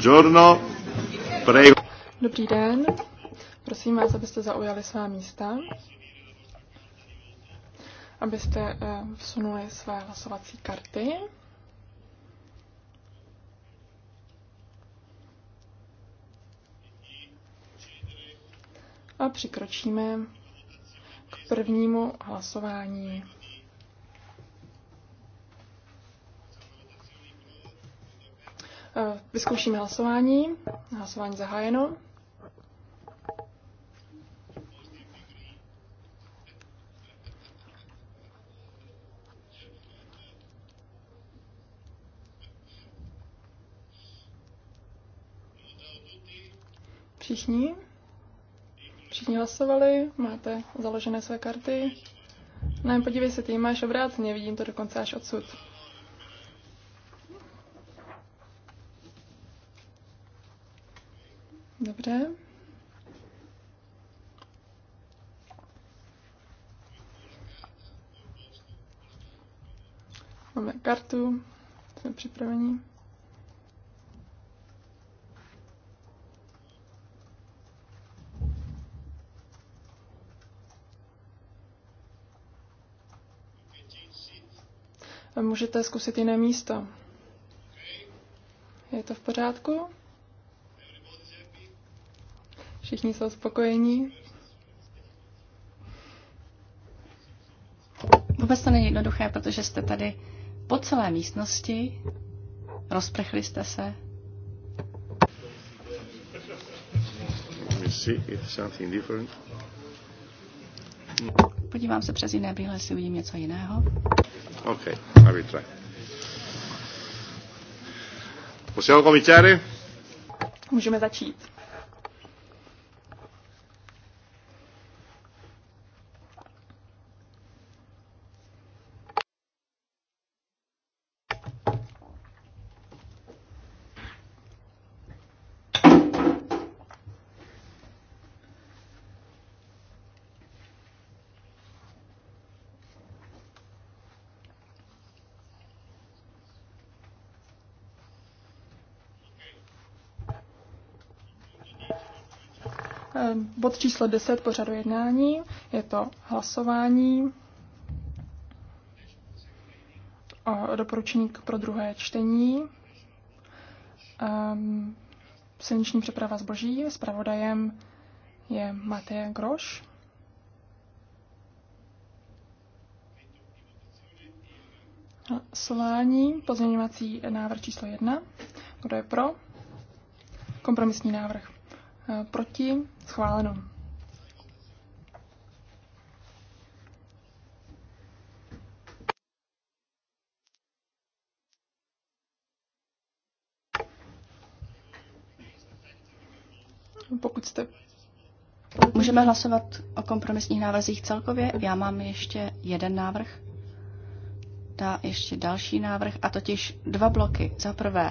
Buongiorno. Prego. Dobrý den. Prosím vás, abyste zaujali svá místa, abyste eh, vsunuli své hlasovací karty. A přikročíme k prvnímu hlasování. Eh, vyzkoušíme hlasování. Hlasování zahájeno. Všichni? Všichni hlasovali? Máte založené své karty? Ne, podívej se, ty máš obráceně, vidím to dokonce až odsud. Dobře. Máme kartu, jsme připraveni. A můžete zkusit jiné místo. Je to v pořádku? Všichni jsou spokojení. Vůbec to není jednoduché, protože jste tady po celé místnosti, rozprchli jste se. Podívám se přes jiné brýle, jestli uvidím něco jiného. Ok, I will try. Possiamo cominciare? Můžeme začít. Eh, bod číslo 10 pořadu jednání, je to hlasování o doporučení pro druhé čtení. Um, silniční přeprava zboží, zpravodajem je Matěj Groš. Hlasování, pozměňovací návrh číslo 1. Kdo je pro? Kompromisní návrh. Eh, proti? Schváleno. Pokud jste... Můžeme hlasovat o kompromisních návrzích celkově. Já mám ještě jeden návrh. Dá ještě další návrh, a totiž dva bloky. Za prvé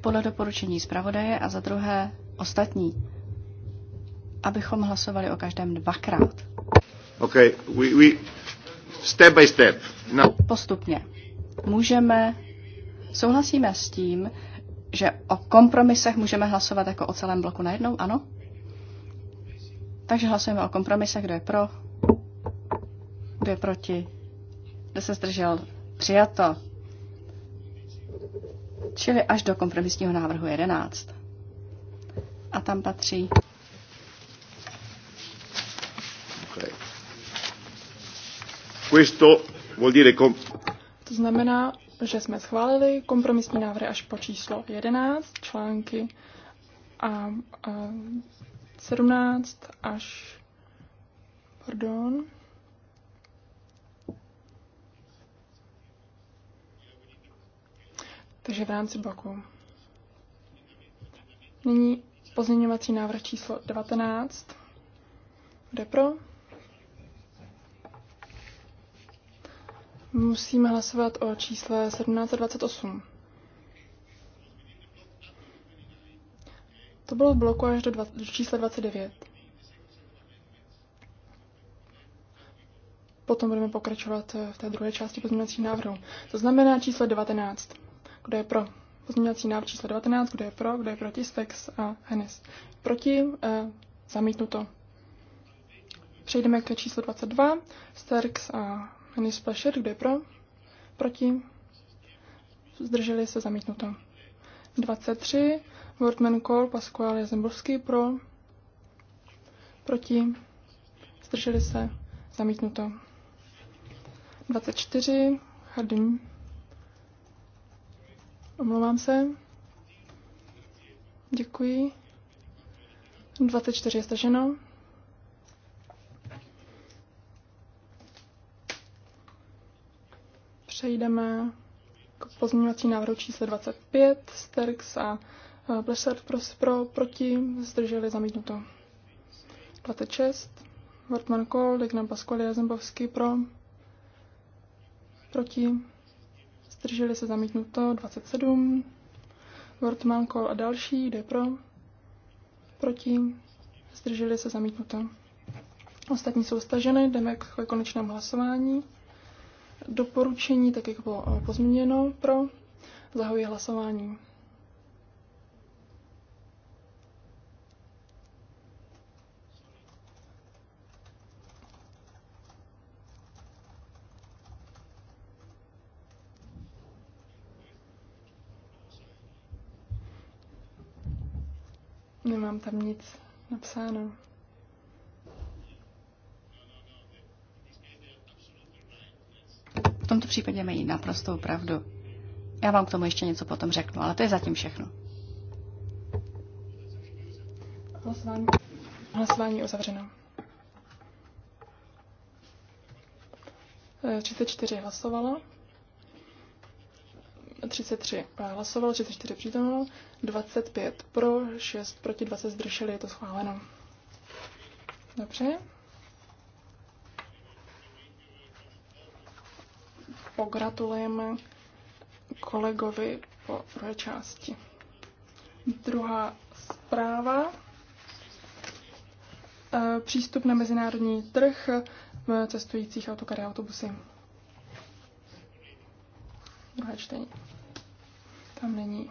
podle doporučení zpravodaje a za druhé ostatní, abychom hlasovali o každém dvakrát. Okay, we, we step by step. No. Postupně. Můžeme, souhlasíme s tím, že o kompromisech můžeme hlasovat jako o celém bloku najednou, ano? Takže hlasujeme o kompromisech, kdo je pro, kdo je proti, kdo se zdržel, přijato. Čili až do kompromisního návrhu 11 a tam patří. Okay. Questo vuol dire to znamená, že jsme schválili kompromisní návrhy až po číslo 11, články a, a 17 až pardon. Takže v rámci bloku. Nyní Pozměňovací návrh číslo 19. Kde pro? Musíme hlasovat o čísle 1728. To bylo v bloku až do, dva, do čísla 29. Potom budeme pokračovat v té druhé části pozměňovacích návrhů. To znamená číslo 19. Kdo je pro? Pozměňovací návrh číslo 19, kdo je pro, kdo je proti, Stex a Hennis. Proti, eh, zamítnuto. Přejdeme k číslu 22, Sterks a Hennis Plešer, kdo je pro, proti, zdrželi se zamítnuto. 23, Wortman Kohl, Pasquale Jezembovský pro, proti, zdrželi se zamítnuto. 24, Hardin Omlouvám se. Děkuji. 24 je staženo. Přejdeme k pozměňovací návrhu číslo 25. Sterks a Plesard pro, pro, proti zdrželi zamítnuto. 26. Wortmann Kohl, Dignan Pasquale Jazembovský pro, proti zdrželi se zamítnuto 27, Wortman, Kohl a další, jde pro, proti, zdrželi se zamítnuto. Ostatní jsou staženy, jdeme k konečnému hlasování. Doporučení, tak jak bylo eh, pozměněno pro, Zahojí hlasování. Nemám tam nic napsáno. V tomto případě mají naprostou pravdu. Já vám k tomu ještě něco potom řeknu, ale to je zatím všechno. Hlasování, hlasování uzavřeno. 34 e, hlasovalo. 33 hlasovalo, 34 přítomno, 25 pro, 6 proti, 20 zdrželi, je to schváleno. Dobře. Pogratulujeme kolegovi po druhé části. Druhá zpráva. E, přístup na mezinárodní trh cestujících autokary a autobusy. Druhé čtení tam není.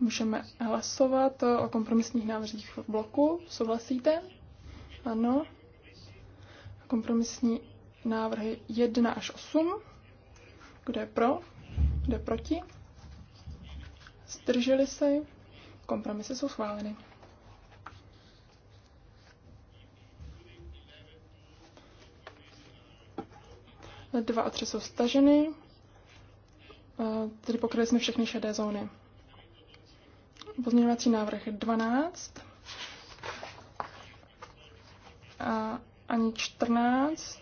Můžeme hlasovat o kompromisních návrzích v bloku. Souhlasíte? Ano. Kompromisní návrhy 1 až 8. Kdo je pro? Kdo je proti? Zdrželi se? Kompromisy jsou schváleny. Dva a tři jsou staženy tedy pokryli jsme všechny šedé zóny. Pozměňovací návrh 12 a ani 14.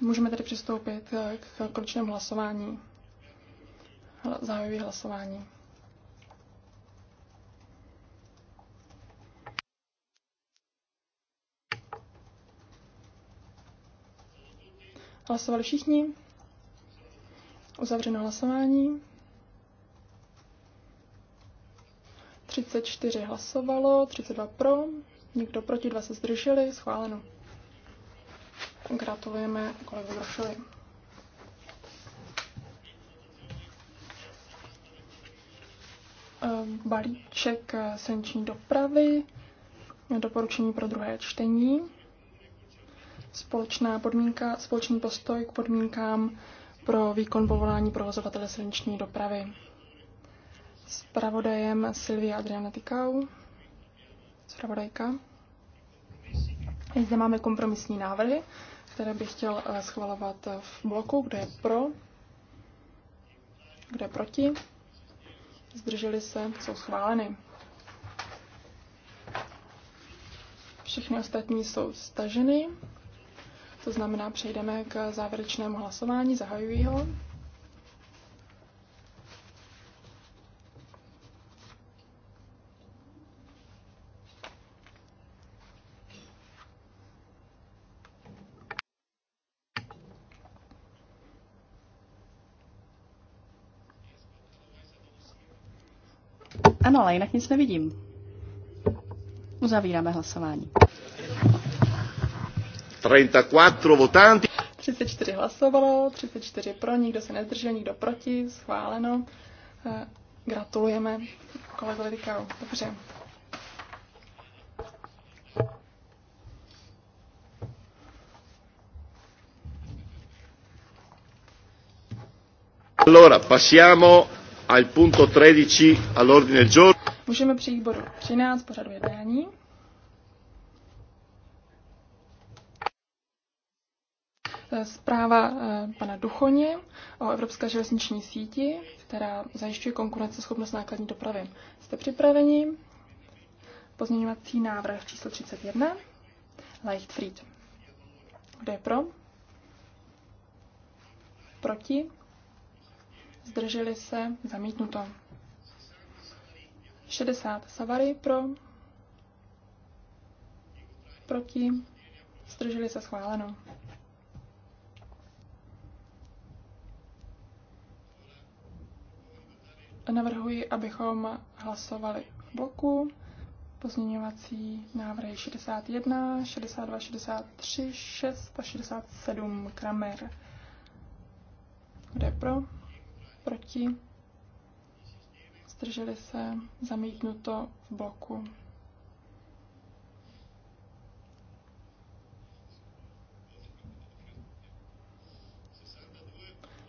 Můžeme tedy přistoupit k konečnému hlasování. Zahajuji hlasování. Hlasovali všichni? Uzavřeno hlasování. 34 hlasovalo, 32 pro, nikdo proti, dva se zdrželi, schváleno. Gratulujeme kolegu Grošovi. Eh, balíček eh, senční dopravy, doporučení pro druhé čtení, společná podmínka, společný postoj k podmínkám pro výkon povolání provozovatele silniční dopravy. pravodajem Silvia Adriana Tykau. Zpravodajka. zde máme kompromisní návrhy, které bych chtěl eh, schvalovat v bloku, kde je pro, kde je proti. Zdrželi se, jsou schváleny. Všechny ostatní jsou staženy. To znamená, přejdeme k závěrečnému hlasování. Zahajuji ho. Ano, ale jinak nic nevidím. Uzavíráme hlasování. 34 votanti. 34 hlasovalo, 34 pro, nikdo se nezdržel, nikdo proti, schváleno. Eh, gratulujeme kolego Lidikau, Dobře. Allora, passiamo al punto 13 all'ordine del giorno. Můžeme přijít k bodu 13 pořadu jednání. Zpráva eh, pana Duchoně o Evropské železniční síti, která zajišťuje konkurenceschopnost nákladní dopravy. Jste připraveni? Pozměňovací návrh číslo 31. Leichtfried. Kdo je pro? Proti? Zdrželi se? Zamítnuto. 60 Savary pro. Proti? Zdrželi se schváleno. navrhuji, abychom hlasovali v bloku pozměňovací návrhy 61, 62, 63, 6 a 67 Kramer. Kdo je pro? Proti? Zdrželi se? Zamítnuto v bloku.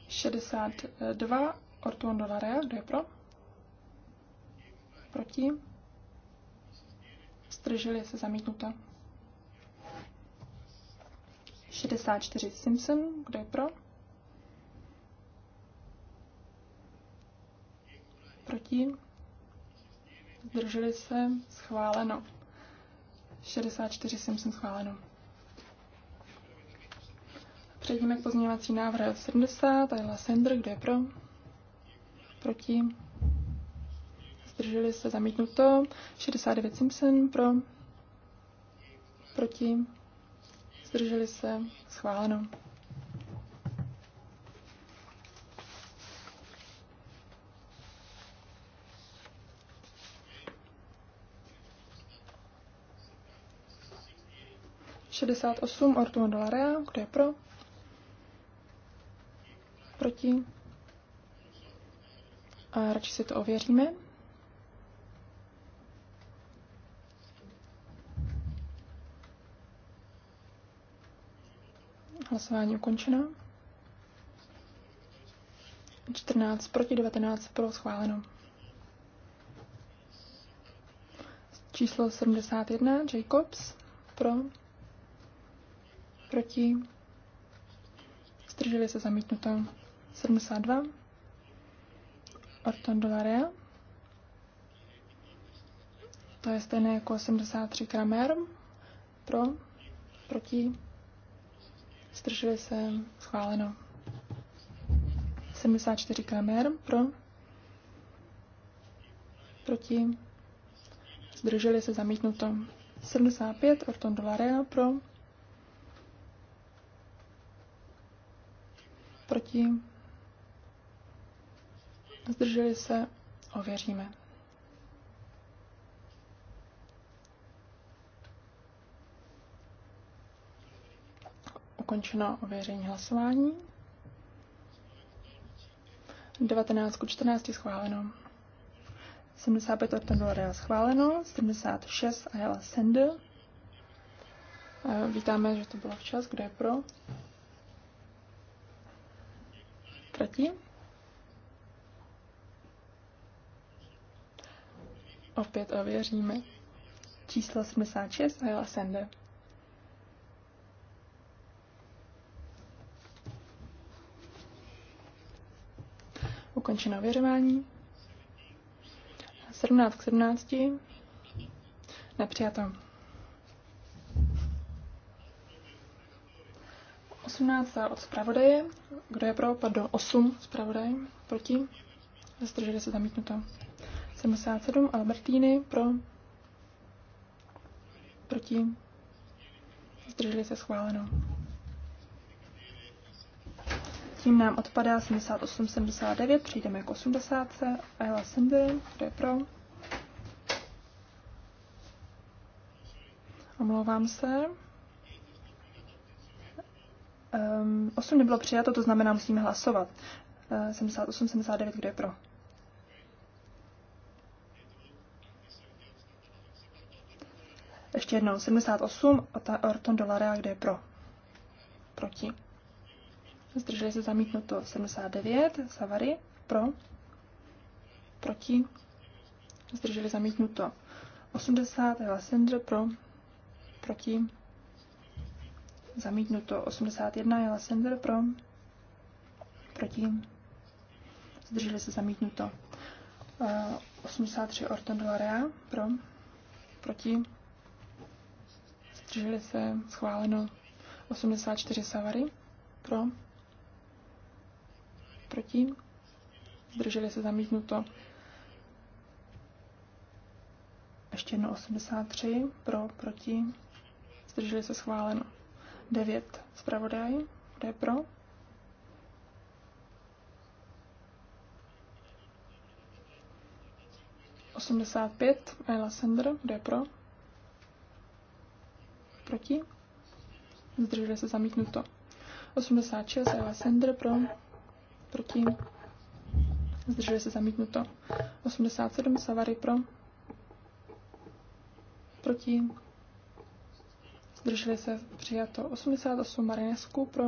Šedesát dva Ortuon Dolarea, kdo je pro? Proti? Zdrželi se zamítnuto. 64 Simpson, kdo je pro? Proti? Zdrželi se schváleno. 64 Simpson schváleno. Přejdeme k pozměňovací návrh 70, Ayla Sender, kdo je pro? proti, zdrželi se, zamítnuto. 69 Simpson pro, proti, zdrželi se, schváleno. Šedesát osm Ortun Dolarea, kdo je pro? Proti? A radši si to ověříme. Hlasování ukončeno. 14 proti 19 pro schváleno. Číslo 71 Jacobs pro proti zdrželi se zamítnuto 72 Orton Dolaria. To je stejné jako 83 Kramer. Pro, proti, zdrželi se, schváleno. 74 Kramer, pro, proti, zdrželi se, zamítnuto. 75 Orton Dolarea, pro, proti, Zdrželi se? Ověříme. Ukončeno ověření hlasování. 19 k 14 schváleno. 75 od Tendolera schváleno, 76 Jela Sender. Vítáme, že to bylo včas. Kdo je pro? Proti? Opět ověříme. Eh, Číslo 76 jela sende. Ukončeno ověřování. 17 k 17. Nepřijato. 18. od zpravodaje. Kdo je pro? Pardon, 8 zpravodaje. Proti? Zdrželi se zamítnuto. 77 Albertíny pro, proti, zdrželi se schváleno. Tím nám odpadá 78-79, přijdeme k 80. Ayla Sender, kde je pro? Omlouvám se. Um, ehm, 8 nebylo přijato, to znamená, musíme hlasovat. Uh, 78-79, kde je pro? Ještě jednou 78 Orton Dolarea, kde je pro. Proti. Zdrželi se zamítnuto 79 Savary, pro. Proti. Zdrželi zamítnuto 80 Hlasendr, pro. Proti. Zamítnuto 81 Hlasendr, pro. Proti. Zdrželi se zamítnuto 83 eh, Orton Dolarea, pro. Proti zdrželi se, schváleno 84 Savary, pro, proti, zdrželi se, zamítnuto ještě jedno 83, pro, proti, zdrželi se, schváleno 9 zpravodaj, kde je pro, Osmdesát pět, Ayla Sender, kde je pro? Proti? Zdržuje se zamítnuto. 86 Eva Sender pro. Proti? Zdržuje se zamítnuto. 87 Savary pro. Proti? Zdrželi se přijato. 88 Marinesku pro.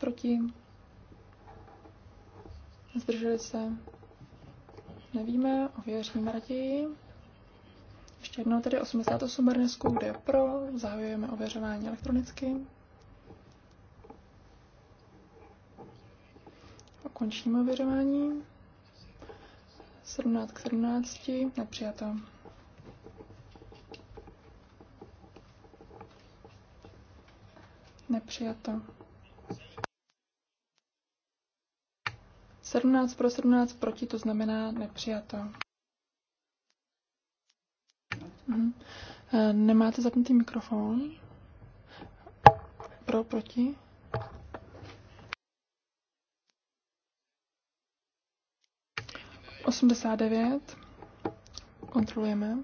Proti? Zdrželi se. Nevíme, ověříme raději. Ještě jednou tedy 88 Bernesku, kde je pro, zahajujeme ověřování elektronicky. Končíme ověřování. 17 k 17, nepřijato. Nepřijato. 17 pro 17 proti, to znamená nepřijato. Mhm. Eh, nemáte zapnutý mikrofon? Pro, proti? Osmdesát devět. Kontrolujeme.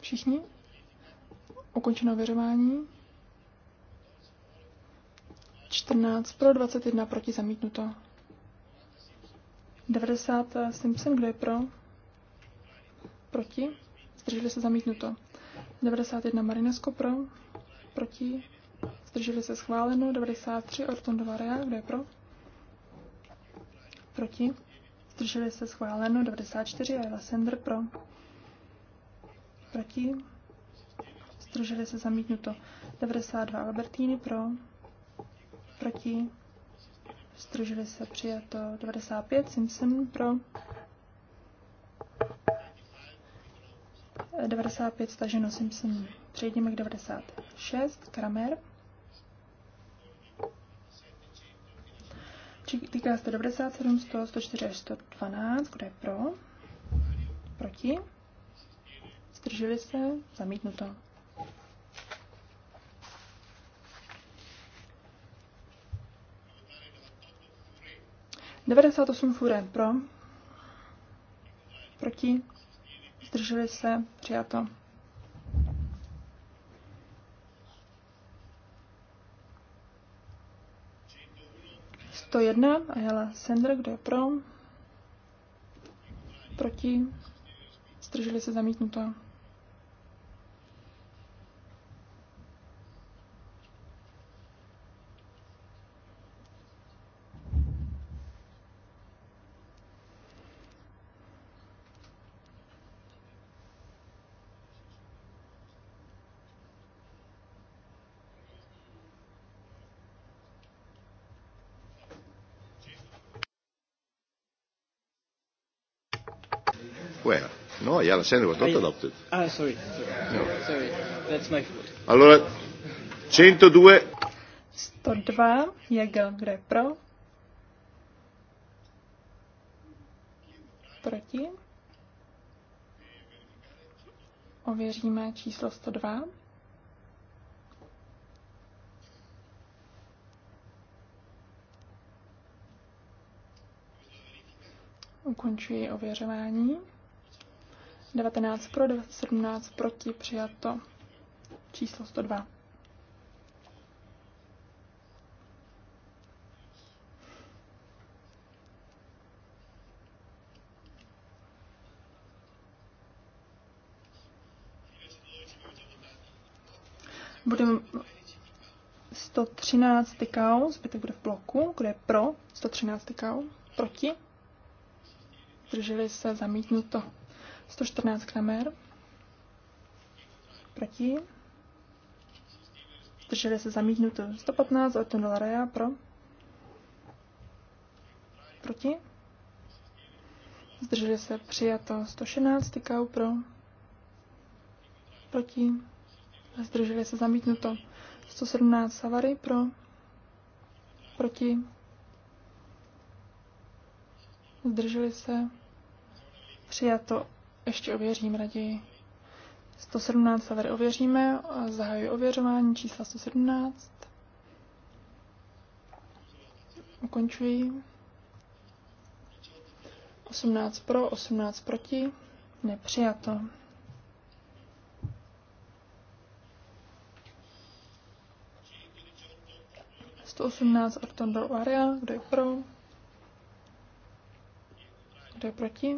Všichni? Ukončeno věřování. 14 pro 21 proti zamítnuto. 90 Simpson, kdo je pro? Proti? Zdrželi se zamítnuto. 91 Marinesko pro? Proti? Zdrželi se schváleno. 93 Orton Dovarea, kdo je pro? Proti? Zdrželi se schváleno. 94 Ayla Sender pro? Proti? Zdrželi se zamítnuto. 92 Albertini pro? Proti? Zdrželi se přijato 95, Simpson pro. 95 staženo Simpson. Přejdeme k 96, Kramer. Týká se 97, 100, 104 až 112, kdo je pro? Proti? Zdrželi se? Zamítnuto. 98 furem pro, proti, zdrželi se, přijato. To jedna, jela Sender, kdo je pro, proti, zdrželi se, zamítnuto. Ayala Sender was not adopted. Ah, sorry. Sorry. No. sorry. That's my fault. Allora, 102. 102. Jägel, kdo je pro? Proti? Ověříme číslo 102. Ukončuji ověřování. 19 pro, 17 proti, přijato číslo 102. Budeme 113 tykal, zbytek bude v bloku, kde je pro 113 tykal, proti. Drželi se zamítnuto. 114 Kramer. Proti. Drželi se zamítnuto. 115 od Rea pro. Proti. Zdrželi se přijato 116 tykau pro. Proti. Zdrželi se zamítnuto 117 Savary pro. Proti. Zdrželi se přijato ještě ověřím raději. 117 tady ověříme, zahajuji ověřování čísla 117. Ukončuji. 18 pro, 18 proti. Nepřijato. To 18 Arton do kdo je pro, kdo je proti.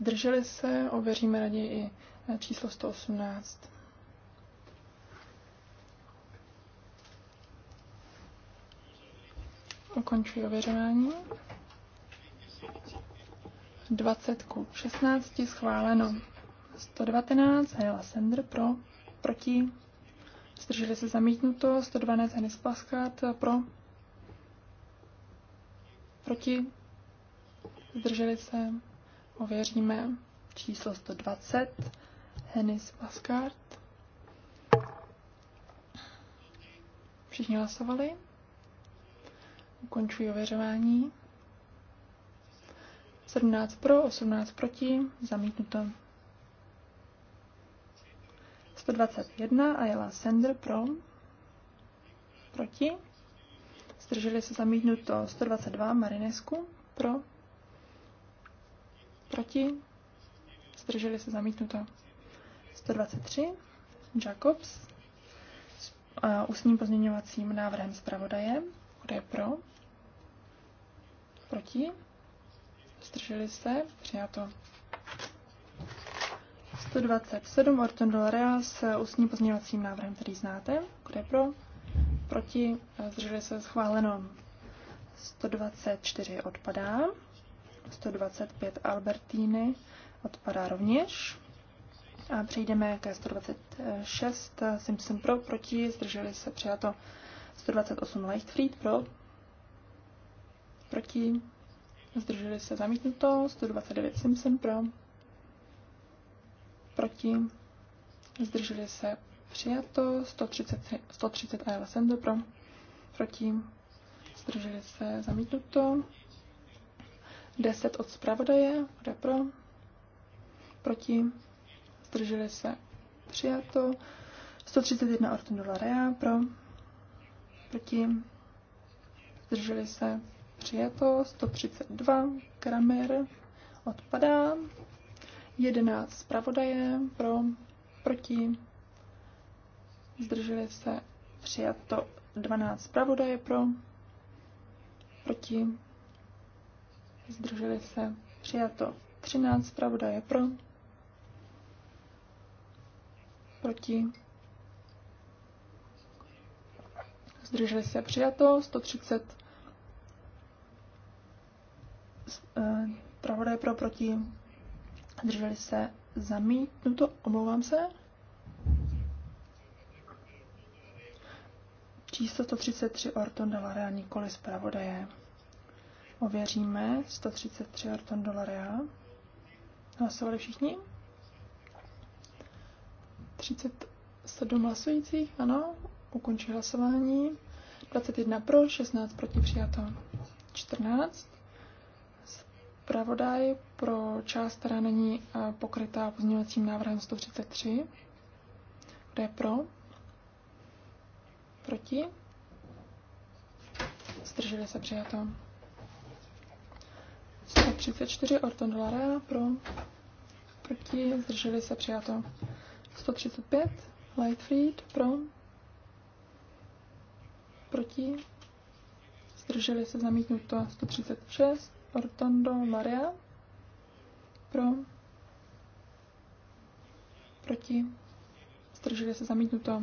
Zdrželi se, ověříme raději i eh, číslo 118. Ukončuji ověřování. 20 ku 16 schváleno. 119 Hela Sender pro, proti. Zdrželi se zamítnuto. 112 Hennis Paskat pro, proti. Zdrželi se Ověříme číslo 120, Hennis Maskart. Všichni hlasovali? Ukončuji ověřování. 17 pro, 18 proti, zamítnuto. 121 a jela Sender pro, proti, zdrželi se zamítnuto 122 Marinesku pro, Proti? Zdrželi se zamítnuto. 123. Jacobs s ústním pozměňovacím návrhem zpravodaje. Kdo je pro? Proti? Zdrželi se? Přijato. 127 Orton Dolorea s ústním pozměňovacím návrhem, který znáte. Kdo je pro? Proti? Zdrželi se? Schváleno. 124 odpadá. 125 Albertíny odpadá rovněž. A přejdeme ke 126 Simpson pro, proti, zdrželi se přijato 128 Leichtfried pro, proti, zdrželi se zamítnuto, 129 Simpson pro, proti, zdrželi se přijato, 130, 130 Ayala Sender pro, proti, zdrželi se zamítnuto, 10 od zpravodaje, bude pro, proti, zdrželi se, přijato. 131 od Dolaria, pro, proti, zdrželi se, přijato. 132 Kramer, odpadá. 11 zpravodaje, pro, proti, zdrželi se, přijato. 12 zpravodaje, pro, proti, zdrželi se, přijato. 13, je pro, proti, zdrželi se, přijato. 130, eh, je pro, proti, zdrželi se, zamítnuto, omlouvám se. Číslo 133 Orton reální nikoli zpravodaje. Ověříme 133 Arton Dolaria. Hlasovali všichni? 37 hlasujících, ano. Ukončí hlasování. 21 pro, 16 proti přijato. 14. Pravodaj pro část, která není eh, pokrytá pozměňovacím návrhem 133. Kdo je pro? Proti? Zdrželi se přijato. 134 Orton Lara pro, proti, zdrželi se přijato. 135 Lightfried pro, proti, zdrželi se zamítnuto. 136 Ortondo Maria pro, proti, zdrželi se zamítnuto.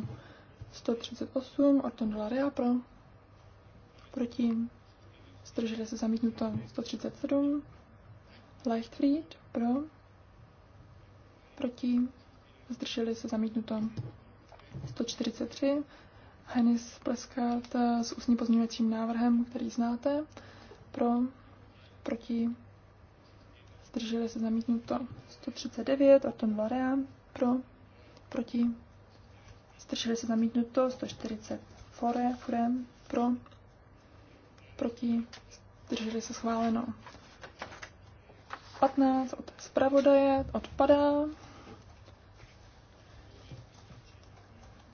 138 Orton Laria pro, proti, zdrželi se zamítnuto 137, Leichtfried pro, proti, zdrželi se zamítnuto 143. Henis Pleskart s ústním pozměňovacím návrhem, který znáte, pro, proti, zdrželi se zamítnuto 139. Arton Varea pro, proti, zdrželi se zamítnuto 140. Fore, Furem pro, proti, zdrželi se schváleno 15 od zpravodaje odpadá.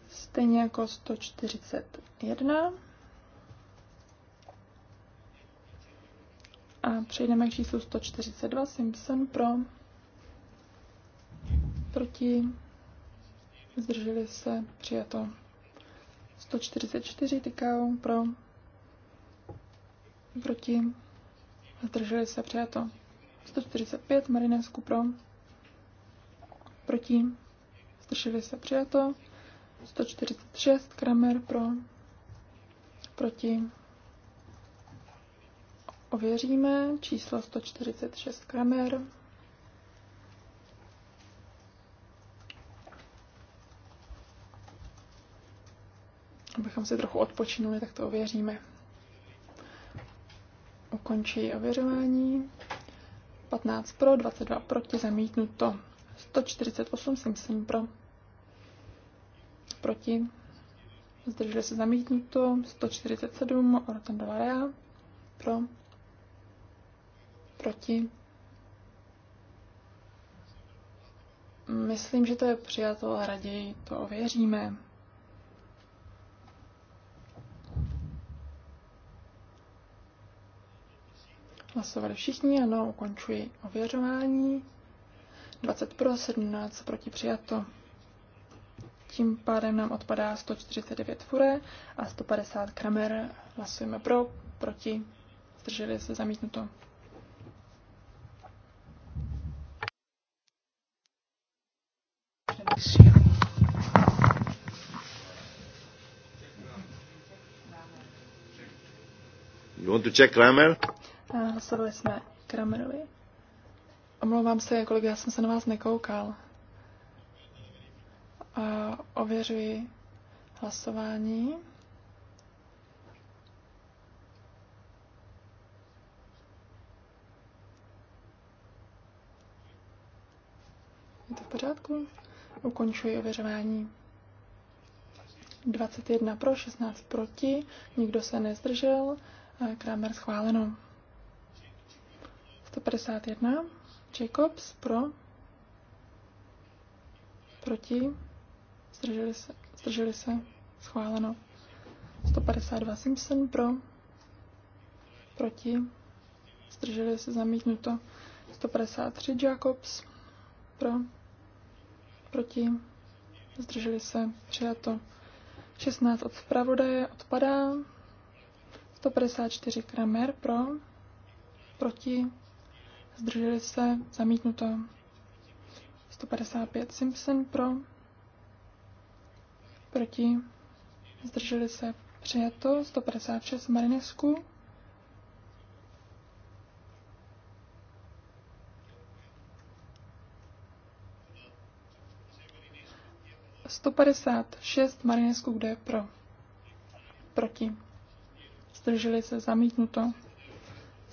Stejně jako 141. A přejdeme k číslu 142 Simpson pro proti zdrželi se přijato 144 tykau pro proti zdrželi se přijato 145 Marinesku pro, proti, zdrželi se přijato, 146 Kramer pro, proti, ověříme číslo 146 Kramer. Abychom si trochu odpočinuli, tak to ověříme. Ukončí ověřování. 15 pro, 22 proti, zamítnuto. 148 jsem pro, proti, zdrželi se zamítnuto. 147 Orton Dovarea pro, proti. Myslím, že to je přijato a raději to ověříme. Hlasovali všichni, ano, ukončuji ověřování. 20 pro, 17 proti přijato. Tím pádem nám odpadá 149 Fure a 150 Kramer. Hlasujeme pro, proti, zdrželi se zamítnuto. You want to check Kramer? Hlasovali jsme Kramerovi. Omlouvám se, kolik já jsem se na vás nekoukal. A ověřuji hlasování. Je to v pořádku? Ukončuji ověřování. 21 pro, 16 proti, nikdo se nezdržel, Kramer schváleno. 151. Jacobs pro. Proti. Zdrželi se. Zdrželi se. Schváleno. 152 Simpson pro. Proti. Zdrželi se. Zamítnuto. 153 Jacobs pro. Proti. Zdrželi se. Přijato. 16 od zpravodaje odpadá. 154 Kramer pro. Proti zdrželi se, zamítnuto. 155 Simpson pro, proti, zdrželi se, přijato. 156 Marinesku. Sto padesát šest Marinesku, kde je pro? Proti. Zdrželi se zamítnuto.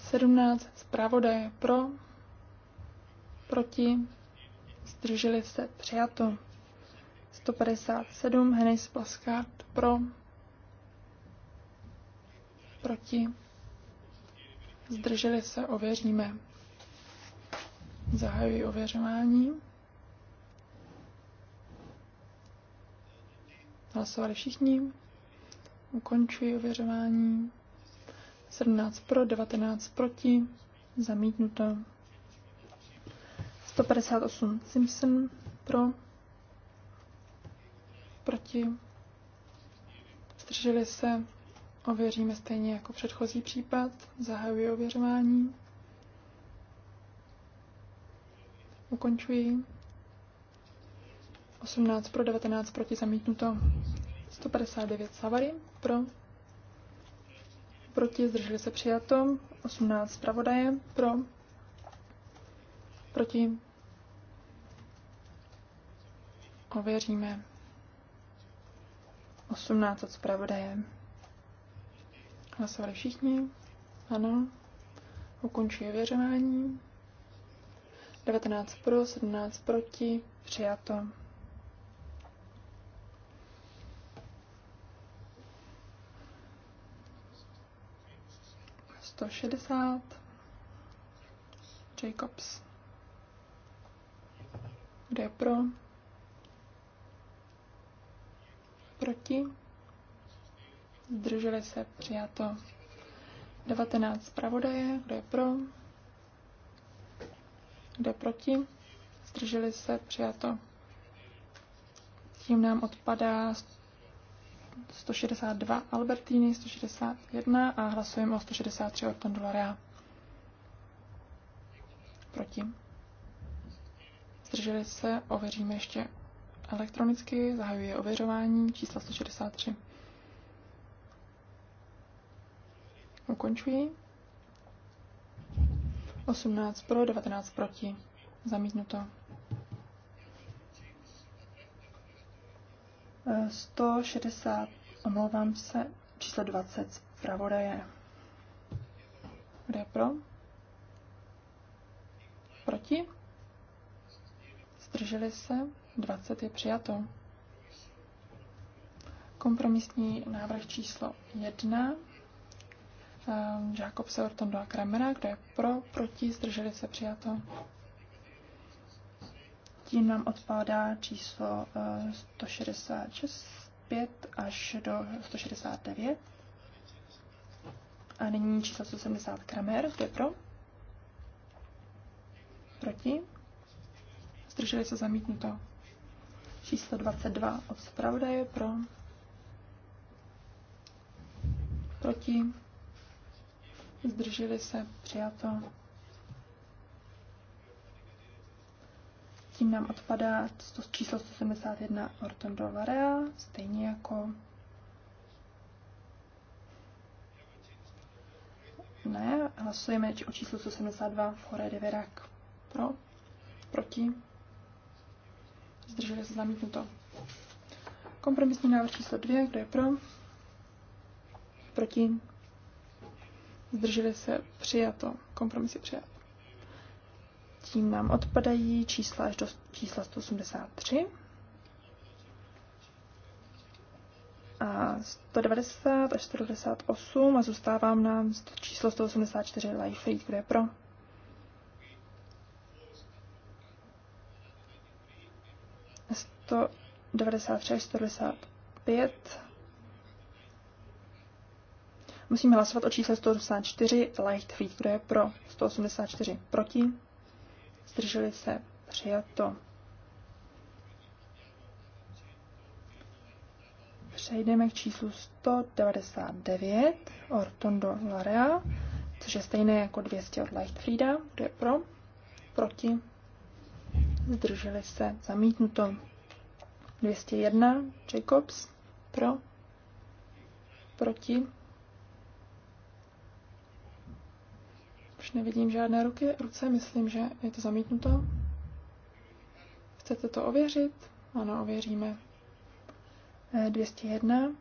17 zpravodaje pro, proti, zdrželi se přijato. 157 Henis Plaskart pro, proti, zdrželi se, ověříme. Zahajuji ověřování. Hlasovali všichni. Ukončuji ověřování. 17 pro, 19 proti, zamítnuto. 158 Simpson pro, proti, zdrželi se, ověříme stejně jako předchozí případ, zahajuji ověřování, ukončuji. 18 pro, 19 proti, zamítnuto. 159 Savary pro, proti, zdrželi se přijato. 18 zpravodaje pro, proti. Ověříme. 18 od zpravodaje. Hlasovali všichni? Ano. ukončuje ověřování. 19 pro, 17 proti, přijato. 160. Jacobs. Kde je pro? Proti? Zdrželi se přijato. 19 zpravodaje. Kdo je pro? Kde je proti? Zdrželi se přijato. Tím nám odpadá 162 Albertini, 161 a hlasujeme o 163 Orton Dolaria. Proti. Zdrželi se, ověříme ještě elektronicky, zahajuje ověřování čísla 163. Ukončuji. 18 pro, 19 proti. Zamítnuto. 160 eh, Omlouvám se. Číslo 20 zpravodaje. Kde je pro? Proti? Zdrželi se? 20 je přijato. Kompromisní návrh číslo 1. Ehm, Jakob se Orton do Kramera, kdo je pro, proti, zdrželi se přijato. Tím nám odpadá číslo 166. Eh, 165 až do 169. A nyní číslo 170 Kramer, to je pro? Proti? Zdrželi se zamítnuto. Číslo 22 od zpravodaje pro. Proti? Zdrželi se přijato. tím nám odpadá číslo 171 Orton Dolarea, stejně jako Ne, hlasujeme o číslu 172 Fore de Verac. Pro, proti, zdrželi se zamítnuto. Kompromisní návrh číslo 2, kdo je pro, proti, zdrželi se přijato. Kompromis je přijat tím nám odpadají čísla až do čísla 183. A 190 až 198 a zůstávám nám číslo 184 Life Read, kde je pro. A 193 až 195. Musíme hlasovat o čísle 184 Light Feed, je pro 184 proti zdrželi se, přijato. Přejdeme k číslu 199 Ortondo Larea, což je stejné jako 200 od Lightfrieda. kde je pro? Proti? Zdrželi se, zamítnuto. 201 Jacobs, pro? Proti? nevidím žádné ruky, ruce, myslím, že je to zamítnuto. Chcete to ověřit? Ano, ověříme. 201. Eh,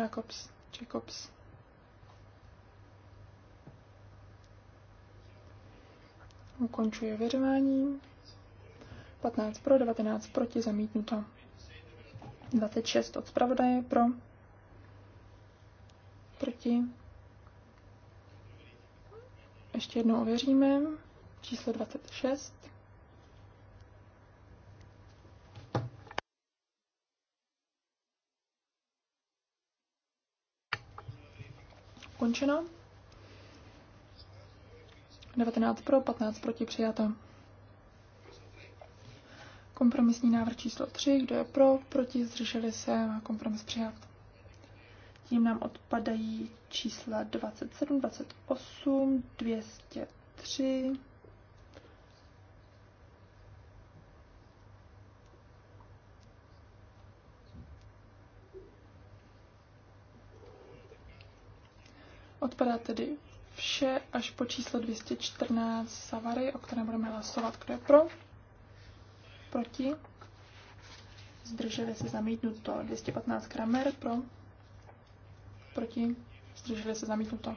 Jacobs. Jacobs. Ukončuji ověřování. 15 pro, 19 proti, zamítnuto. 26 od zpravodaje pro, proti, ještě jednou ověříme. Číslo 26. Končeno. 19 pro, 15 proti přijato. Kompromisní návrh číslo 3, kdo je pro, proti, zdrželi se, kompromis přijat tím nám odpadají čísla 27, 28, 203, Odpadá tedy vše až po číslo 214 Savary, o které budeme hlasovat. Kdo je pro? Proti? Zdrželi se zamítnuto. 215 Kramer pro proti, zdrželi se zamítnuto.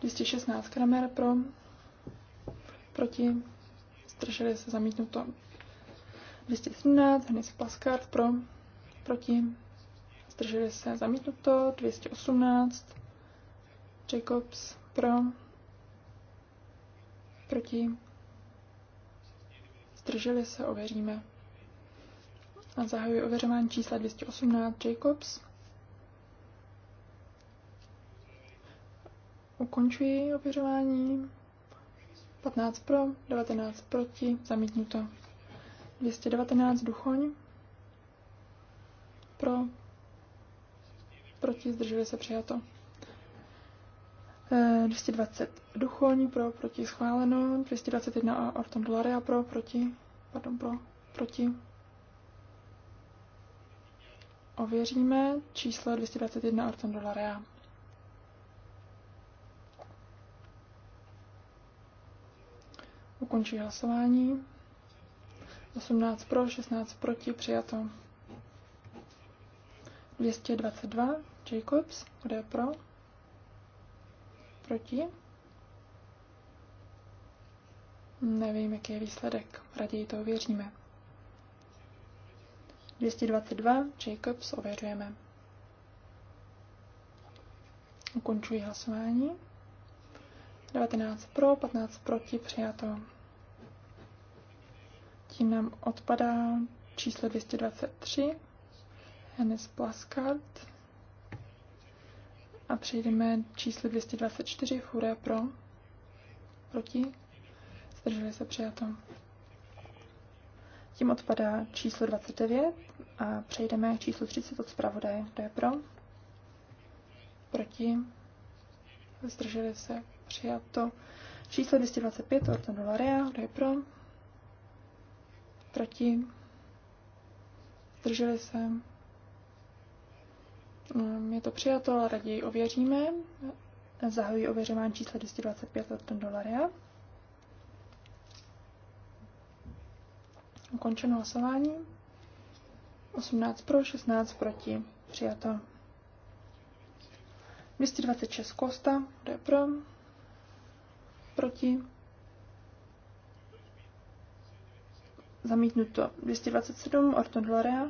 216 Kramer pro, proti, zdrželi se zamítnuto. 217 Hnis Plaskart pro, proti, zdrželi se zamítnuto. 218 Jacobs pro, proti, zdrželi se, ověříme. A zahajuji ověřování čísla 218 Jacobs. Ukončuji ověřování. 15 pro, 19 proti, zamítnuto. 219 duchoň. Pro, proti, zdrželi se přijato. 220 eh, duchoň pro, proti, schváleno. 221 a Orton Dolaria pro, proti, pardon, pro, proti. Ověříme číslo 221 Orton Dolaria. Končí hlasování. 18 pro, 16 proti, přijato. 222, Jacobs, kde je pro? Proti? Nevím, jaký je výsledek, raději to ověříme. 222, Jacobs, ověřujeme. Ukončuji hlasování. 19 pro, 15 proti, přijato tím nám odpadá číslo 223, Hennes Plaskart. A přejdeme číslo 224, Fure pro, proti, zdrželi se přijato. Tím odpadá číslo 29 a přejdeme k 30 od zpravodaje. Kdo je pro? Proti? Zdrželi se? Přijato. Číslo 225 od Dolarea. Kdo je pro? trati. Zdrželi se? Mm, je to přijato, ale raději ověříme. Zahajuji ověřování čísla 225 od Dolaria. Ukončeno hlasování. 18 pro, 16 proti. Přijato. 226 Kosta, kdo je pro? Proti. Zamítnuto. 227 Orton Gloria.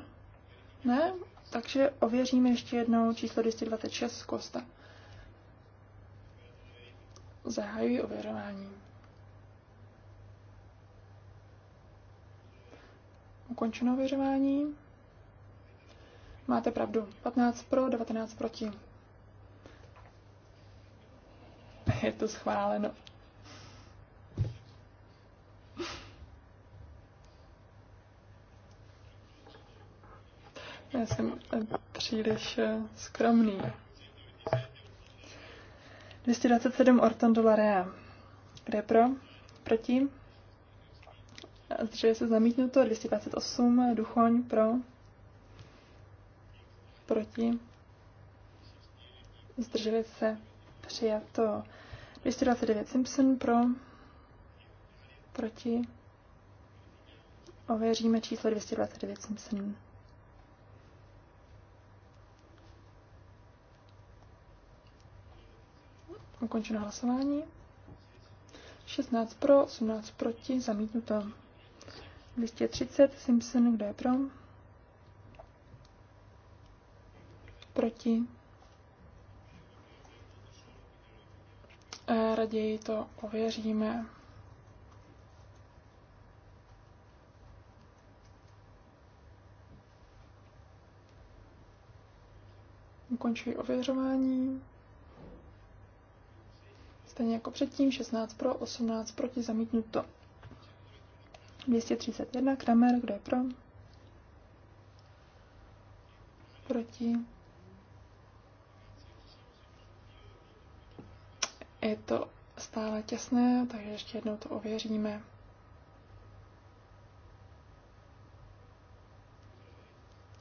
Ne? Takže ověříme ještě jednou číslo 226 Kosta. Zahajuji ověřování. Ukončeno ověřování. Máte pravdu. 15 pro, 19 proti. Je to schváleno. Já jsem eh, příliš eh, skromný. 227 Orton Dolarea. Kde pro? Proti? Zdržuje se zamítnuto. 228 eh, Duchoň pro? Proti? Zdržuje se přijato. 229 Simpson pro? Proti? Ověříme číslo 229 Simpson. Ukončeno hlasování. 16 pro, 18 proti, zamítnuto. 230 Simpson, kdo je pro? Proti. Eh, raději to ověříme. Ukončuji ověřování. Stejně jako předtím, 16 pro, 18 proti, zamítnuto. 231, Kramer, kdo je pro? Proti. Je to stále těsné, takže ještě jednou to ověříme.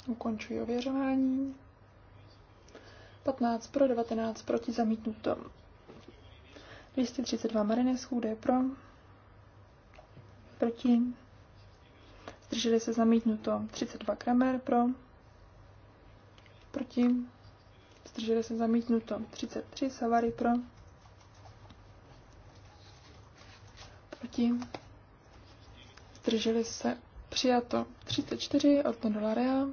Ukončuji ověřování. 15 pro, 19 proti, zamítnuto. 232 Marinesku, kde je pro, proti, zdrželi se zamítnuto 32 Kramer pro, proti, zdrželi se zamítnuto 33 Savary pro, proti, zdrželi se přijato 34 od Dolarea,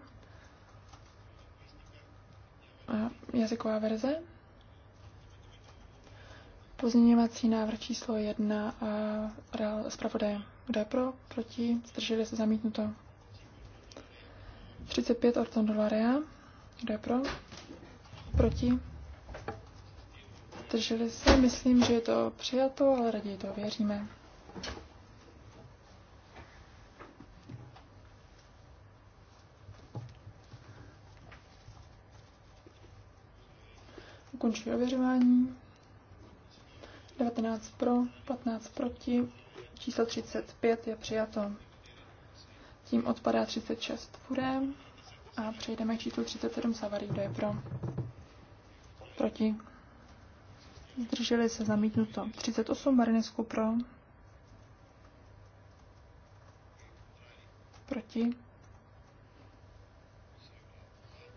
jazyková verze. Pozměňovací návrh číslo 1 a zpravodaje. Kdo je pro? Proti? Zdrželi se zamítnuto. 35 Orton Dolaria. Kdo je pro? Proti? Zdrželi se. Myslím, že je to přijato, ale raději to věříme. Ukončuji ověřování. 19 pro, 15 proti, číslo 35 je přijato. Tím odpadá 36 furem a přejdeme k číslu 37 savarí, kdo je pro. Proti. Zdrželi se zamítnuto. 38 Marinesku pro. Proti.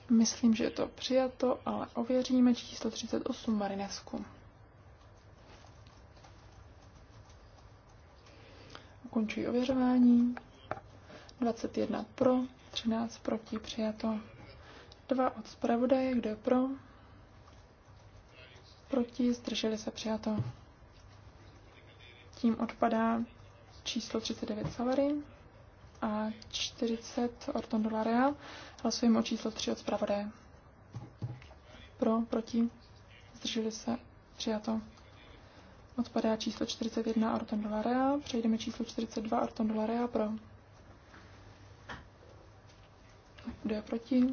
Myslím, že je to přijato, ale ověříme číslo 38 Marinesku. Ukončuji ověřování. 21 pro, 13 proti, přijato. 2 od zpravodaje, kdo je pro? Proti, zdrželi se, přijato. Tím odpadá číslo 39 Salary a 40 Orton Dolarea. Hlasujeme o číslo 3 od zpravodaje. Pro, proti, zdrželi se, přijato. Odpadá číslo 41 Orton Dolarea. Přejdeme číslo 42 Orton Dolarea pro. Kdo je proti?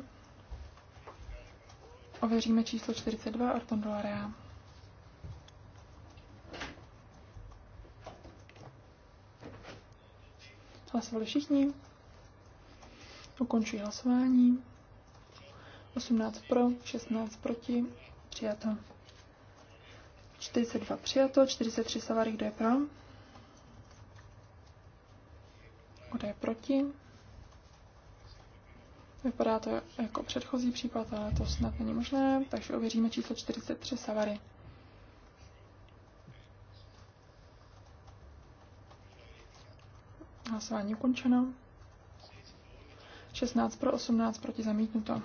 Ověříme číslo 42 Orton Dolarea. Hlasovali všichni. Ukončuji hlasování. 18 pro, 16 proti. Přijato. 42 přijato, 43 Savary, kdo je pro? Kdo je proti? Vypadá to jako předchozí případ, ale to snad není možné, takže ověříme číslo 43 Savary. Hlasování ukončeno. 16 pro, 18 proti zamítnuto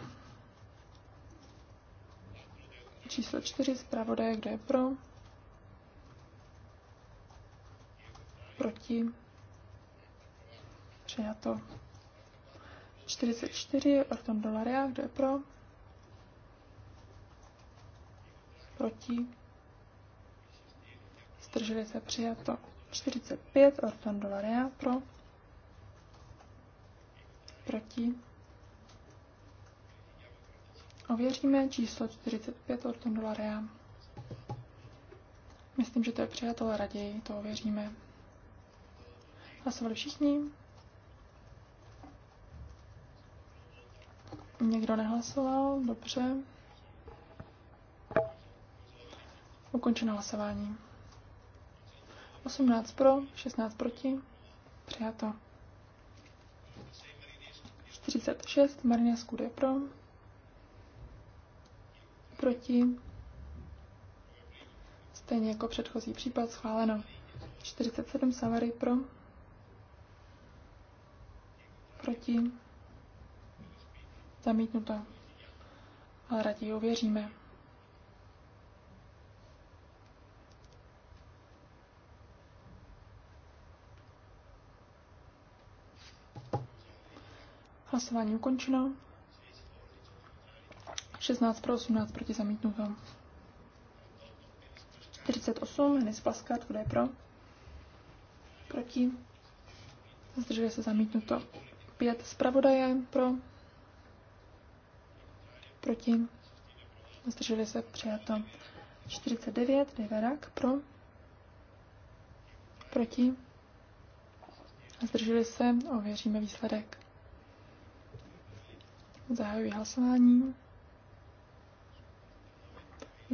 číslo 4 zpravodaje, kdo je pro? Proti? Přijato. 44 Orton Dolaria, kdo je pro? Proti? Zdrželi se přijato. 45 Orton Dolaria pro? Proti? Ověříme číslo 45 od Tondolarea. Myslím, že to je přijato, ale raději to ověříme. Hlasovali všichni? Někdo nehlasoval? Dobře. Ukončeno hlasování. 18 pro, 16 proti. Přijato. 46, Marina Skude pro. Proti? Stejně jako předchozí případ schváleno. 47 Savary pro. Proti? Zamítnuto. Ale raději uvěříme. Hlasování ukončeno. 16 pro 18 proti zamítnutou. 48, Henis Plaskat, kdo je pro? Proti. Zdržuje se zamítnuto. 5 zpravodaje pro. Proti. Zdrželi se přijato. 49, Deverak pro. Proti. Zdrželi se, ověříme výsledek. Zahajuji hlasování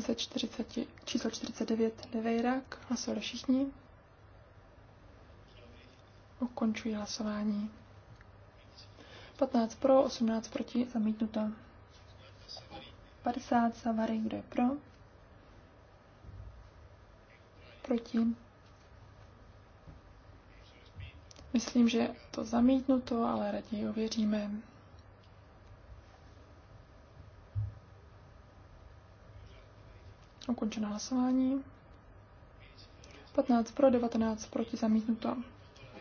ze 40, číslo 49 Neveirak. Hlasovali všichni. Ukončuji hlasování. 15 pro, 18 proti, zamítnuto. 50 Savary, kdo je pro? Proti. Myslím, že to zamítnuto, ale raději uvěříme. Ukončeno hlasování. 15 pro, 19 proti, zamítnuto.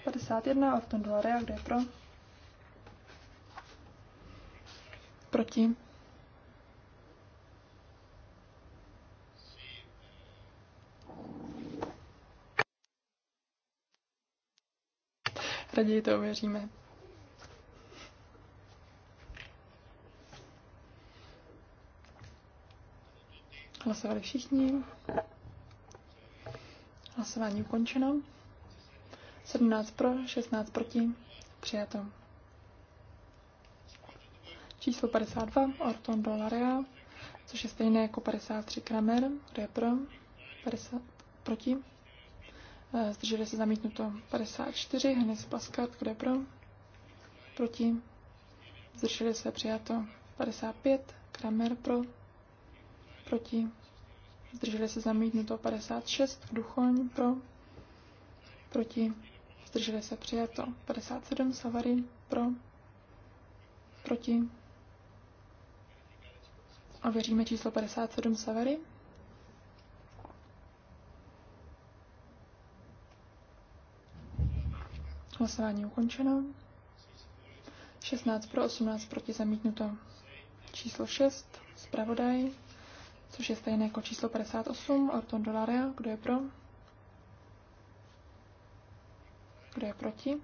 51, Orton Dolaria, kde je pro? Proti. Raději to ověříme. Hlasovali všichni. Hlasování ukončeno. 17 pro, 16 proti. Přijato. Číslo 52, Orton Dolaria, což je stejné jako 53 Kramer. kde je pro? 50 proti. Eh, zdrželi se zamítnuto 54, Hennis Plaskart, kde je pro? Proti. Zdrželi se přijato 55, Kramer pro, proti zdrželi se zamítnuto 56, Duchoň pro, proti, zdrželi se přijato 57, Savary pro, proti. A věříme číslo 57 Savary. Hlasování ukončeno. 16 pro, 18 proti zamítnuto. Číslo 6, zpravodaj což je stejné jako číslo 58, Orton Dolaria. Kdo je pro? Kdo je proti?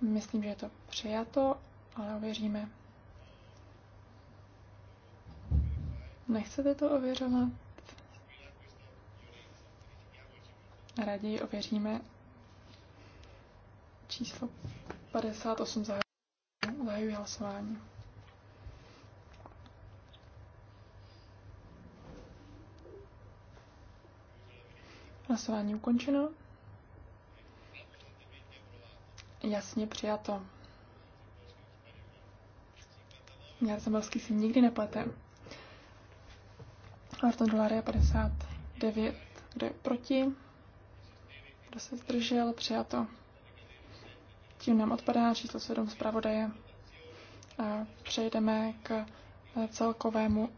Myslím, že je to přijato, ale ověříme. Nechcete to ověřovat? Raději ověříme číslo 58 zahajuji hlasování. Hlasování ukončeno. Jasně přijato. Jarzembelský si nikdy neplete. Arton Dolary 59. Kdo je proti? Kdo se zdržel? Přijato. Tím nám odpadá číslo 7 zpravodaje. A přejdeme k eh, celkovému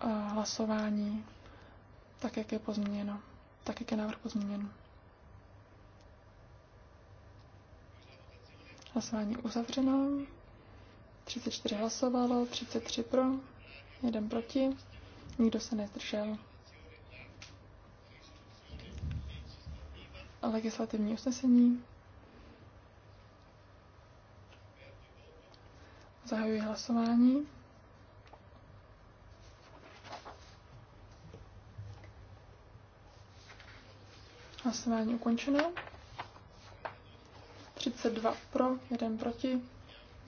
eh, hlasování, tak jak je pozměněno tak jak je návrh pozměněn. Hlasování uzavřeno. 34 hlasovalo, 33 pro, 1 proti, nikdo se nezdržel. Legislativní usnesení. Zahajuji hlasování. Hlasování ukončeno. 32 pro, 1 proti,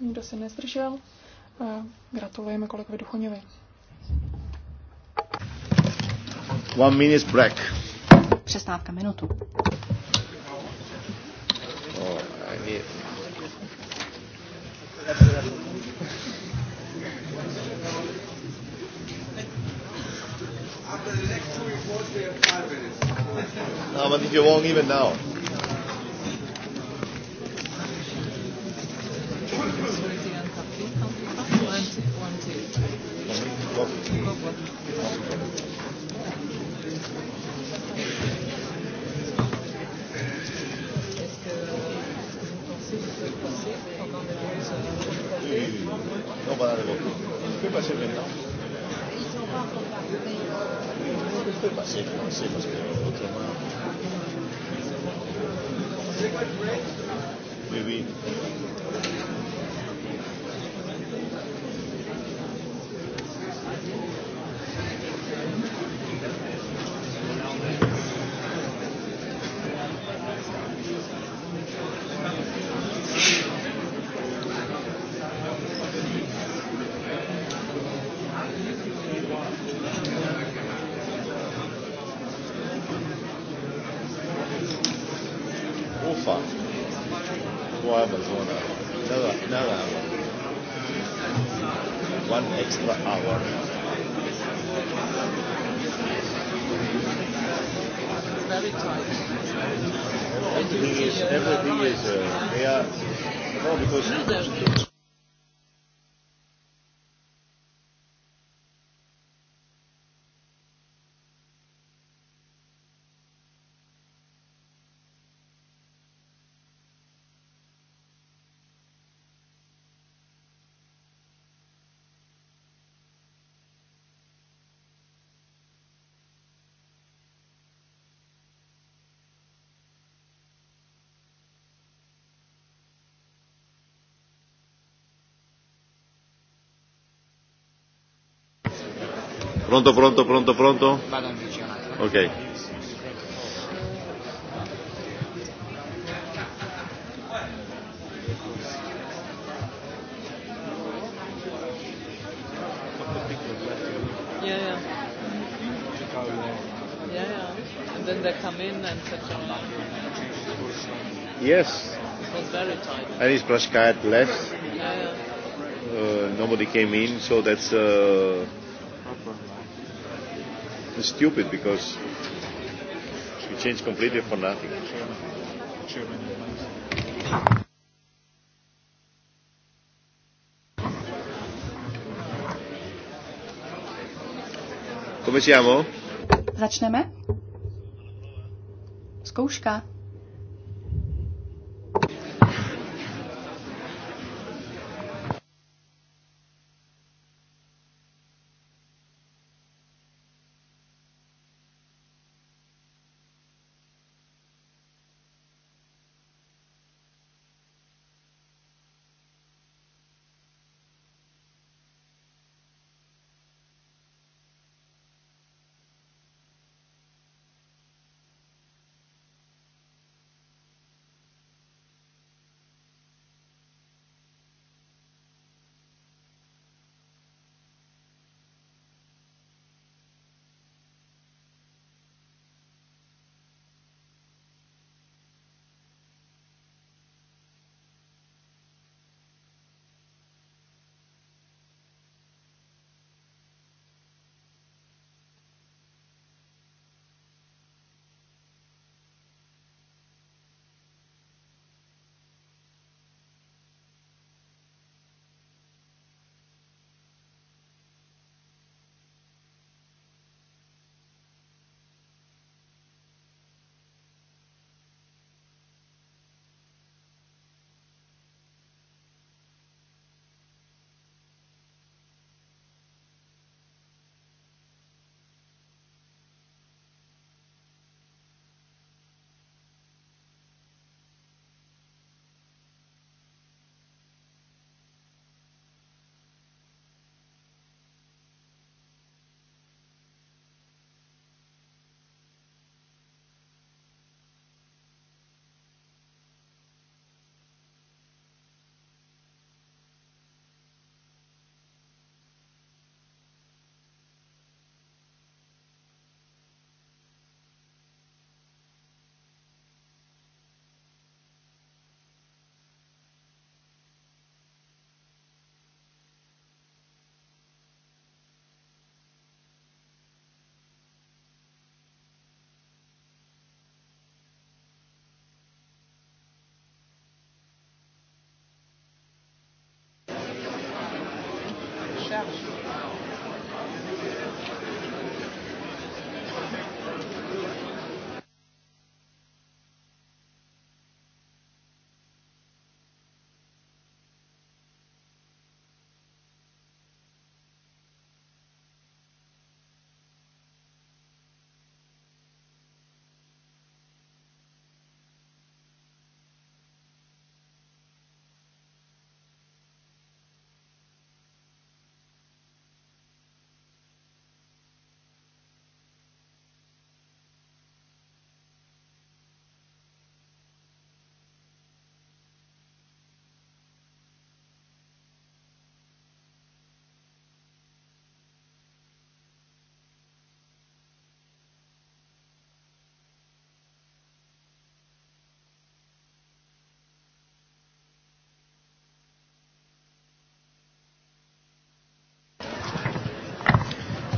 nikdo se nezdržel. Gratulujeme kolegovi Duchoňovi. One minute break. Přestávka minutu. Oh, I need... After the next two No, but if you won't even now. Non, voilà, Je peux passer maintenant. Je peux Maybe. Pronto, pronto, pronto, pronto? Ok. Yes. and his a Yes. It was very tight. left. Yeah, yeah. Uh, nobody came in, so that's uh, stupid because we changed completely for nothing. Come siamo? Začneme? Zkouška.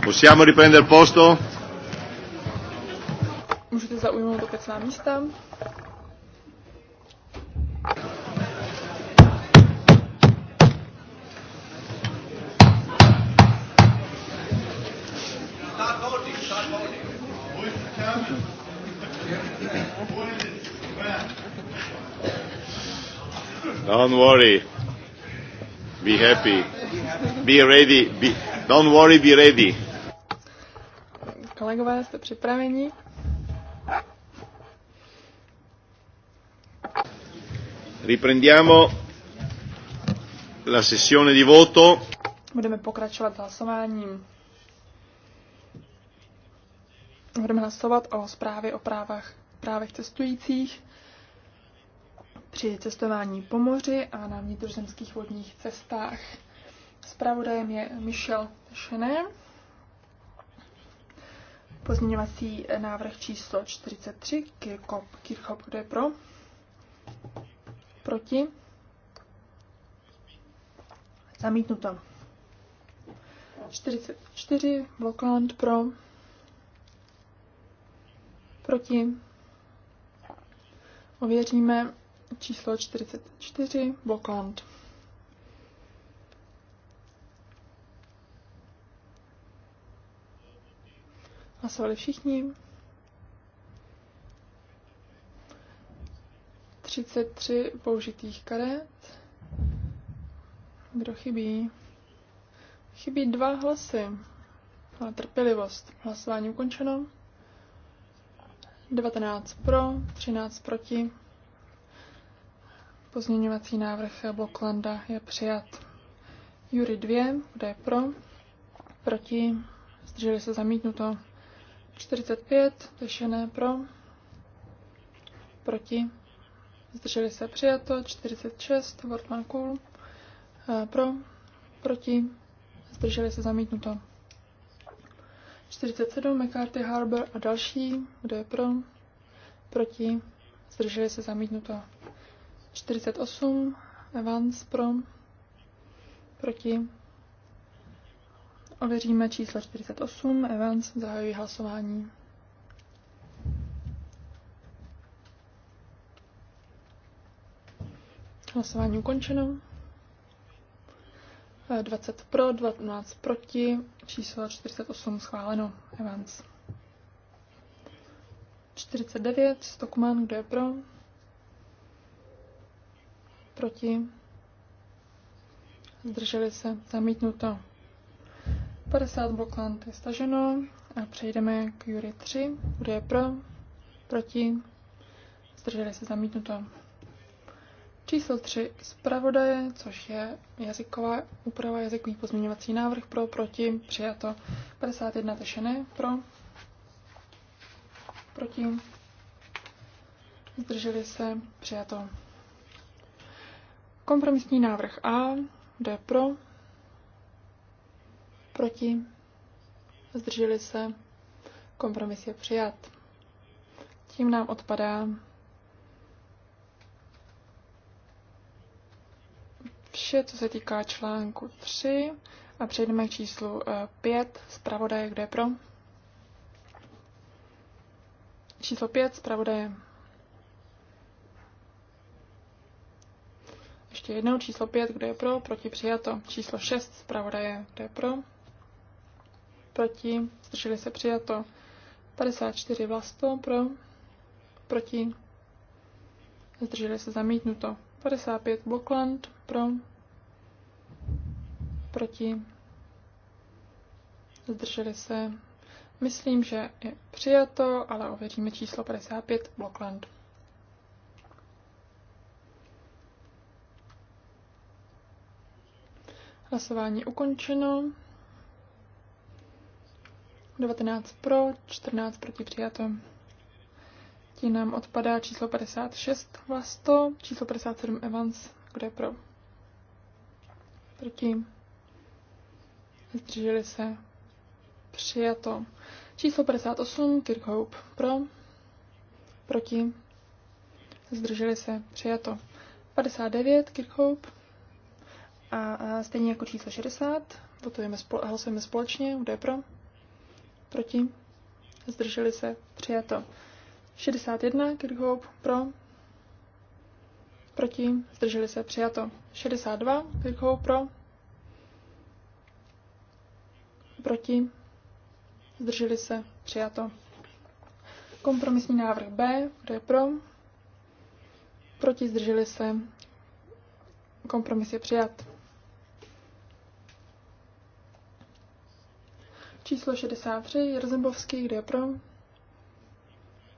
Possiamo riprendere posto? Můžete zaujmout opět svá místa. Don't worry. Be happy. Be ready. Be, don't worry, be ready kolegové, jste připraveni? Riprendiamo la sessione di voto. Budeme pokračovat hlasováním. Budeme hlasovat o zprávě o právech, právech cestujících při cestování po moři a na vnitrozemských vodních cestách. Spravodajem je Michel Chenet. Pozměňovací eh, návrh číslo 43, Kirchhoff, Kirchhoff kdo je pro? Proti? Zamítnuto. 44, Blokland pro? Proti? Ověříme číslo 44, Blokland. Hlasovali všichni. 33 použitých karet. Kdo chybí? Chybí dva hlasy. Ale trpělivost. Hlasování ukončeno. 19 pro, 13 proti. Pozměňovací návrh Boklanda je přijat. Jury 2, kde je pro, proti, zdrželi se zamítnuto. 45, Pešené pro, proti, zdrželi se přijato, 46, Wortman Kohl, pro, proti, zdrželi se zamítnuto. 47, McCarthy, Harbor a další, kdo je pro, proti, zdrželi se zamítnuto. 48, Evans pro, proti, Ověříme číslo 48. Evans, zahajuje hlasování. Hlasování ukončeno. 20 eh, pro, 12 proti, číslo 48 schváleno. Evans. 49, Stockman, kdo je pro? Proti. Zdrželi se, zamítnuto. 50 bloklant je staženo a přejdeme k Jury 3. Kdo je pro? Proti? Zdrželi se zamítnuto. Číslo 3 zpravodaje, což je jazyková úprava, jazykový pozměňovací návrh pro, proti, přijato 51 tešené pro, proti, zdrželi se, přijato. Kompromisní návrh A, D pro, proti, zdrželi se, kompromis je přijat. Tím nám odpadá vše, co se týká článku 3 a přejdeme k číslu 5, eh, zpravodaje, kde je pro. Číslo 5, zpravodaje. Ještě jednou číslo 5, kde je pro, proti přijato. Číslo 6, zpravodaje, kde je pro, proti, zdrželi se přijato. 54 vlasto pro, proti, zdrželi se zamítnuto. 55 Blokland pro, proti, zdrželi se. Myslím, že je přijato, ale ověříme číslo 55 Blokland. Hlasování ukončeno. 19 pro, 14 proti přijato. Tím nám odpadá číslo 56 Vlasto, číslo 57 Evans, kde pro. Proti. Zdrželi se. Přijato. Číslo 58 Kirkhope pro. Proti. Zdrželi se. Přijato. 59 Kirkhope. A, a stejně jako číslo 60. Votujeme spol- hlasujeme společně. Kdo je pro? proti, zdrželi se, přijato. 61, Kirchhoff, pro, proti, zdrželi se, přijato. 62, Kirchhoff, pro, proti, zdrželi se, přijato. Kompromisní návrh B, kdo je pro, proti, zdrželi se, kompromis je přijat. Číslo 63, Jarzembovský, kde je pro?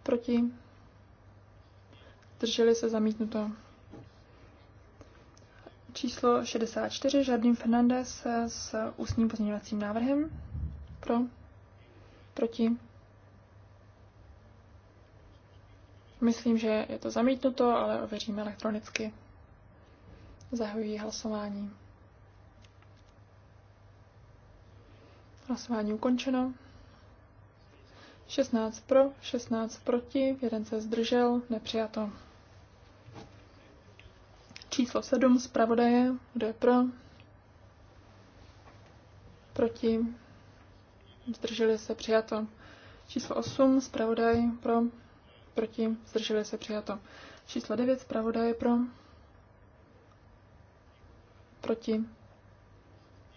Proti? Drželi se zamítnuto. Číslo 64, Žardín Fernandez s ústním pozměňovacím návrhem. Pro? Proti? Myslím, že je to zamítnuto, ale ověříme elektronicky. Zahajuji hlasování. Hlasování ukončeno. 16 pro, 16 proti, jeden se zdržel, nepřijato. Číslo 7 zpravodaje, kdo je pro? Proti, zdrželi se, přijato. Číslo 8 zpravodaj pro, proti, zdrželi se, přijato. Číslo 9 zpravodaje pro, proti,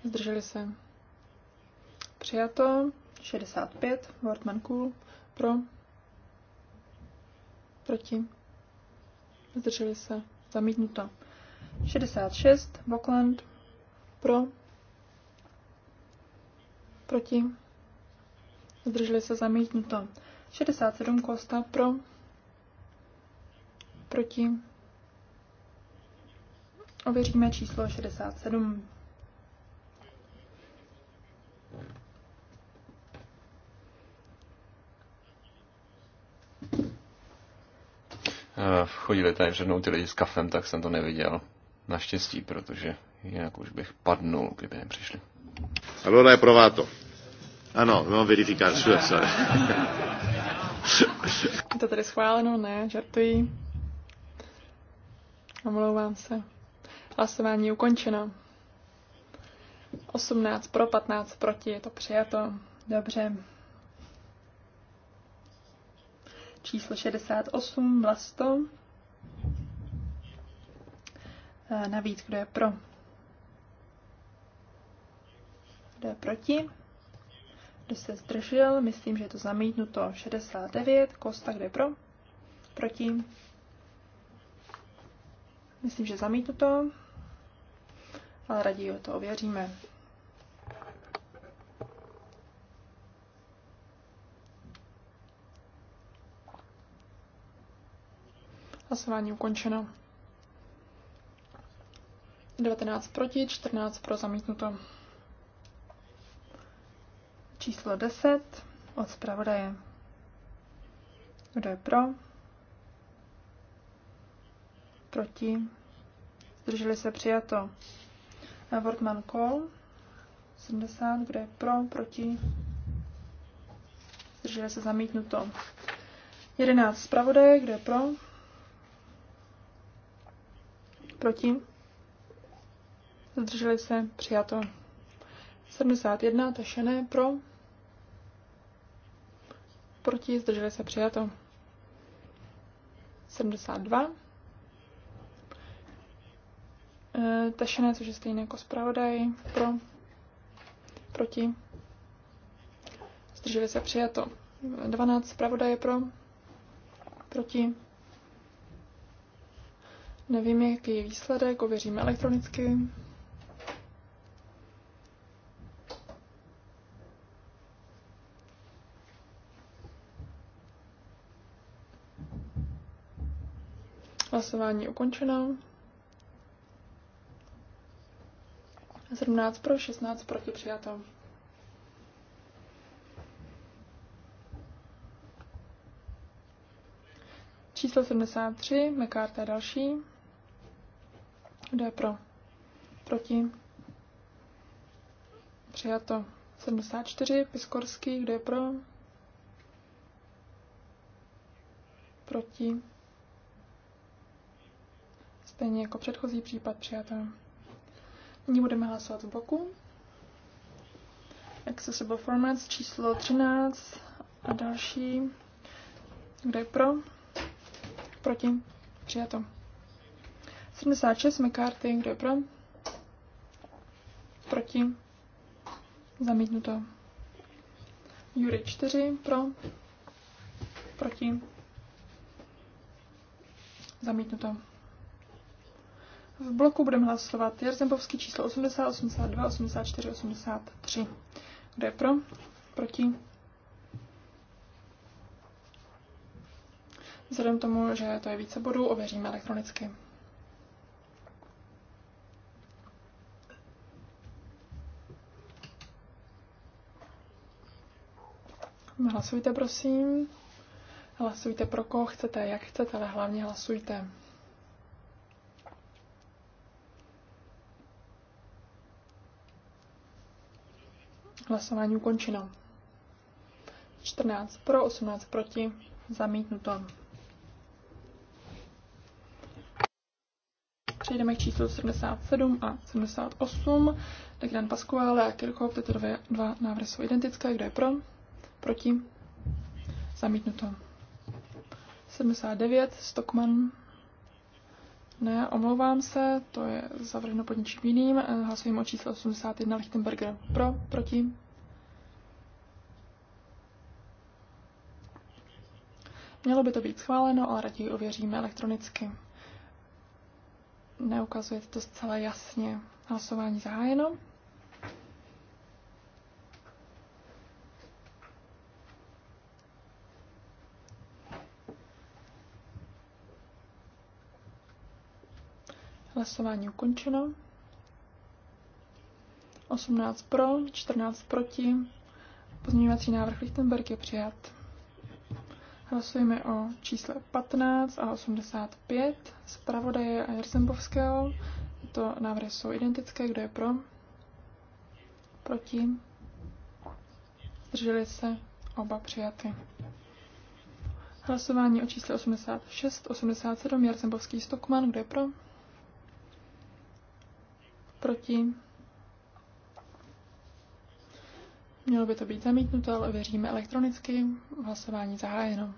zdrželi se, Přijato. 65. Wortman Cool. Pro. Proti. Zdrželi se. Zamítnuto. 66. Vokland, Pro. Proti. Zdrželi se. Zamítnuto. 67. Kosta. Pro. Proti. Ověříme číslo 67. chodili tady před mnou ty lidi s kafem, tak jsem to neviděl. Naštěstí, protože jinak už bych padnul, kdyby nepřišli. Allora è provato. Ano, no, dobbiamo verificare, scusate. To tady schváleno, ne, žartují. Omlouvám se. Hlasování je ukončeno. 18 pro, 15 proti, je to přijato. Dobře číslo 68 Vlasto. E, navíc, kdo je pro? Kdo je proti? Kdo se zdržel? Myslím, že je to zamítnuto 69. Kosta, kdo je pro? Proti? Myslím, že zamítnuto, ale raději to ověříme. Hlasování ukončeno. 19 proti, 14 pro zamítnuto. Číslo 10 od zpravodaje. Kdo je pro? Proti. Zdrželi se přijato. Wortman Call. 70. Kdo je pro? Proti. Zdrželi se zamítnuto. 11 zpravodaje. Kdo je pro? Proti? Zdrželi se? Přijato. 71, tašené, pro. Proti? Zdrželi se? Přijato. 72. E, tašené, což je stejné jako zpravodaj, pro. Proti? Zdrželi se? Přijato. 12, zpravodaje, pro. Proti? Nevím, jaký je výsledek, ověřím elektronicky. Hlasování ukončeno. 17 pro, 16 proti přijato. Číslo 73, McCarthy další. Kdo je pro? Proti? Přijato. 74, Piskorský, kdo je pro? Proti? Stejně jako předchozí případ přijato. Nyní budeme hlasovat z boku. Accessible Formats číslo 13 a další. Kdo je pro? Proti? Přijato. 76 McCarthy, kdo je pro? Proti? Zamítnuto. Jury 4 pro? Proti? Zamítnuto. V bloku budeme hlasovat Jarzembovský číslo 80, 82, 84, 83. Kdo je pro? Proti? Vzhledem tomu, že to je více bodů, ověříme elektronicky. Hlasujte, prosím. Hlasujte pro koho chcete, jak chcete, ale hlavně hlasujte. Hlasování ukončeno. 14 pro, 18 proti, zamítnuto. Přejdeme k číslu 77 a 78. Dekran Paskuále a Kirchhoff, tyto dva, dva návrhy jsou identické. Kdo je pro? Proti? Zamítnuto. 79, Stockman. Ne, omlouvám se, to je zavrženo pod ničím jiným. Eh, Hlasujím o číslo 81 Lichtenberger. Pro, proti. Mělo by to být schváleno, ale raději ověříme elektronicky. Neukazuje to zcela jasně. Hlasování zahájeno. Hlasování ukončeno. 18 pro, 14 proti. Pozměňovací návrh Lichtenberg je přijat. Hlasujeme o čísle 15 a 85 zpravodaje a Jerzembovského. To návrhy jsou identické. Kdo je pro? Proti? Zdrželi se oba přijaty. Hlasování o čísle 86, 87 Jarzembovský Stokman. Kdo je pro? Proti? Mělo by to být zamítnuto, ale věříme elektronicky. Hlasování zahájeno.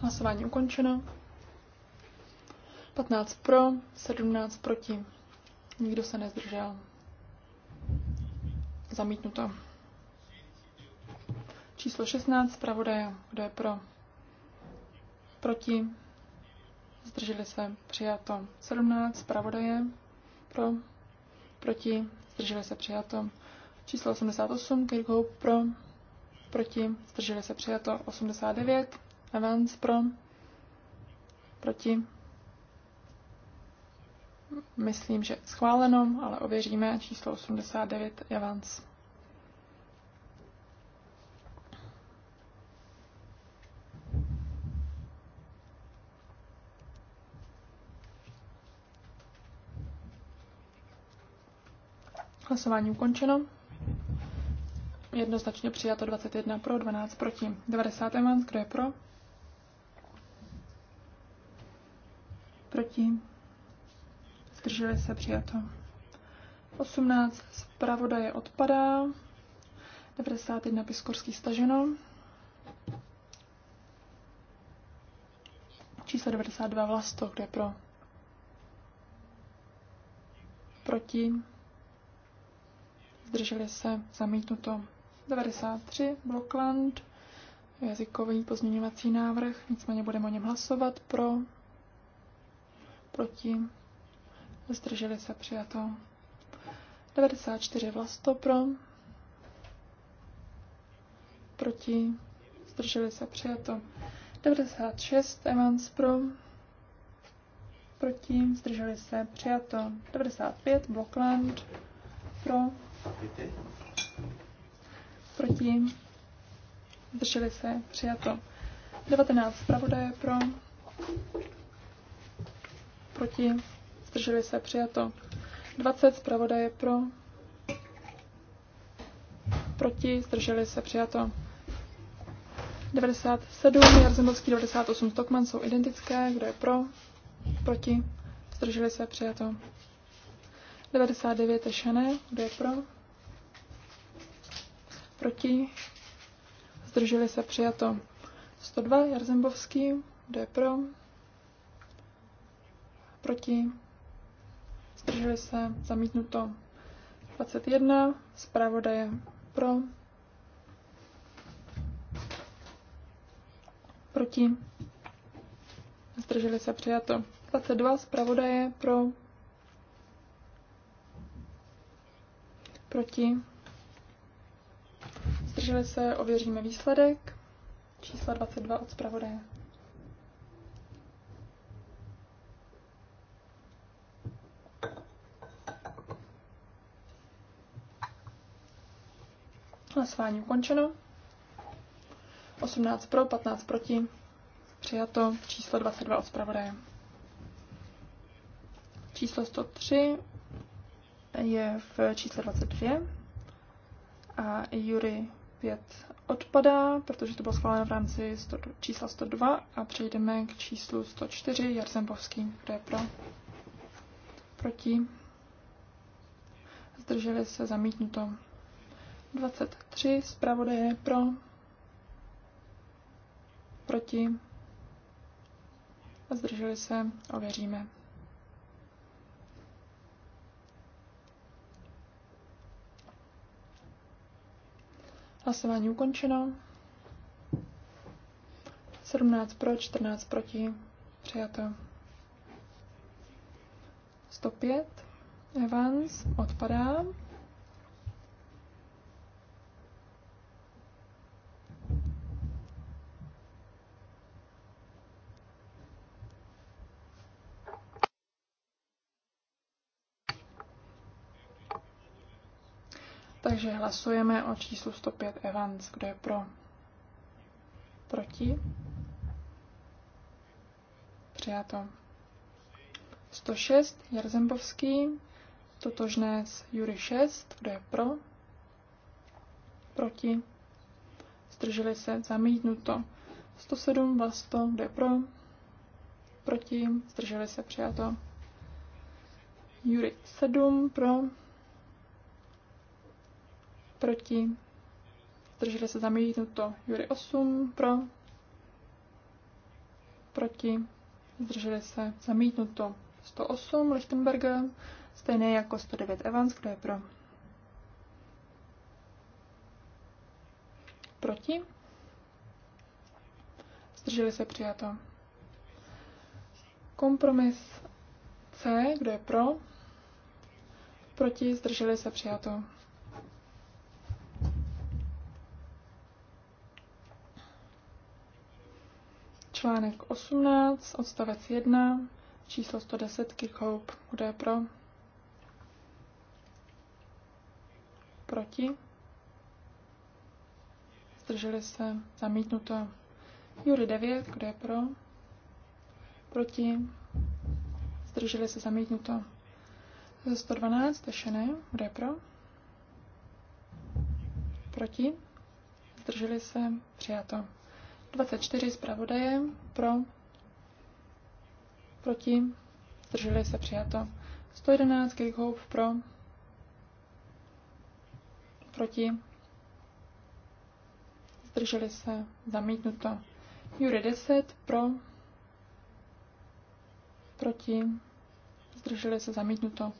Hlasování ukončeno. 15 pro, 17 proti. Nikdo se nezdržel. Zamítnuto. Číslo 16, zpravodaje, kdo je pro? Proti? Zdrželi se, přijato. 17, zpravodaje, pro? Proti? Zdrželi se, přijato. Číslo 88, Kirkhope, pro? Proti? Zdrželi se, přijato. 89, Evans, pro? Proti? Myslím, že schváleno, ale ověříme číslo 89 Evans. Hlasování ukončeno. Jednoznačně přijato 21 pro, 12 proti. 90. Man, kdo je pro? Proti. Zdrželi se přijato. 18. Zpravodaje odpadá. 91. Piskorský staženo. Číslo 92. Vlasto, kde pro? Proti zdrželi se, zamítnuto. 93, Blockland, jazykový pozměňovací návrh, nicméně budeme o něm hlasovat pro, proti, zdrželi se, přijato. 94, Vlasto, pro, proti, zdrželi se, přijato. 96, Evans, pro, proti, zdrželi se, přijato. 95, Blockland, pro, Proti. Drželi se. Přijato. 19. Pravodaje pro. Proti. Zdrželi se. Přijato. 20. Zpravodaje pro. Proti. Zdrželi se. Přijato. 97. Jarzemovský 98. Stokman jsou identické. Kdo je pro? Proti. Zdrželi se. Přijato. 99 Tešené, kdo je pro? Proti? Zdrželi se přijato. 102 Jarzembovský, kdo je pro? Proti? Zdrželi se zamítnuto. 21 zpravodaje pro? Proti? Zdrželi se přijato. 22 zpravodaje pro? Proti? Zdrželi se, ověříme výsledek. Čísla 22 od zpravodaje. Hlasování ukončeno. 18 pro, 15 proti. Přijato číslo 22 od zpravodaje. Číslo 103 je v čísle 22 a Jury 5 odpadá, protože to bylo schváleno v rámci 100, čísla 102 a přejdeme k číslu 104, Jarzembovský, kdo je pro, proti, zdrželi se zamítnuto. 23, zpravodaje pro, proti, zdrželi se, ověříme. Hlasování ukončeno. 17 pro, 14 proti. Přijato. 105. Evans odpadá. Takže hlasujeme o číslu 105 Evans. Kdo je pro? Proti? Přijato. 106 Jarzembovský. Totožné s Jury 6. Kdo je pro? Proti? Zdrželi se? Zamítnuto. 107 Vlasto. Kdo je pro? Proti? Zdrželi se? Přijato. Jury 7 pro proti, zdrželi se zamítnuto. Jury 8 pro, proti, zdrželi se zamítnuto. 108 Lichtenberg, stejné jako 109 Evans, kdo je pro. Proti. Zdrželi se přijato. Kompromis C, kdo je pro. Proti, zdrželi se přijato. Článek 18, odstavec 1, číslo 110, Kirchhope. Kdo je pro? Proti? Zdrželi se? Zamítnuto. Jury 9, kdo je pro? Proti? Zdrželi se? Zamítnuto. 112, Tešené, kdo je pro? Proti? Zdrželi se? Přijato. 24 zpravodaje pro, proti, zdrželi se přijato. 111 Kirchhoff pro, proti, zdrželi se zamítnuto. Jury 10 pro, proti, zdrželi se zamítnuto.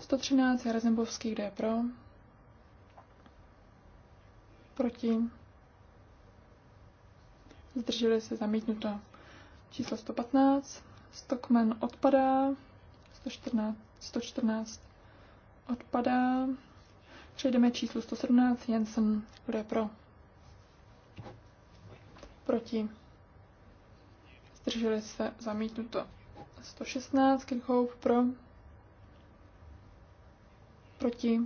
113 Jarezembovský, kde je pro, proti, zdrželi se zamítnuto. Číslo 115, Stockman odpadá, 114, 114 odpadá. Přejdeme číslu 117, Jensen, bude pro? Proti. Zdrželi se zamítnuto. 116, Kirchhoff pro. Proti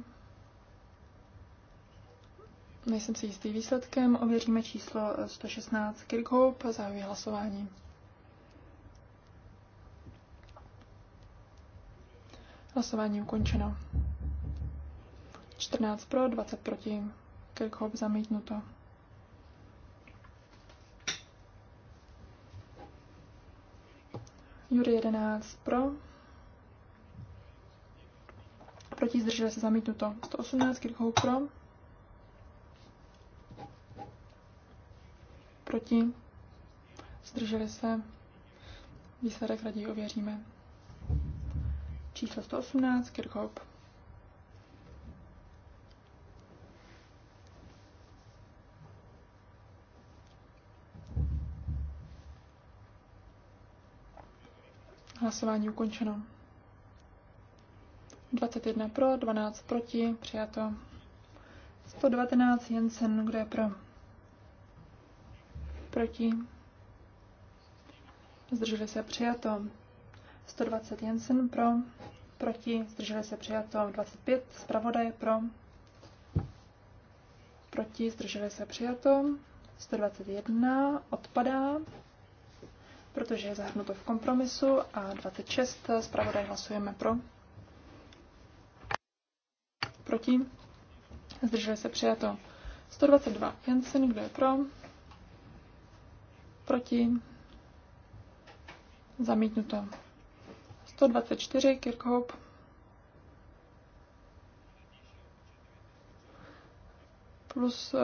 Nejsem si jistý výsledkem, ověříme číslo 116 eh, Kirkhope, zahajuji hlasování. Hlasování ukončeno. 14 pro, 20 proti. Kirkhope zamítnuto. Jury 11 pro. Proti zdrželi se zamítnuto. 118 Kirkhope pro proti, zdrželi se, výsledek raději ověříme. Číslo 118, Kirchhoff. Hlasování ukončeno. 21 pro, 12 proti, přijato. 119 Jensen, kdo je pro? Proti? Zdrželi se přijato. 120 Jensen pro. Proti? Zdrželi se přijato. 25 zpravodaj pro. Proti? Zdrželi se přijato. 121 odpadá, protože je zahrnuto v kompromisu a 26 zpravodaj hlasujeme pro. Proti? Zdrželi se přijato. 122 Jensen, kdo je pro? Proti? Zamítnuto. 124 Kirchhoff. Plus, eh,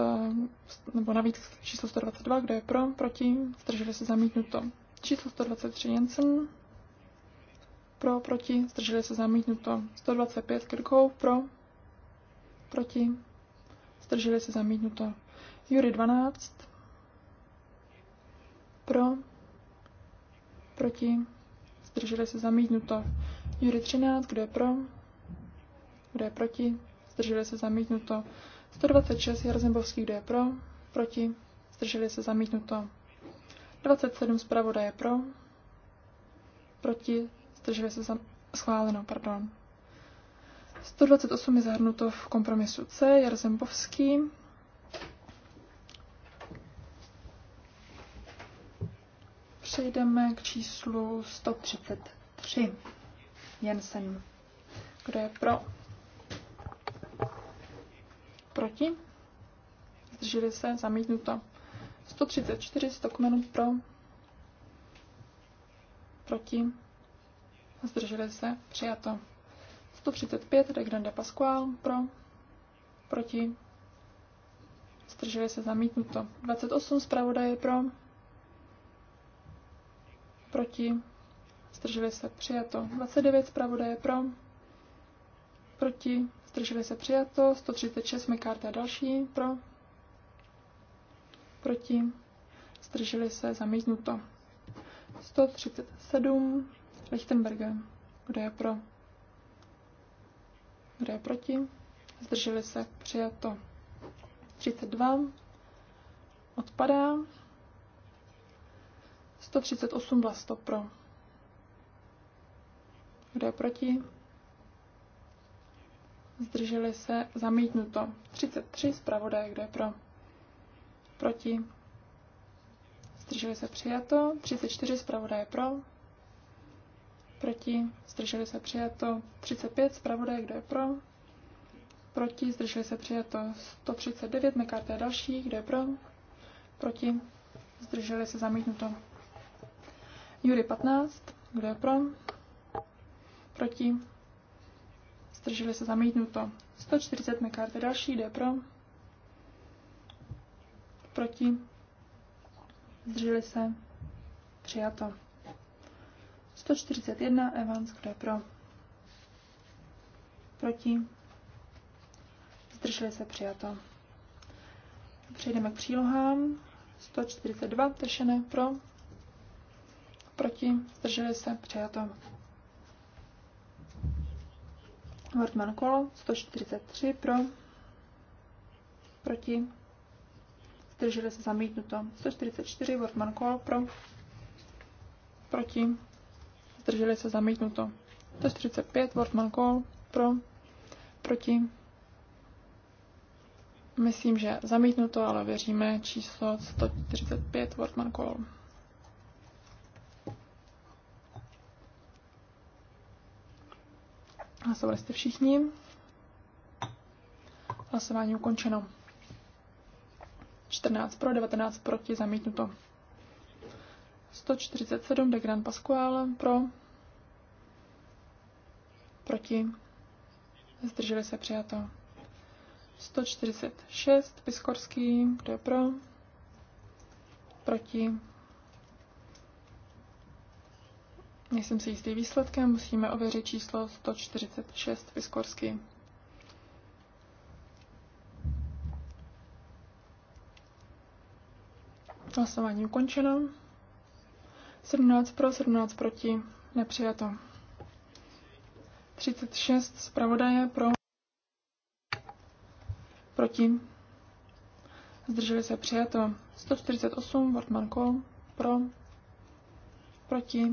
nebo navíc číslo 122, kdo je pro, proti, zdrželi se zamítnuto. Číslo 123 Jensen, pro, proti, zdrželi se zamítnuto. 125 Kirchhoff, pro, proti, zdrželi se zamítnuto. Jury 12, pro. Proti. Zdrželi se zamítnuto. Jury 13, kdo je pro? Kdo je proti? Zdrželi se zamítnuto. 126 Jarzembovský, kdo je pro? Proti? Zdrželi se zamítnuto. 27 je pro? Proti? Zdrželi se zam... schváleno, pardon. 128 je zahrnuto v kompromisu C, Jarzembovský. přejdeme k číslu 133. Jensen. Kdo je pro? Proti? Zdrželi se? Zamítnuto. 134 kmenů pro. Proti? Zdrželi se? Přijato. 135 De Grande Pasquale pro. Proti? Zdrželi se? Zamítnuto. 28 zpravodaje pro proti, zdrželi se přijato. 29 zpravodaje pro, proti, zdrželi se přijato. 136 karta další pro, proti, zdrželi se zamítnuto. 137 Lichtenberg, kdo je pro, kdo je proti, zdrželi se přijato. 32 odpadá. 138 vlasto pro. Kdo je proti? Zdrželi se zamítnuto. 33 zpravodaj, kdo je pro? Proti? Zdrželi se přijato. 34 zpravodaj pro. Proti? Zdrželi se přijato. 35 zpravodaj, kdo je pro? Proti? Zdrželi se přijato. 139 McCarthy další, kdo je pro? Proti? Zdrželi se zamítnuto. Jury 15. Kdo je pro? Proti? Zdrželi se zamítnuto. 140 McCarthy další. Kdo je pro? Proti? Zdrželi se. Přijato. 141 Evans. Kdo je pro? Proti? Zdrželi se. Přijato. Přejdeme k přílohám. 142 Tešené pro proti, zdrželi se, přijato. Wortmann kolo 143 pro, proti, zdrželi se, zamítnuto. 144 Wortmann kolo pro, proti, zdrželi se, zamítnuto. 145 Wortmann kolo pro, proti, Myslím, že zamítnuto, ale věříme číslo 145 Wortmann kolo. Hlasovali jste všichni. Hlasování ukončeno. 14 pro, 19 proti, zamítnuto. 147 de Grand Pascual pro, proti, zdrželi se přijato. 146 Piskorský, kdo je pro, proti, Nejsem si jistý výsledkem, musíme ověřit číslo 146 Vyskorsky. Hlasování ukončeno. 17 pro, 17 proti, nepřijato. 36 zpravodaje pro, proti, zdrželi se přijato. 148 Wortmann pro, proti,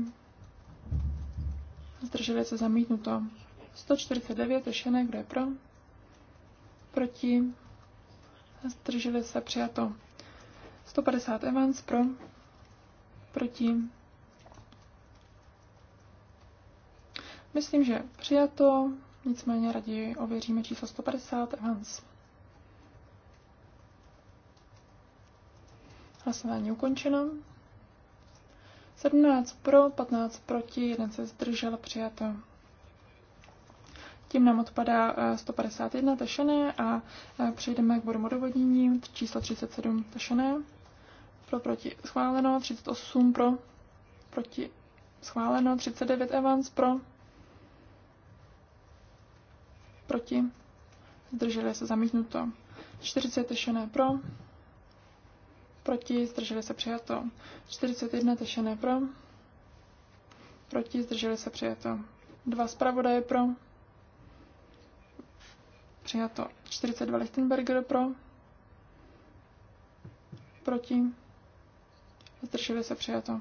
zdrželi se zamítnuto. 149 Ješené, kdo je pro? Proti, zdrželi se přijato. 150 Evans pro, proti. Myslím, že přijato, nicméně raději ověříme číslo 150 Evans. Hlasování ukončeno. 17 pro, 15 proti, jeden se zdržel, přijato. Tím nám odpadá 151 eh, tašené a eh, přejdeme k bodu odvodnění číslo 37 tašené. Pro proti schváleno, 38 pro, proti schváleno, 39 Evans pro, proti, zdrželi se zamítnuto, 40 tašené pro, proti, zdrželi se přijato. 41 tešené pro, proti, zdrželi se přijato. Dva zpravodaje pro, přijato. 42 Lichtenberger pro, proti, zdrželi se přijato.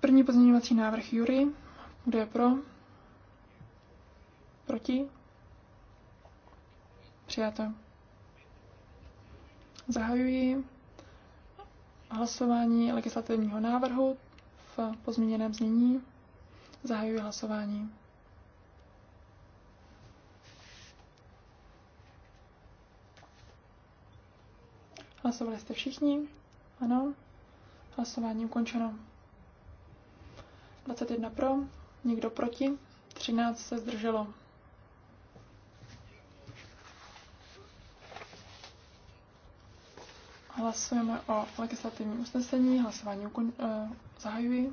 První pozměňovací návrh Jury, kdo je pro, proti, přijato. Zahajuji hlasování legislativního návrhu v pozměněném znění. Zahajuji hlasování. Hlasovali jste všichni? Ano. Hlasování ukončeno. 21 pro, nikdo proti, 13 se zdrželo. Hlasujeme o legislativním usnesení. Hlasování ukon, eh, zahajuji.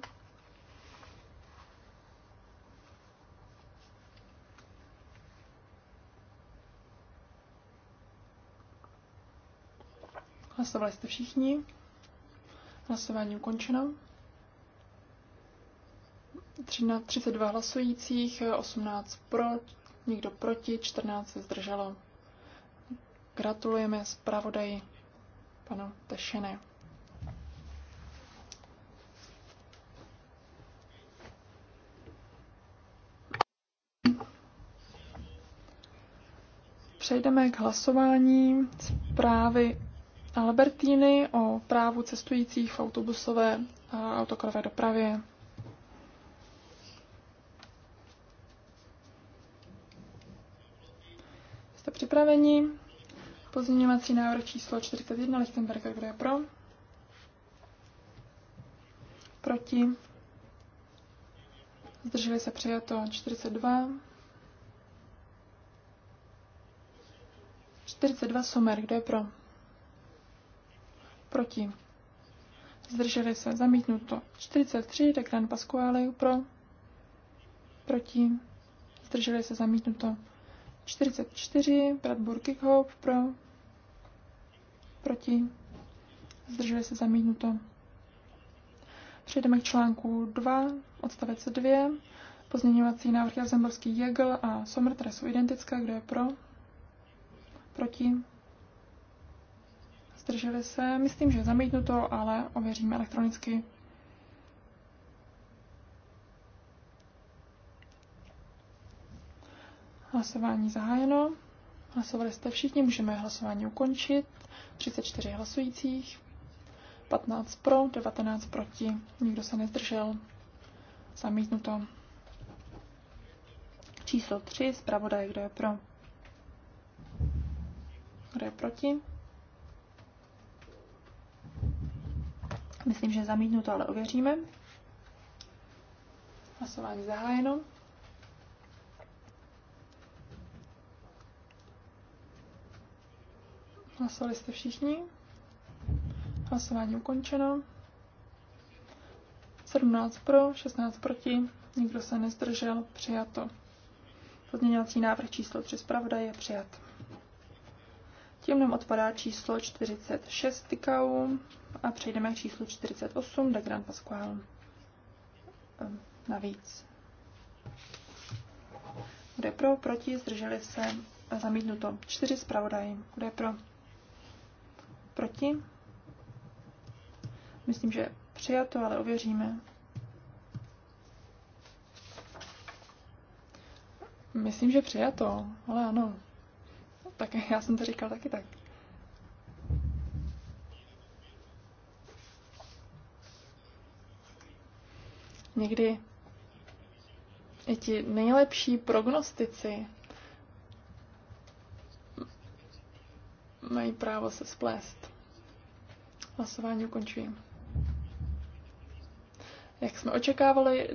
Hlasovali jste všichni. Hlasování ukončeno. 32 hlasujících, 18 eh, pro, nikdo proti, 14 se zdrželo. Gratulujeme zpravodaji panu Tešiny. Přejdeme k hlasování zprávy Albertíny o právu cestujících v autobusové a autokarové dopravě. Jste připraveni? Pozměňovací návrh číslo 41 Lichtenberger, kdo je pro? Proti? Zdrželi se přijato 42. 42 Sumer, kdo je pro? Proti. Zdrželi se, zamítnuto. 43 Dekran Pasquale, pro? Proti. Zdrželi se, zamítnuto. 44 Bradburg Kickhope, pro? Proti? zdržuje se zamítnuto. Přejdeme k článku 2, odstavec 2. Pozměňovací návrh Jazembovský Jegl a Somr, které jsou identické. Kdo je pro? Proti? Zdrželi se. Myslím, že zamítnuto, ale ověříme elektronicky. Hlasování zahájeno. Hlasovali jste všichni, můžeme hlasování ukončit. 34 hlasujících, 15 pro, 19 proti, nikdo se nezdržel. Zamítnuto. Číslo 3, zpravodaj, kdo je pro? Kdo je proti? Myslím, že zamítnuto, ale ověříme. Hlasování zahájeno. Hlasovali jste všichni. Hlasování ukončeno. 17 pro, 16 proti, nikdo se nezdržel, přijato. Pozměňovací návrh číslo 3 zpravda je přijat. Tím nám odpadá číslo 46 Tykau a přejdeme k číslu 48 de Grand Pasquale. Ehm, navíc. Kde pro, proti, zdrželi se, zamítnuto. 4 zpravodaj. Kde pro, Proti? Myslím, že přijato, ale ověříme. Myslím, že přijato, ale ano. Tak já jsem to říkal taky tak. Někdy i ti nejlepší prognostici mají právo se splést. Hlasování ukončuji. Jak jsme očekávali,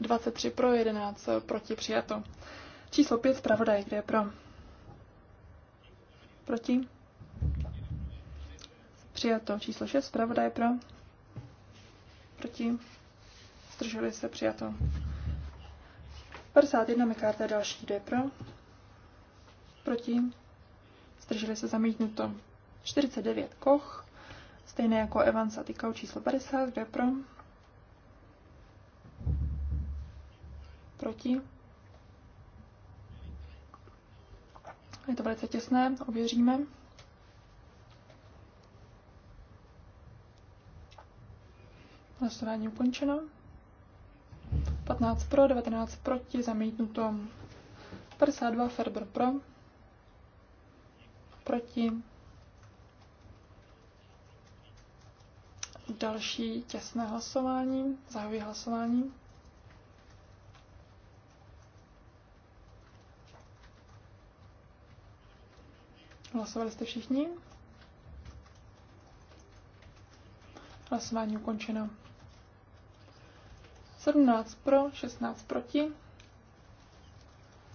23 pro, 11 proti přijato. Číslo 5 pravodaj, kde je pro? Proti? Přijato. Číslo 6 pravodaj, pro? Proti? Zdrželi se přijato. 51 McCarthy další, kde je pro? Proti? zdrželi se zamítnuto. 49 Koch, stejné jako Evans a Tykau číslo 50, kde pro? Proti? Je to velice těsné, ověříme. Hlasování ukončeno. 15 pro, 19 proti, zamítnuto. 52 Ferber pro proti. Další těsné hlasování, zahajuji hlasování. Hlasovali jste všichni? Hlasování ukončeno. 17 pro, 16 proti.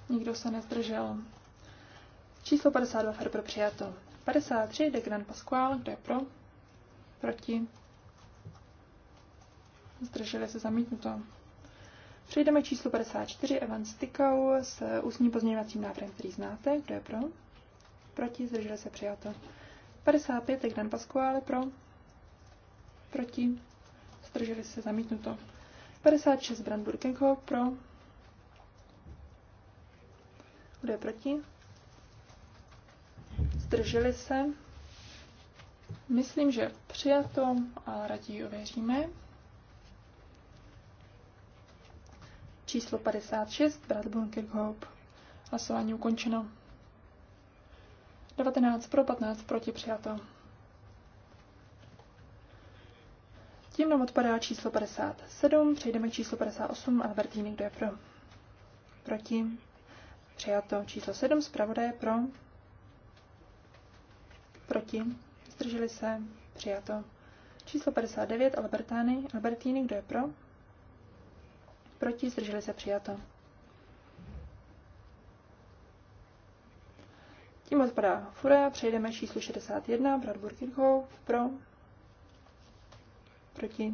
Nikdo se nezdržel. Číslo 52 pro přijato. 53 de Grand Pasquale, kdo je pro? Proti? Zdrželi se zamítnuto. Přejdeme k číslu 54 Evan Stikau s ústním pozměňovacím návrhem, který znáte. Kdo je pro? Proti? Zdrželi se přijato. 55 de Grand Pasquale pro? Proti? Zdrželi se zamítnuto. 56 Brandburgenko pro? Kdo je proti? zdrželi se. Myslím, že přijato, a raději ověříme. Číslo 56, Bradburn Kirkhope. Hlasování ukončeno. 19 pro, 15 proti přijato. Tím nám odpadá číslo 57, přejdeme k číslu 58, Albertini, kdo je pro? Proti. Přijato číslo 7, zpravodaje pro. Proti? Zdrželi se? Přijato. Číslo 59 Albertány. Albertíny, kdo je pro? Proti? Zdrželi se? Přijato. Tím odpadá Fura, přejdeme číslu 61, Brad Kirchhoff, pro, proti.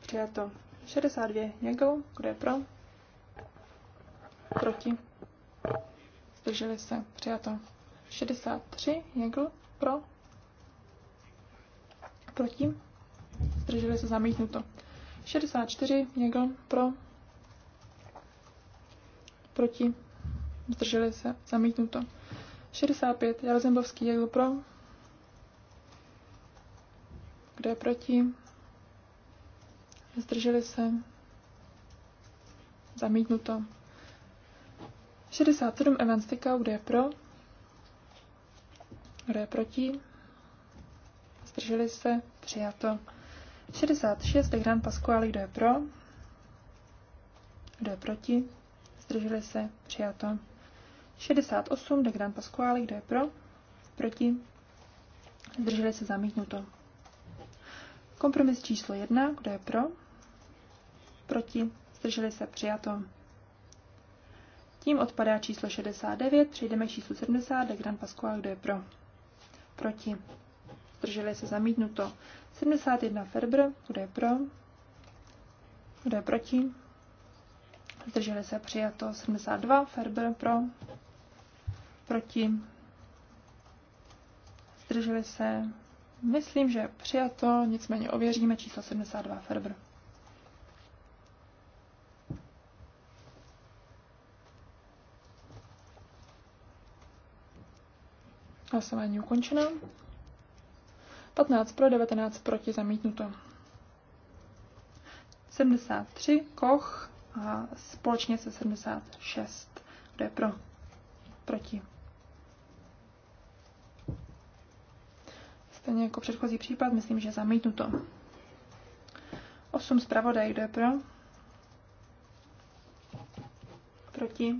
Přijato 62, Jagl, kdo je pro, proti, zdrželi se, přijato. 63, Jegl, pro, proti, zdrželi se, zamítnuto. 64, Jegl, pro, proti, zdrželi se, zamítnuto. 65, Jarozembovský, Jegl, pro, kdo je proti, zdrželi se, zamítnuto. 67 Evanstika, kde je pro? Kdo je proti? Zdrželi se? Přijato. 66 Grand Pasquale, kdo je pro? Kdo je proti? Zdrželi se? Přijato. 68 Grand Pasquale, kdo je pro? Proti? Zdrželi se? Zamítnuto. Kompromis číslo 1, kdo je pro? Proti? Zdrželi se? Přijato. Tím odpadá číslo 69, přejdeme k číslu 70, de Pasqua, kdo je pro. Proti. Zdrželi se zamítnuto. 71 Ferber, kdo je pro. Kdo je proti. Zdrželi se přijato. 72 Ferber pro. Proti. Zdrželi se. Myslím, že přijato, nicméně ověříme číslo 72 Ferber. Hlasování ukončeno. 15 pro, 19 proti, zamítnuto. 73 Koch a společně se 76. Kdo je pro? Proti. Stejně jako předchozí případ, myslím, že zamítnuto. 8 zpravodaj, kdo je pro? Proti.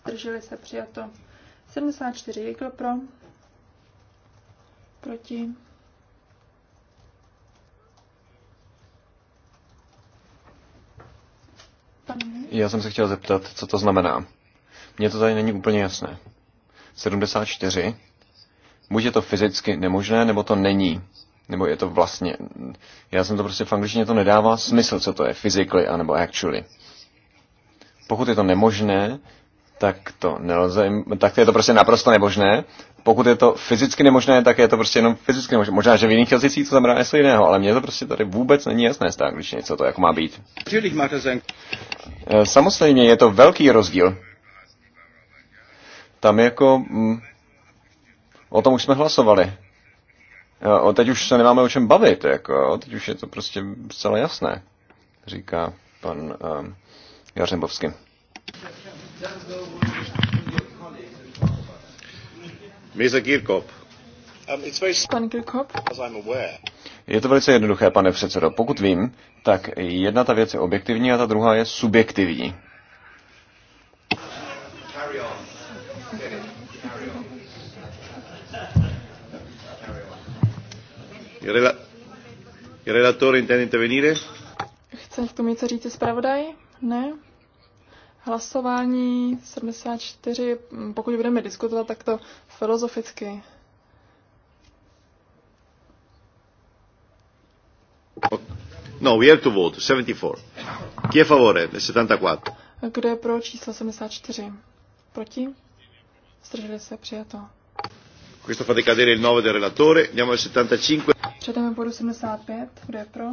Zdrželi se přijato. 74 Jekl pro, proti. Já jsem se chtěl zeptat, co to znamená. Mně to tady není úplně jasné. 74. Buď je to fyzicky nemožné, nebo to není. Nebo je to vlastně... Já jsem to prostě v angličtině to nedává smysl, co to je physically anebo actually. Pokud je to nemožné, tak to nelze, tak je to prostě naprosto nemožné. Pokud je to fyzicky nemožné, tak je to prostě jenom fyzicky nemožné. Možná, že v jiných jazycích to znamená něco jiného, ale mně to prostě tady vůbec není jasné z té angličtiny, co to jako má být. Eh, samozřejmě je to velký rozdíl. Tam jako... Mm, o tom už jsme hlasovali. Eh, o teď už se nemáme o čem bavit, jako, teď už je to prostě celé jasné, říká pan um, Jařembovský. Mr. Kirkop. Pan Je to velice jednoduché, pane předsedo. Pokud vím, tak jedna ta věc je objektivní a ta druhá je subjektivní. Chce k tomu něco říct zpravodaj? Ne? hlasování 74, pokud budeme diskutovat takto filozoficky. No, we have to vote. 74. Chi è favore? 74. Kdo je pro číslo 74? Proti? Zdrželi se, přijato. Questo fate cadere il 9 del relatore. Andiamo al 75. Přejdeme bodu 75. Kdo je pro?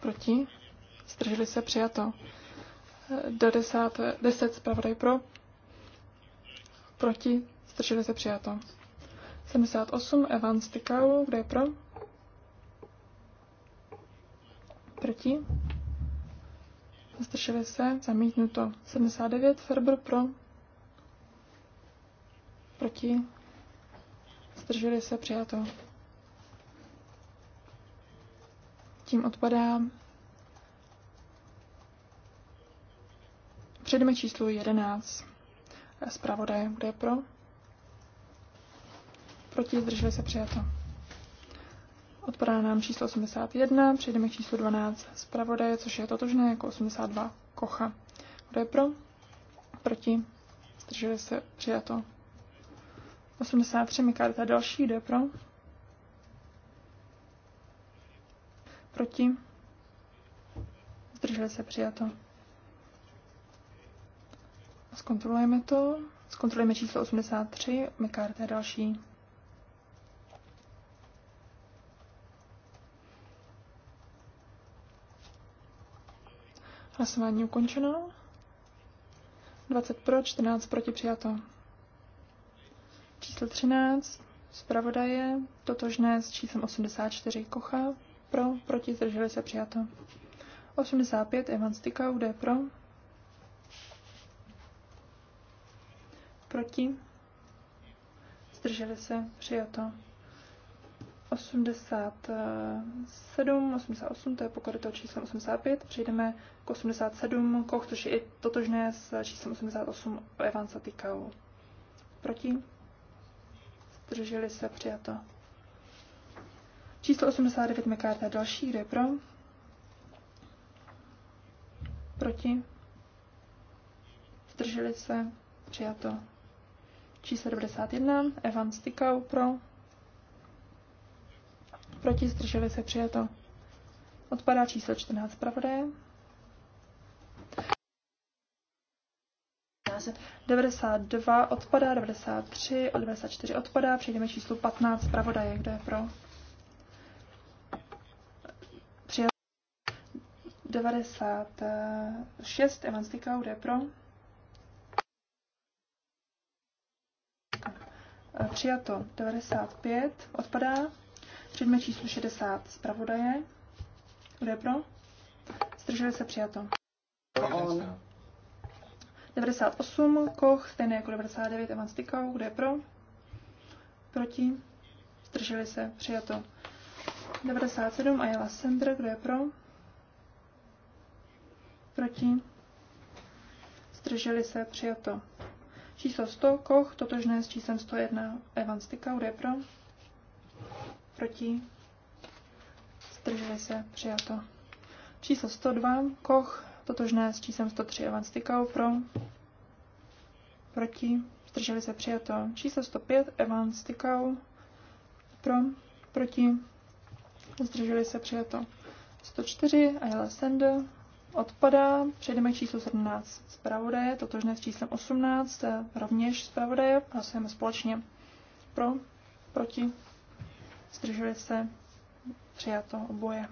Proti? zdrželi se přijato. Do 10, 10 zpravodaj pro, proti, zdrželi se přijato. 78 Evan Stikau, kde je pro? Proti. Zdrželi se, zamítnuto. 79 Ferber pro, proti, zdrželi se, přijato. Tím odpadá Přejdeme číslu 11. Zpravodaje, kdo je pro? Proti, zdrželi se přijato. Odpadá nám číslo 81, přejdeme k číslu 12 zpravodaje, což je totožné jako 82 kocha. Kdo je pro? Proti? Zdrželi se přijato. 83 Mikarta další, kdo je pro? Proti? Zdrželi se přijato. Zkontrolujeme to. Zkontrolujeme číslo 83. McCarthy je další. Hlasování ukončeno. 20 pro, 14 proti přijato. Číslo 13. Zpravodaje, totožné s číslem 84 Kocha, pro, proti zdrželi se přijato. 85 Evan Stikau, jde pro, Proti? Zdrželi se? Přijato. 87, 88, to je to číslem 85. Přejdeme k 87, Koch, což je i totožné s číslem 88 Evansa Tykau. Proti? Zdrželi se? Přijato. Číslo 89 McCarthy další, kde je pro? Proti? Zdrželi se? Přijato. Číslo 91, Evan Stikau pro. Proti zdrželi se přijato. Odpadá číslo 14 zpravodaje. 92 odpadá, 93 a 94 odpadá. Přejdeme číslu 15 zpravodaje, kdo je pro. přijato 96 Evan Stikau, kdo je pro Přijato 95, odpadá. Předmět číslo 60, zpravodaje. Kdo je pro? Zdrželi se přijato. 98, Koch, stejné jako 99, Evan Stikau, kdo je pro? Proti? Zdrželi se, přijato. 97, Ayala Sender, kdo je pro? Proti? Zdrželi se, přijato. Číslo 100, Koch, totožné s číslem 101, Evan Stikau, je pro. Proti. Zdrželi se, přijato. Číslo 102, Koch, totožné s číslem 103, Evan Stikau, pro. Proti. Zdrželi se, přijato. Číslo 105, Evan Stikau, pro. Proti. Zdrželi se, přijato. 104, Ayala Sender, odpadá. Přejdeme k číslu 17 zpravodaje, totožné s číslem 18, eh, rovněž zpravodaje. Hlasujeme společně pro, proti, zdrželi se, přijato oboje.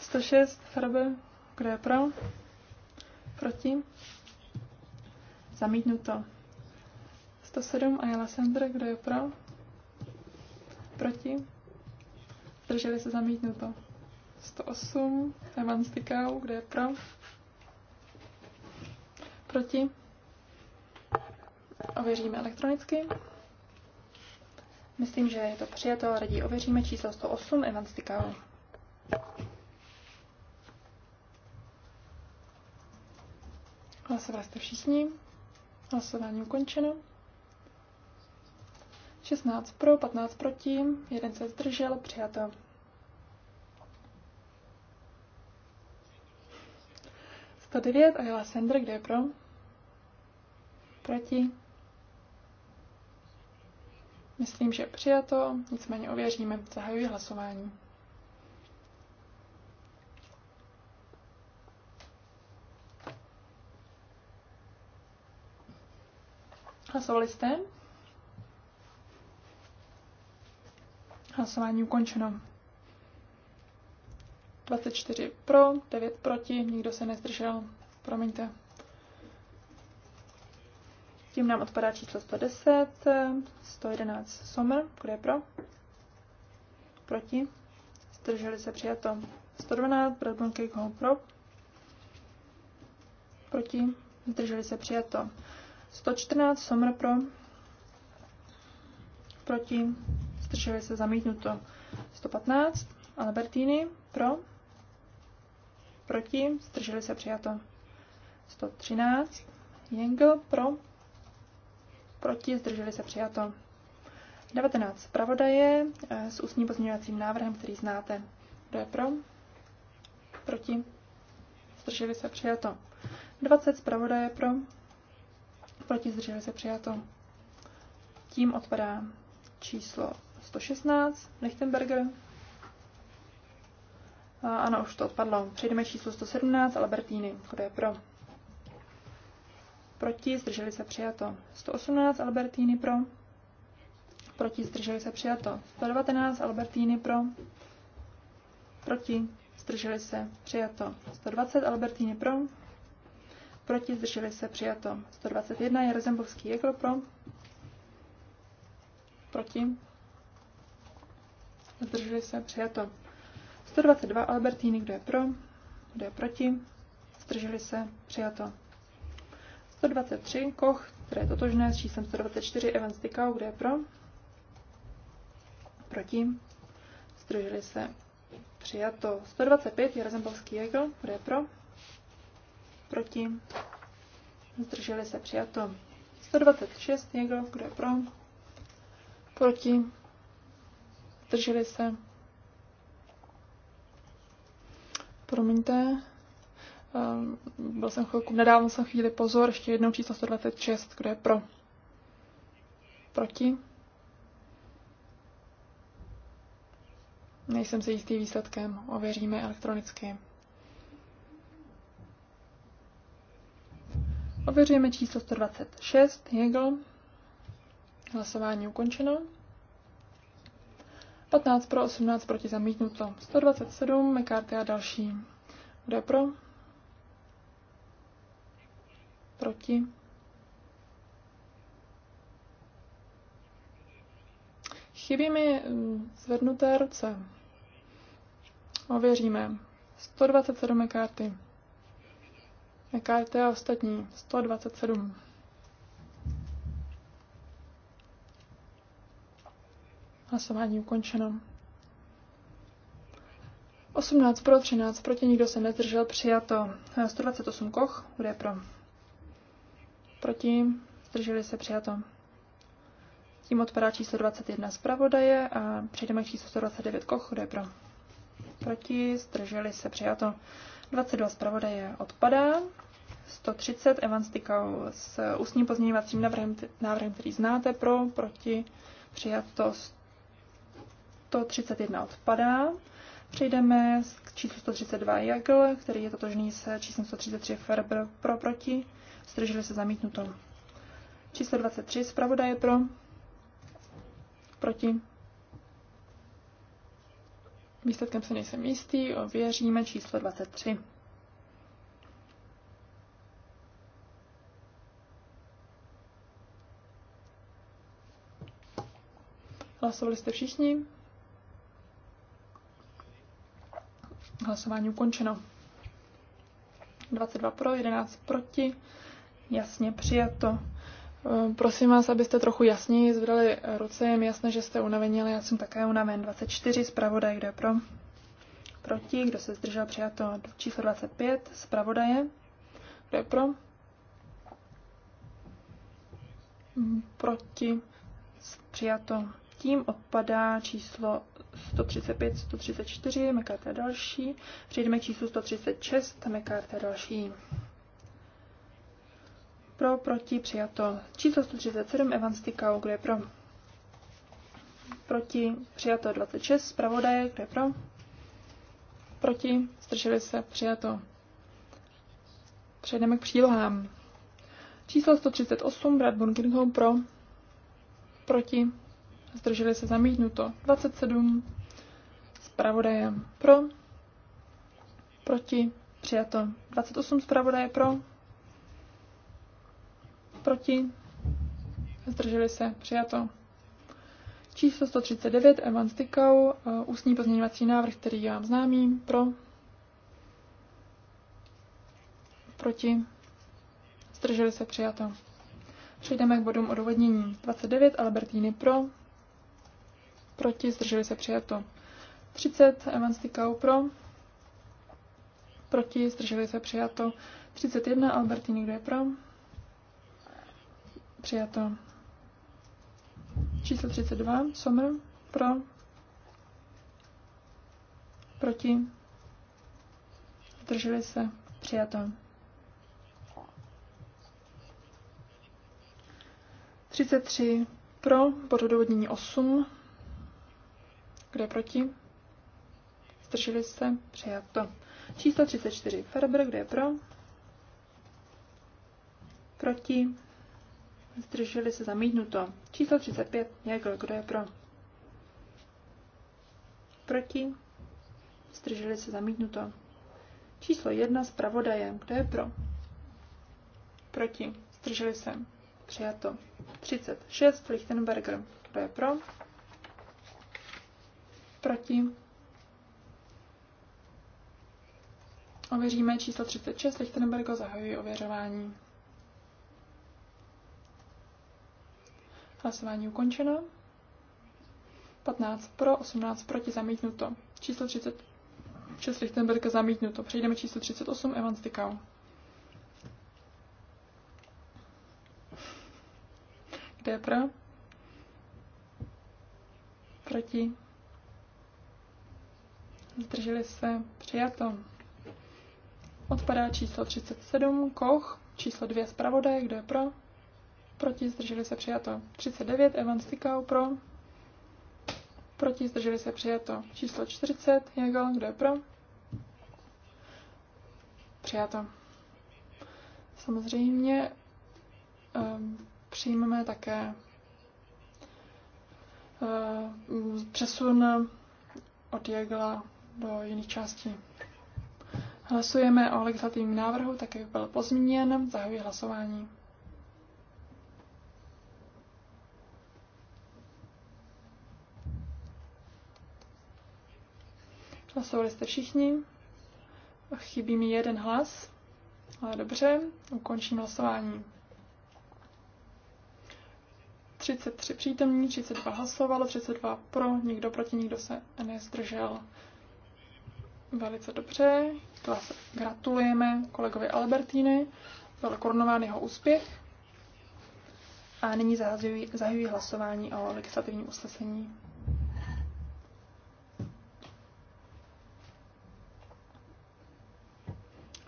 106 Hrabe, kdo je pro? Proti? Zamítnuto. 107 Ayala Sandra, kdo je pro? Proti? Zdrželi se zamítnuto. 108. Evan Stikau, kde je pro? Proti? Ověříme elektronicky. Myslím, že je to přijato, a raději ověříme číslo 108, Evan Stikau. Hlasovali jste všichni. Hlasování ukončeno. 16 pro, 15 proti, jeden se zdržel, přijato. 109 a Jela Sender, kde je pro? Proti? Myslím, že přijato, nicméně ověříme. Zahajuji hlasování. Hlasovali jste? Hlasování ukončeno. 24 pro, 9 proti, nikdo se nezdržel. Promiňte. Tím nám odpadá číslo 110, 111 Sommer, kdo je pro? Proti. Zdrželi se přijato 112, Bradburn Cake Home pro. Proti. Zdrželi se přijato 114 Sommer pro. Proti. Zdrželi se zamítnuto 115 Albertini pro proti, zdrželi se přijato 113, Jengl pro, proti, zdrželi se přijato 19 zpravodaje eh, s ústním pozměňovacím návrhem, který znáte. Kdo je pro? Proti? Zdrželi se přijato. 20 zpravodaje pro? Proti zdrželi se přijato. Tím odpadá číslo 116 Lichtenberger ano, už to odpadlo. Přejdeme číslo 117, Albertíny. Kdo je pro? Proti, zdrželi se přijato. 118, Albertíny pro. Proti, zdrželi se přijato. 119, Albertíny pro. Proti, zdrželi se přijato. 120, Albertíny pro. Proti, zdrželi se přijato. 121, Jarzembovský Jekl pro. Proti. Zdrželi se přijato. 122 Albertini, kdo je pro, kdo je proti, zdrželi se, přijato. 123 Koch, které je totožné s číslem 124 Evans Dikau, kdo je pro, proti, zdrželi se, přijato. 125 Jarezembovský Jägl, kdo je pro, proti, zdrželi se, přijato. 126 Někdo kdo je pro, proti, zdrželi se, Promiňte. Ehm, byl jsem chvilku, Nedávno jsem chvíli pozor, ještě jednou číslo 126, kdo je pro. Proti. Nejsem si jistý výsledkem, ověříme elektronicky. Ověříme číslo 126, Hegel. Hlasování ukončeno. 15 pro, 18 proti zamítnuto. 127, McCarthy a další. Kdo je pro? Proti? Chybí mi mm, zvednuté ruce. Ověříme. 127 McCarthy. McCarthy a ostatní. 127. Hlasování ukončeno. 18 pro, 13 proti, nikdo se nezdržel, přijato 128 koch, bude pro. Proti, zdrželi se, přijato. Tím odpadá číslo 21 zpravodaje a přejdeme k číslu 129 koch, bude pro. Proti, zdrželi se, přijato. 22 zpravodaje odpadá. 130 Evan Stikau s ústním pozměňovacím návrhem, návrhem, který znáte, pro, proti, přijato 131 odpadá. Přejdeme k číslu 132 Jagl, který je totožný se číslem 133 Ferber pro proti. Zdrželi se zamítnuto. Číslo 23 zpravodaje pro proti. Výsledkem se nejsem jistý, ověříme číslo 23. Hlasovali jste všichni? Hlasování ukončeno. 22 pro, 11 proti. Jasně přijato. Eh, prosím vás, abyste trochu jasněji zvedali ruce. Je mi jasné, že jste unavení, ale já jsem také unaven. 24, zpravodaj, kdo je pro? Proti, kdo se zdržel, přijato. Číslo 25, zpravodaje, kdo je pro? Mm, proti, přijato tím odpadá číslo 135, 134, McCarthy další. Přejdeme k číslu 136, McCarthy další. Pro, proti, přijato. Číslo 137, Evan Stikau, kdo je pro? Proti, přijato 26, zpravodaje, kdo je pro? Proti, zdrželi se, přijato. Přejdeme k přílohám. Číslo 138, Brad Bunkingham pro, proti, zdrželi se zamítnuto. 27 zpravodaje pro, proti, přijato. 28 zpravodaje pro, proti, zdrželi se, přijato. Číslo 139, Evan Stikau, eh, ústní pozměňovací návrh, který já vám známý, pro, proti, zdrželi se, přijato. Přejdeme k bodům odůvodnění. 29, Albertini pro, proti, zdrželi se přijato. 30 Evan Stikau pro, proti, zdrželi se přijato. 31 Albertini, kdo je pro, přijato. Číslo 32 Somr pro, proti, zdrželi se přijato. 33 pro, bod odůvodnění 8, kdo je proti? Zdrželi se? Přijato. Číslo 34. Ferber, kdo je pro? Proti? Zdrželi se? Zamítnuto. Číslo 35. Hegel, kdo je pro? Proti? Zdrželi se? Zamítnuto. Číslo 1. Spravodajem, kdo je pro? Proti? Zdrželi se? Přijato. 36. Lichtenberger, kdo je pro? Proti. Ověříme číslo 36, Lichtenbergo zahajuje ověřování. Hlasování ukončeno. 15 pro, 18 proti, zamítnuto. Číslo 36 Lichtenberg zamítnuto. Přejdeme číslo 38, Evan Stykau. Kde je pro? Proti zdrželi se, přijato. Odpadá číslo 37, Koch, číslo 2 zpravodaj, kdo je pro, proti, zdrželi se, přijato. 39, Evan Stikau, pro, proti, zdrželi se, přijato. Číslo 40, Jagel, kdo je pro, přijato. Samozřejmě um, přijmeme také um, přesun od Jegla do jiných částí. Hlasujeme o legislativním návrhu, tak jak byl pozměněn. Zahajuji hlasování. Hlasovali jste všichni. Chybí mi jeden hlas. Ale dobře, ukončím hlasování. 33 přítomní, 32 hlasovalo, 32 pro, nikdo proti, nikdo se nezdržel. Velice dobře. Vás gratulujeme kolegovi Albertíny. Byl korunován jeho úspěch. A nyní zahajuji, zahajuji hlasování o legislativním usnesení.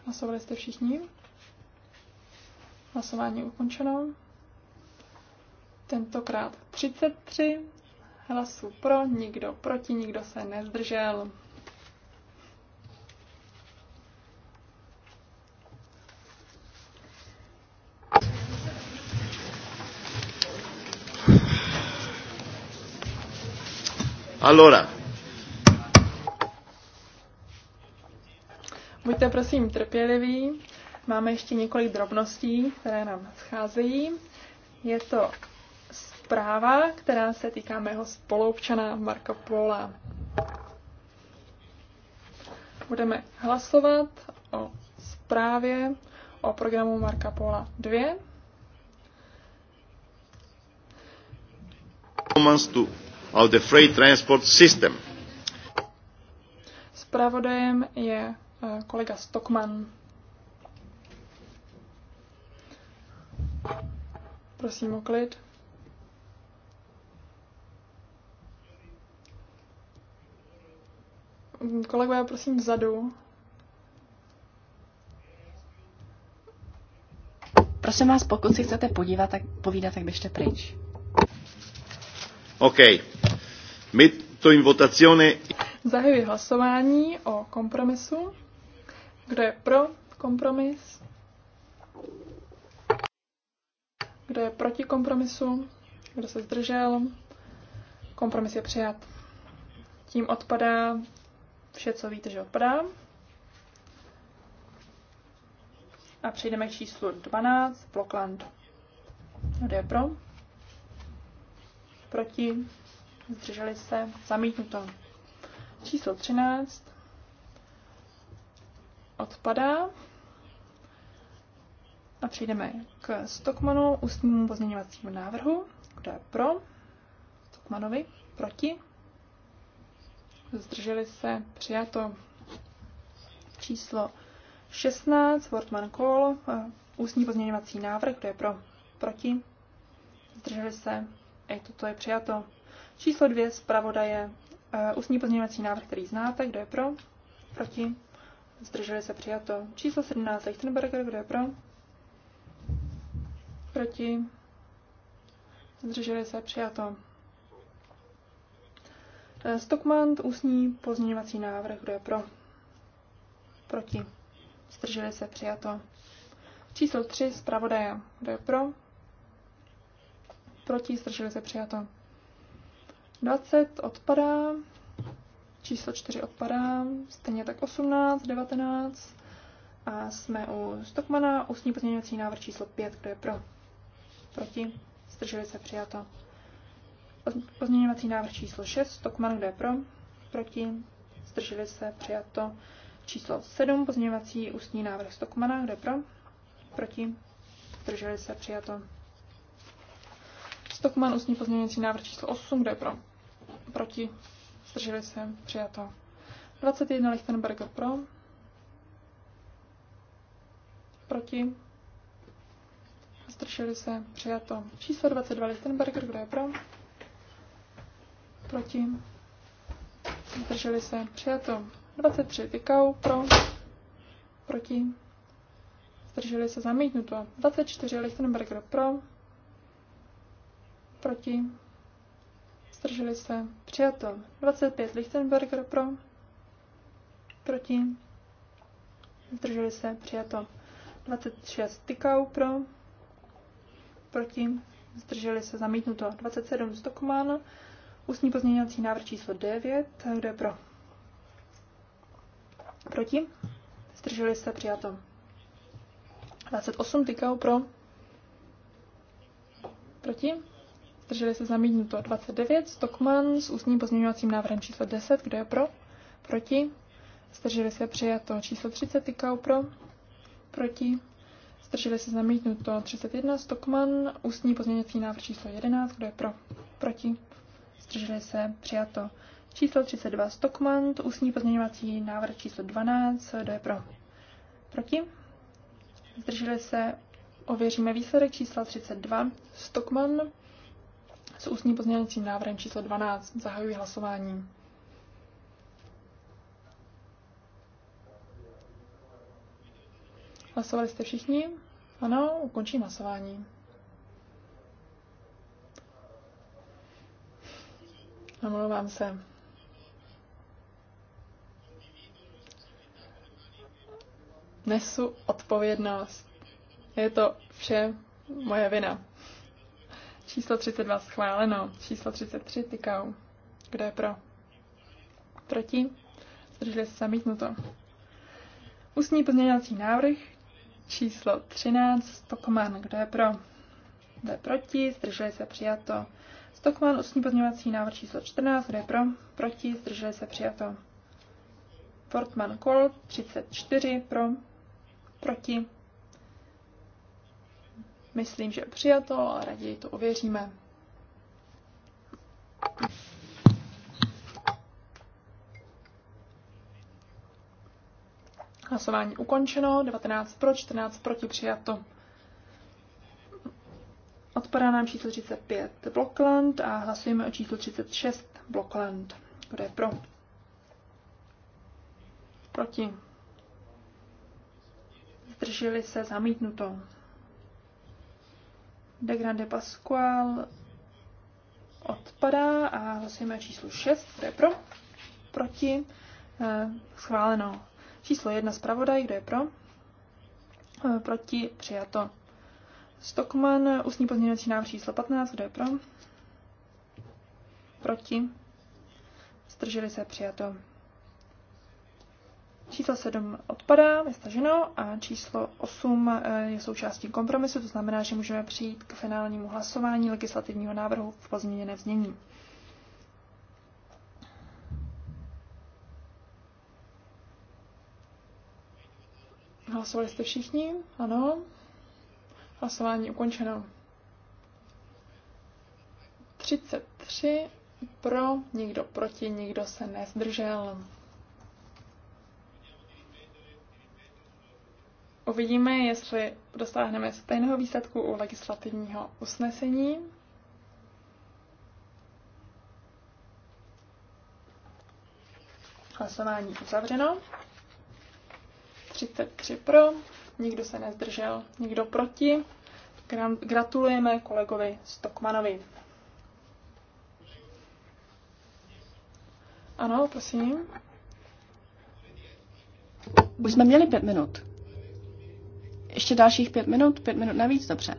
Hlasovali jste všichni? Hlasování ukončeno. Tentokrát 33 hlasů pro, nikdo proti, nikdo se nezdržel. Allora. Buďte prosím trpěliví. Máme ještě několik drobností, které nám scházejí. Je to zpráva, která se týká mého spoluobčana Marka Pola. Budeme hlasovat o zprávě o programu Marka Pola 2 of the freight transport system. Spravodajem je eh, kolega Stockman. Prosím o klid. Kolegové, prosím vzadu. Prosím vás, pokud si chcete podívat, tak, povídat, tak běžte pryč. OK. votazione. Zahajuji hlasování o kompromisu. Kdo je pro kompromis? Kdo je proti kompromisu? Kdo se zdržel? Kompromis je přijat. Tím odpadá vše, co víte, že odpadá. A přejdeme k číslu 12, Blokland. Kdo je pro? proti, zdrželi se, zamítnuto. Číslo 13 odpadá. A přejdeme k Stockmanu, ústnímu pozměňovacímu návrhu. Kdo je pro? Stockmanovi. Proti? Zdrželi se. Přijato. Číslo 16, Wortman Call, ústní pozměňovací návrh. Kdo je pro? Proti? Zdrželi se. I toto je přijato. Číslo dvě zpravodaje. Eh, ústní pozměňovací návrh, který znáte. Kdo je pro? Proti? Zdrželi se přijato. Číslo 17. Lichtenberger. Kdo je pro? Proti? Zdrželi se přijato. Eh, Stockman, ústní pozměňovací návrh, kdo je pro? Proti. Zdrželi se přijato. Číslo 3, zpravodaje, kdo je pro? proti, zdrželi se přijato. 20 odpadá, číslo 4 odpadá, stejně tak 18, 19 a jsme u Stockmana, ústní pozměňovací návrh číslo 5, kdo je pro, proti, zdrželi se přijato. Pozměňovací návrh číslo 6, Stockman, kdo je pro, proti, zdrželi se přijato. Číslo 7, pozměňovací ústní návrh Stockmana, kdo je pro, proti, zdrželi se přijato. Stockman, ústní pozměňující návrh číslo 8, kdo je pro? Proti? Zdrželi se? Přijato. 21 Lichtenberger pro. Proti? Zdrželi se? Přijato. Číslo 22 Lichtenberger, kdo je pro? Proti? Zdrželi se? Přijato. 23 Tykau pro. Proti? Zdrželi se? Zamítnuto. 24 Lichtenberger pro proti, zdrželi se, přijato. 25 Lichtenberger pro, proti, zdrželi se, přijato. 26 Tykau pro, proti, zdrželi se, zamítnuto. 27 Stockmann, ústní pozměňovací návrh číslo 9, kdo je pro? Proti, zdrželi se, přijato. 28 Tykau pro, proti, zdrželi se zamítnuto 29, Stockman s ústním pozměňovacím návrhem číslo 10, kdo je pro, proti, zdrželi se přijato číslo 30, Tykau pro, proti, zdrželi se zamítnuto 31, Stockman, ústní pozměňovací návrh číslo 11, kdo je pro, proti, zdrželi se přijato číslo 32, Stockman, ústní pozměňovací návrh číslo 12, kdo je pro, proti, zdrželi se Ověříme výsledek čísla 32. Stockman, s ústním pozměňovacím návrhem číslo 12 zahajuji hlasování. Hlasovali jste všichni? Ano, ukončím hlasování. Omlouvám se. Nesu odpovědnost. Je to vše moje vina. Číslo 32 schváleno. Číslo 33 tykau. Kdo je pro? Proti? Zdrželi se zamítnuto. Ústní pozměňovací návrh číslo 13 Stokman Kdo je pro? Kdo je proti? Zdrželi se přijato. Stokman ústní pozměňovací návrh číslo 14. Kdo je pro? Proti? Zdrželi se přijato. Portman Kol 34 pro, proti, Myslím, že přijato, a raději to ověříme. Hlasování ukončeno, 19 pro, 14 proti, přijato. Odpadá nám číslo 35 Blockland a hlasujeme o číslo 36 Blockland. Kdo je pro? Proti. Zdrželi se zamítnuto. De Grande Pascual odpadá a hlasujeme číslo 6, kdo je pro, proti, eh, schváleno. Číslo 1 zpravodaj, kdo je pro, eh, proti, přijato. Stockman, ústní pozměňovací návrh číslo 15, kdo je pro, proti, zdrželi se, přijato. Číslo 7 odpadá, je staženo a číslo 8 eh, je součástí kompromisu, to znamená, že můžeme přijít k finálnímu hlasování legislativního návrhu v pozměněné vznění. Hlasovali jste všichni? Ano. Hlasování ukončeno. 33 pro, nikdo proti, nikdo se nezdržel. Uvidíme, jestli dosáhneme stejného výsledku u legislativního usnesení. Hlasování uzavřeno. 33 pro, nikdo se nezdržel, nikdo proti. Gratulujeme kolegovi Stokmanovi. Ano, prosím. Už jsme měli pět minut. Ještě dalších pět minut, pět minut navíc, dobře.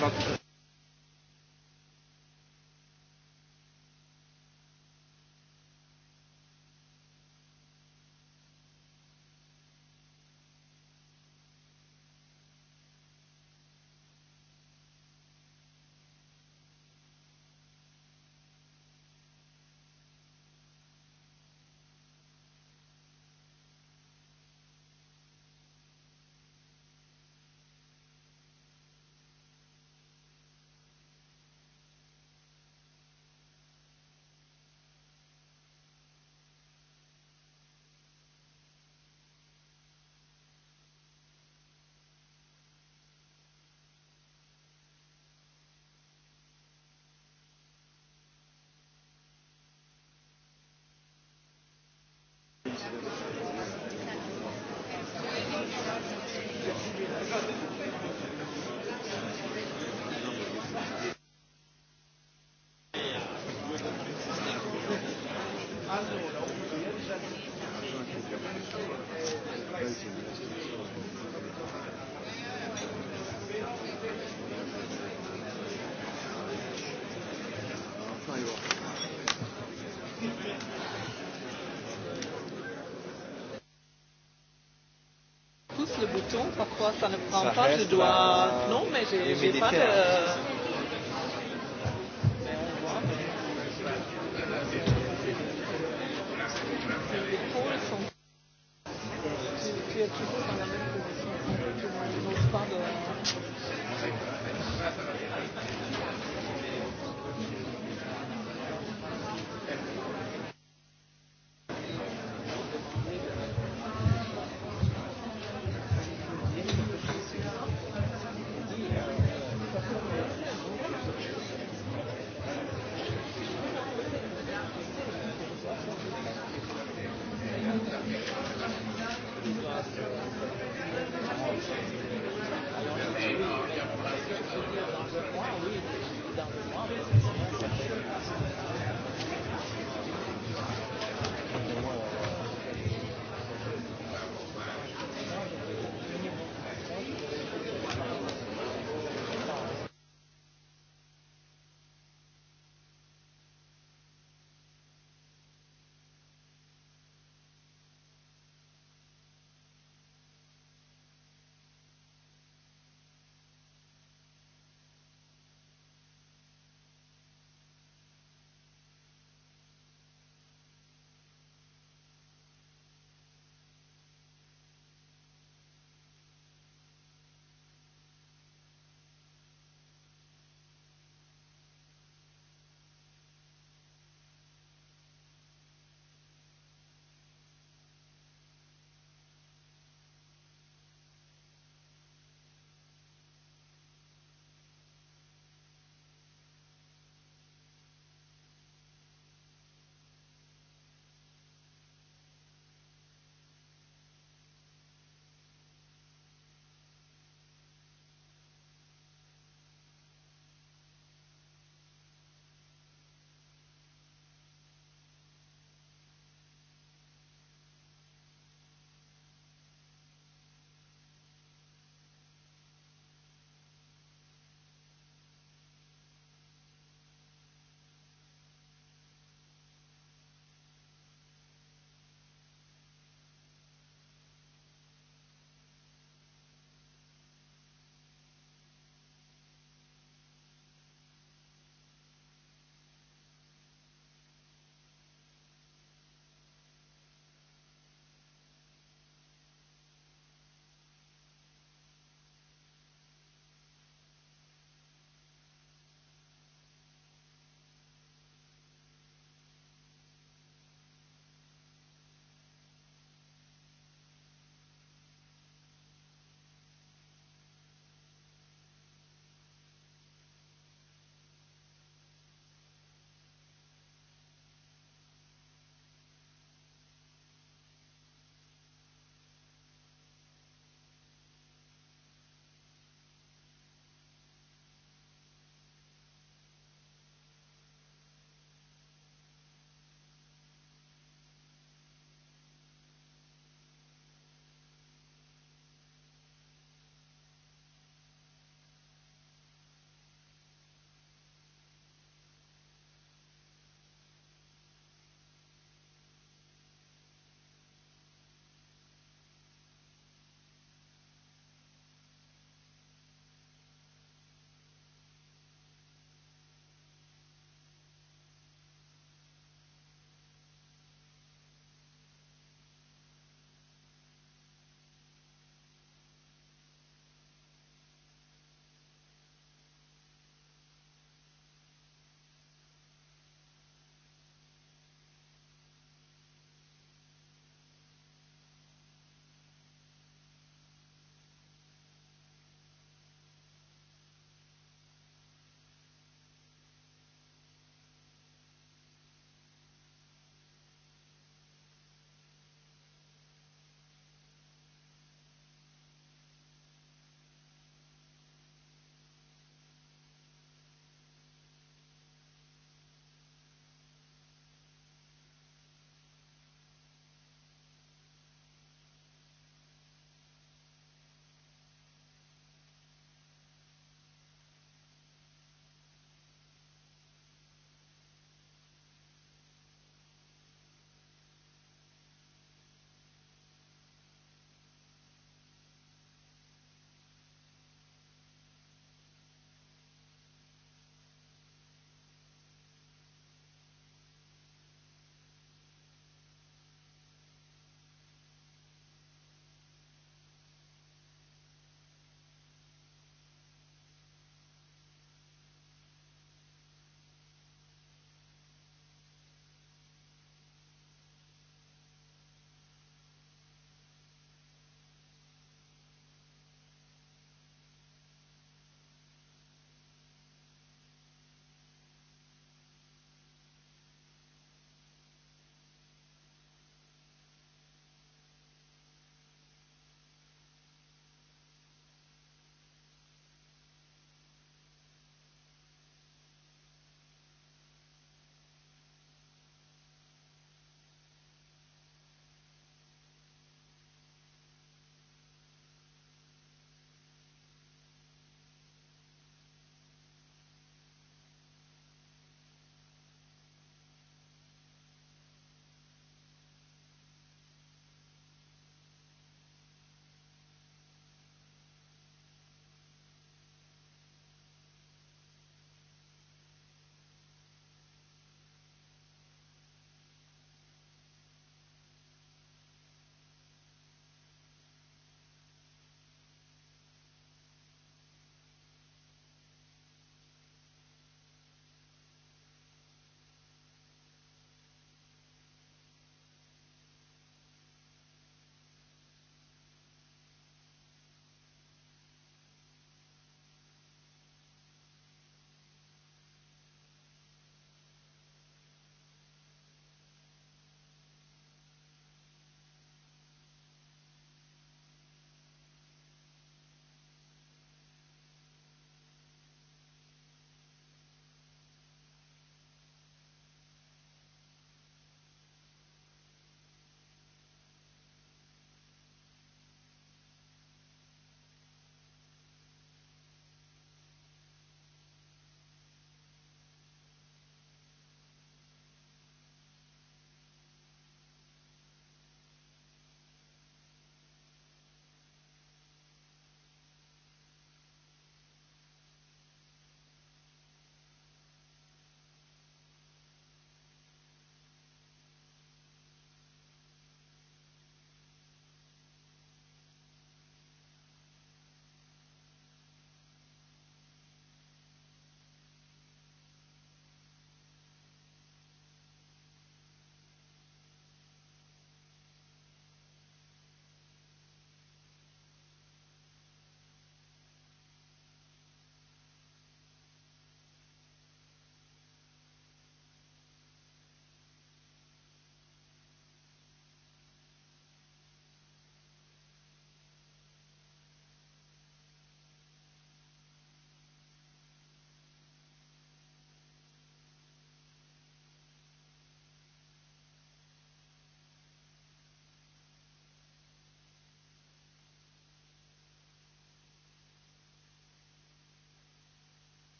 to parfois ça ne prend ça pas, je dois. Euh... Non, mais j'ai pas de.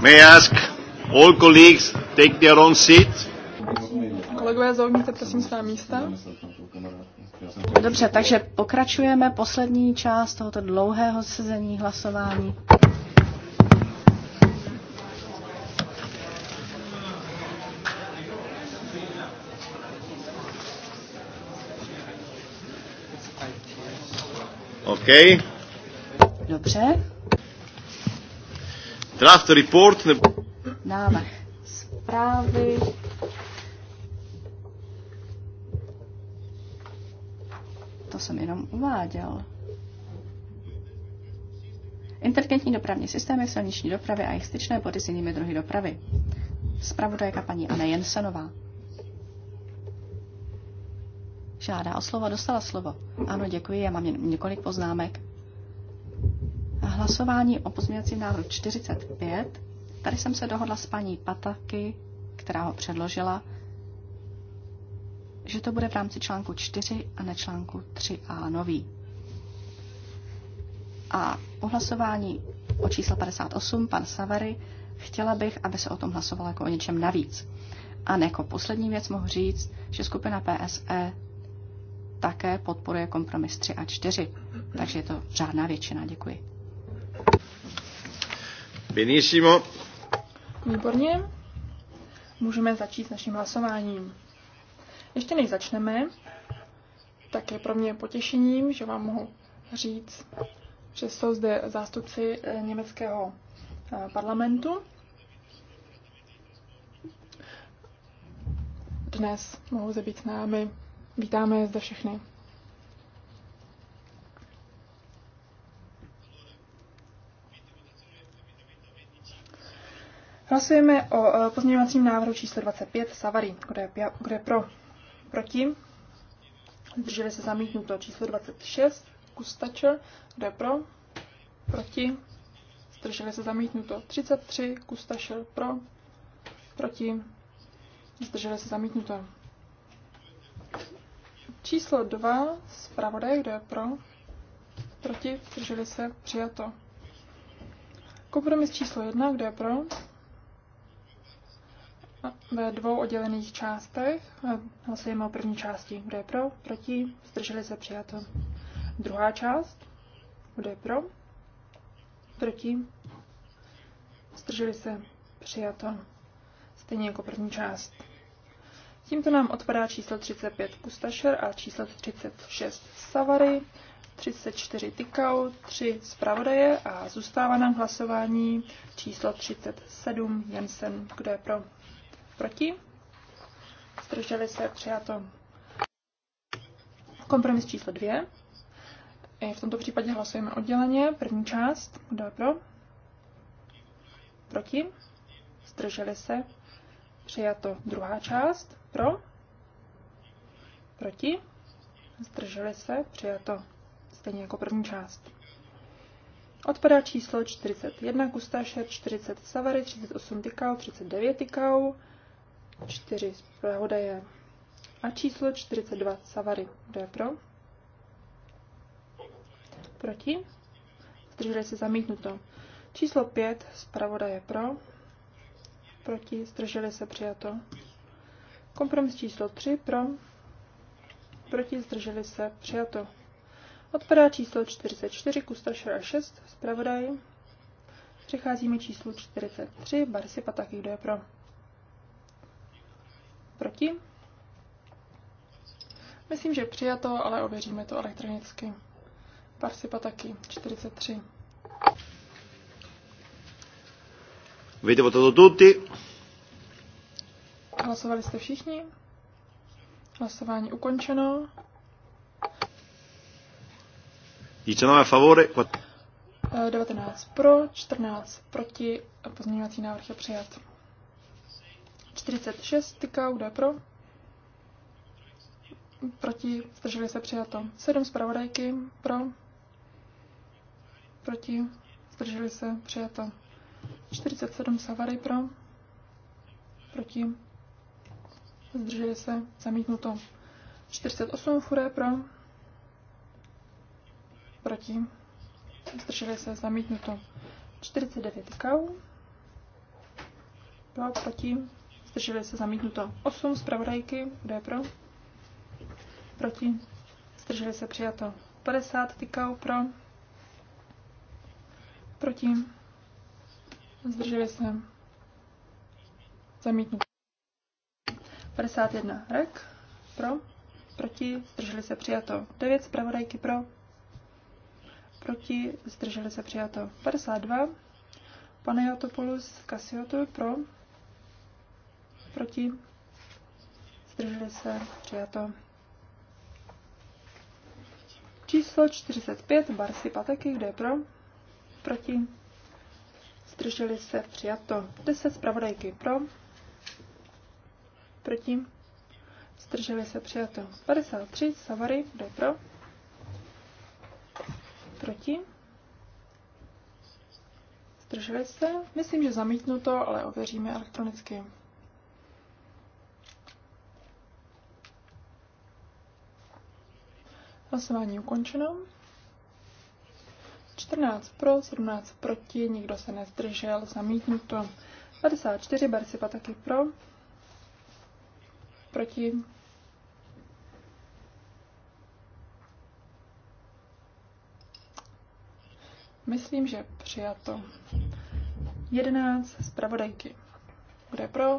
May I ask all colleagues take their own seat? Kolegové, zaujměte prosím svá místa. Dobře, takže pokračujeme poslední část tohoto dlouhého sezení hlasování. Okay. Dobře. Draft report nebo... Návrh zprávy. To jsem jenom uváděl. Inteligentní dopravní systémy v silniční dopravě a jejich styčné body s jinými druhy dopravy. Spravodajka paní Anne Jensenová. Žádá o slovo, dostala slovo. Ano, děkuji, já mám několik poznámek hlasování o pozměňovacím návrhu 45. Tady jsem se dohodla s paní Pataky, která ho předložila, že to bude v rámci článku 4 a ne článku 3a nový. A po hlasování o čísle 58, pan Savary, chtěla bych, aby se o tom hlasovalo jako o něčem navíc. A jako poslední věc mohu říct, že skupina PSE také podporuje kompromis 3 a 4. Takže je to řádná většina. Děkuji. Benissimo. Výborně. Můžeme začít s naším hlasováním. Ještě než začneme, tak je pro mě potěšením, že vám mohu říct, že jsou zde zástupci eh, německého eh, parlamentu. Dnes mohou zde být s námi. Vítáme zde všechny Hlasujeme o e, pozměňovacím návrhu číslo 25 Savary. Kdo je, kdo je pro? Proti? Zdrželi se zamítnuto číslo 26 Kustačer. Kdo je pro? Proti? Zdrželi se zamítnuto 33 Kustašer. Pro? Proti? Zdrželi se zamítnuto. Číslo 2 Zpravodaj. Kdo je pro? Proti? Zdrželi se přijato. Kompromis číslo 1. Kdo je pro? ve dvou oddělených částech. Hlasujeme o první části. Kdo je pro? Proti? Zdrželi se přijato. Druhá část. Kdo je pro? Proti? Zdrželi se přijato. Stejně jako první část. Tímto nám odpadá číslo 35 Kustašer a číslo 36 Savary, 34 Tykau, 3 Spravodaje a zůstává nám hlasování číslo 37 Jensen. Kdo je pro? Proti? Zdrželi se přijato. Kompromis číslo dvě. I v tomto případě hlasujeme odděleně. První část. Kdo je pro? Proti? Zdrželi se. Přijato druhá část. Pro? Proti? Zdrželi se. Přijato stejně jako první část. Odpadá číslo 41 Kustaše, 40 Savary, 38 Tykau, 39 Tykau, 4 zpravodaje a číslo 42 Savary. Kdo je pro? Proti? Zdrželi se zamítnuto. Číslo 5 zpravodaje pro. Proti? Zdrželi se přijato. Kompromis číslo 3 pro. Proti? Zdrželi se přijato. Odpadá číslo 44 Kustašera 6 zpravodaj. mi číslo 43 Barsi Pataky. Kdo je pro? Proti? Myslím, že přijato, ale ověříme to elektronicky. Parsipa taky, 43. o toto tutti? Hlasovali jste všichni? Hlasování ukončeno. 19 a 19 eh, pro, 14 proti a pozměňovací návrh je přijat. 36 tyka, kdo je pro? Proti, zdrželi se přijato. 7 zpravodajky, pro? Proti, zdrželi se přijato. 47 Savary pro, proti, zdrželi se, zamítnuto. 48 Fure pro, proti, zdrželi se, zamítnuto. 49 Kau, pro, proti, Zdrželi se zamítnuto 8 zpravodajky. Kdo je pro? Proti. Zdrželi se přijato 50 tykal pro. Proti. Zdrželi se zamítnuto 51 rek pro. Proti. Zdrželi se přijato 9 zpravodajky pro. Proti. Zdrželi se přijato 52. Panajotopoulos Kasiotu pro Proti? Zdrželi se? Přijato. Číslo 45, Barsi Pateky, kde je pro? Proti? Zdrželi se? Přijato. 10 zpravodajky pro? Proti? Zdrželi se? Přijato. 53, Savary, kde je pro? Proti? Zdrželi se? Myslím, že zamítnuto, ale ověříme elektronicky. Hlasování ukončeno. 14 pro, 17 proti, nikdo se nezdržel, zamítnuto. 54 Barcipa taky pro, proti. Myslím, že přijato. 11 zpravodajky. Kdo pro?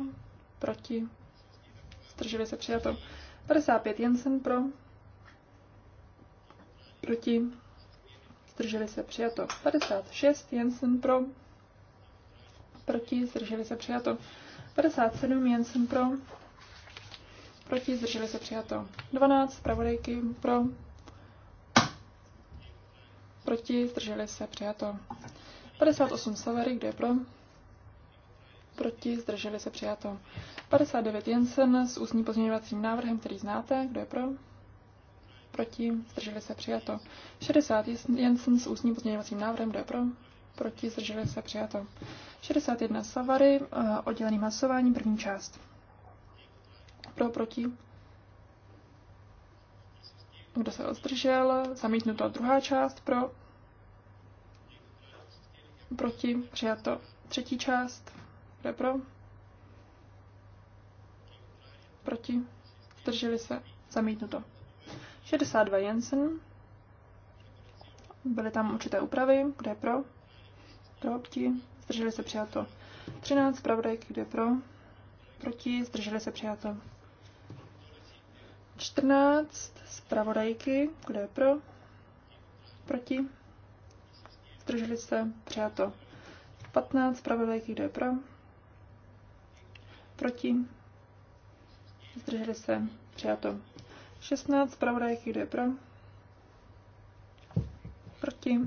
Proti? Zdrželi se přijato. 55 Jensen pro, proti, zdrželi se přijato. 56 Jensen pro, proti, zdrželi se přijato. 57 Jensen pro, proti, zdrželi se přijato. 12 zpravodajky pro, proti, zdrželi se přijato. 58 Savary kde je pro, proti, zdrželi se přijato. 59 Jensen s ústním pozměňovacím návrhem, který znáte, kdo je pro, proti, zdrželi se přijato. 60 Jensen s ústním pozměňovacím návrhem, kdo je pro, proti, zdrželi se přijato. 61 Savary, eh, oddělený hlasování, první část. Pro, proti, kdo se zdržel, zamítnuto druhá část, pro, proti, přijato třetí část, kdo je pro, proti, zdrželi se, zamítnuto. 62 Jensen. Byly tam určité úpravy, kde je pro, proti, zdrželi se přijato. 13 pravdek, kde je pro, proti, zdrželi se přijato. 14 zpravodajky, kde je pro, proti, zdrželi se přijato. 15 zpravodajky, kde je pro, proti, zdrželi se přijato. 16, zpravodajek jde pro? Proti?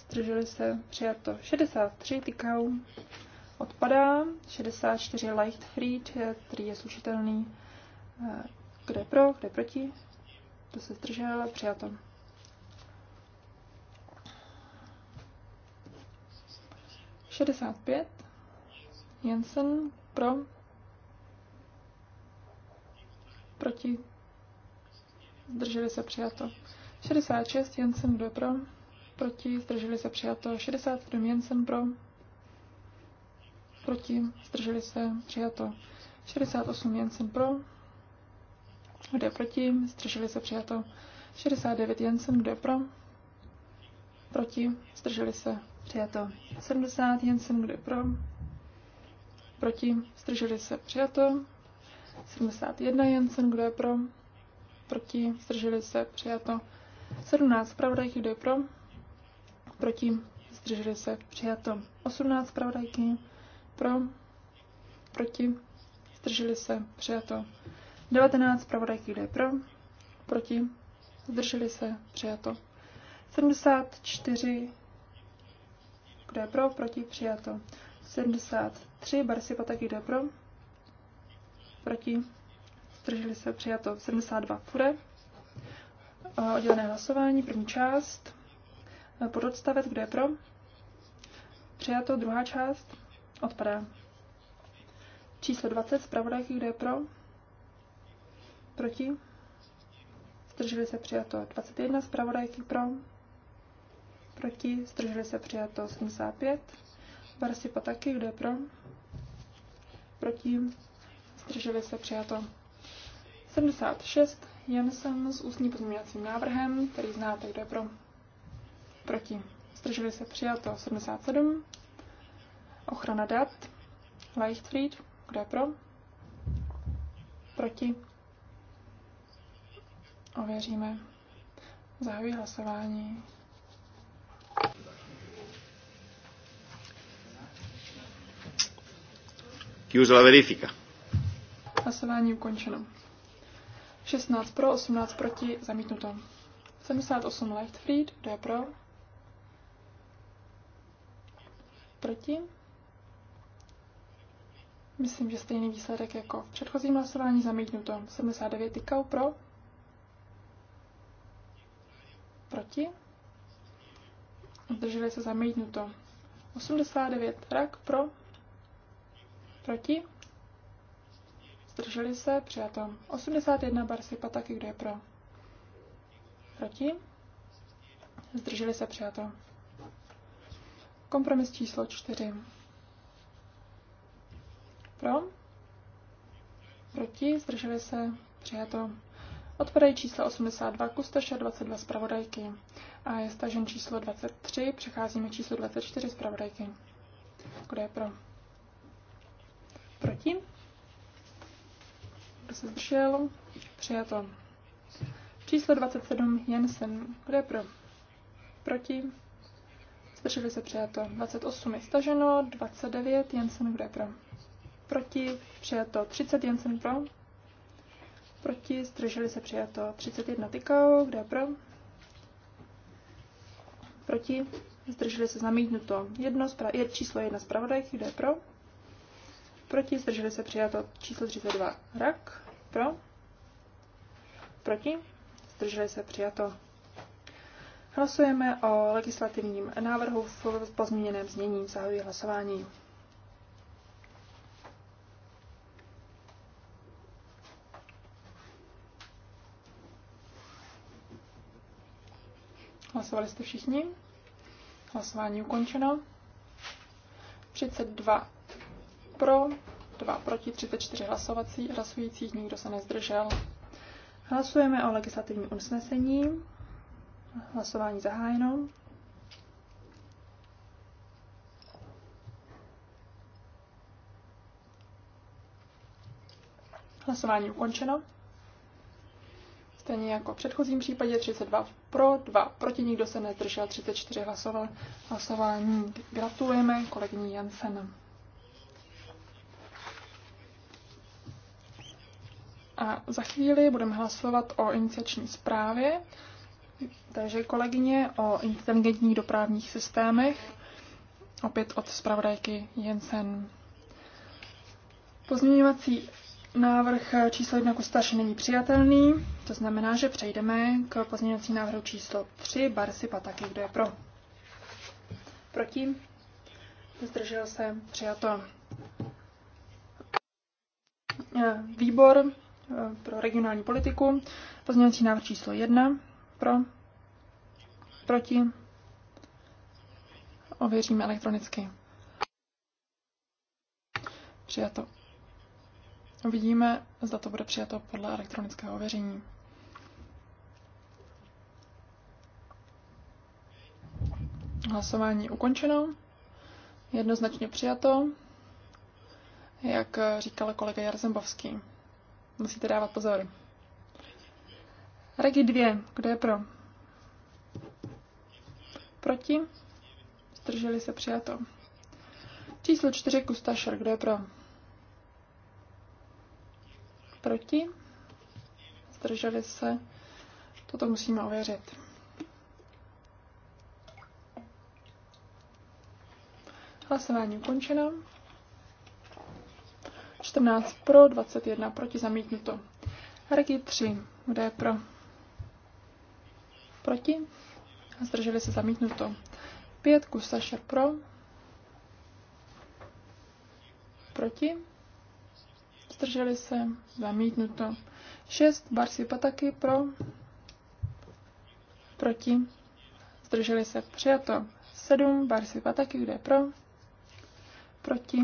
Zdrželi se, přijato 63, tykau. Odpadá 64 light Lightfried, který je slušitelný. Eh, kde pro, kde proti? To se zdrželo. přijato. Šedesát pět. Jensen pro. Proti zdrželi se přijato. 66 Jensen, 2 pro? Proti, zdrželi se přijato. 67 Jensen pro. Proti, zdrželi se přijato. 68 Jensen pro. kde proti? Zdrželi se přijato. 69 Jensen, 2 pro? Proti, zdrželi se přijato. 70 Jensen, 2 pro? Proti, zdrželi se přijato. 71 Jensen, kdo je pro? proti, zdrželi se, přijato. 17 zpravodajky, kdo je pro, proti, zdrželi se, přijato. 18 zpravodajky, pro, proti, zdrželi se, přijato. 19 zpravodajky, kdo je pro, proti, zdrželi se, přijato. 74, kdo je pro, proti, přijato. 73, Barsi Pataky, kdo je pro, proti, zdrželi se, přijato 72 fure. Eh, oddělené hlasování, první část, eh, pododstavec, kdo je pro, přijato, druhá část, odpadá. Číslo 20, zpravodajky, kdo je pro, proti, zdrželi se, přijato 21, zpravodajky pro, proti, zdrželi se, přijato 75, Barsi taky, kdo je pro, proti, zdrželi se, přijato 76 Jensen s ústním pozměňovacím návrhem, který znáte, kdo je pro, proti. Zdrželi se přijato 77. Ochrana dat. Leichtfried, kdo je pro? Proti. Ověříme. Zahajuji hlasování. Chiusa la verifica. Hlasování ukončeno. 16 pro, 18 proti, zamítnuto. 78 left freed, kdo je pro? Proti? Myslím, že stejný výsledek jako v předchozím hlasování zamítnuto. 79 tykal pro? Proti? Zdrželi se zamítnuto. 89 rak pro? Proti? zdrželi se, přijato. 81 Barsi Pataky, kdo je pro? Proti? Zdrželi se, přijato. Kompromis číslo 4. Pro? Proti? Zdrželi se, přijato. Odpadají číslo 82 Kustaše 22 zpravodajky a je stažen číslo 23, přecházíme číslo 24 zpravodajky. Kdo je pro? Proti? Kdo se zdržel? Přijato. Číslo 27 Jensen. Kdo je pro? Proti? Zdrželi se přijato. 28 je staženo. 29 Jensen. Kdo je pro? Proti? Přijato. 30 Jensen pro? Proti? Zdrželi se přijato. 31 Tykao. Kdo je pro? Proti? Zdrželi se zamítnuto. Jedno, je číslo 1 zpravodajky. Kdo je pro? Proti zdrželi se přijato číslo 32 rak. Pro. Proti zdrželi se přijato. Hlasujeme o legislativním návrhu v pozměněném znění. Zahajuji hlasování. Hlasovali jste všichni? Hlasování ukončeno. 32 pro, 2 proti, 34 hlasovací, hlasujících, nikdo se nezdržel. Hlasujeme o legislativním usnesení. Hlasování zahájeno. Hlasování ukončeno. Stejně jako v předchozím případě 32 pro, 2 proti, nikdo se nezdržel, 34 hlasoval hlasování. Gratulujeme kolegyni Jansen. A za chvíli budeme hlasovat o iniciační zprávě. Takže kolegyně o inteligentních dopravních systémech, opět od zpravodajky Jensen. Pozměňovací návrh číslo 1 Kustaš není přijatelný, to znamená, že přejdeme k pozměňovací návrhu číslo 3 Barsi Pataky. Kdo je pro? Proti? Zdržel se? Přijato. Výbor pro regionální politiku. Pozměňovací návrh číslo 1 pro, proti. Ověříme elektronicky. Přijato. Uvidíme, zda to bude přijato podle elektronického ověření. Hlasování ukončeno. Jednoznačně přijato, jak říkal kolega Jarzembovský. Musíte dávat pozor. Regi 2. Kdo je pro? Proti? Zdrželi se přijato. Číslo 4. Kustašer. Kdo je pro? Proti? Zdrželi se. Toto musíme ověřit. Hlasování ukončeno. 14 pro, 21 proti, zamítnuto. Regi 3, kde je pro? Proti? Zdrželi se zamítnuto. 5 Kusašer pro. Proti? Zdrželi se zamítnuto. 6 Barsi Pataky pro. Proti? Zdrželi se přijato. 7 Barsi Pataky, kde je pro? Proti?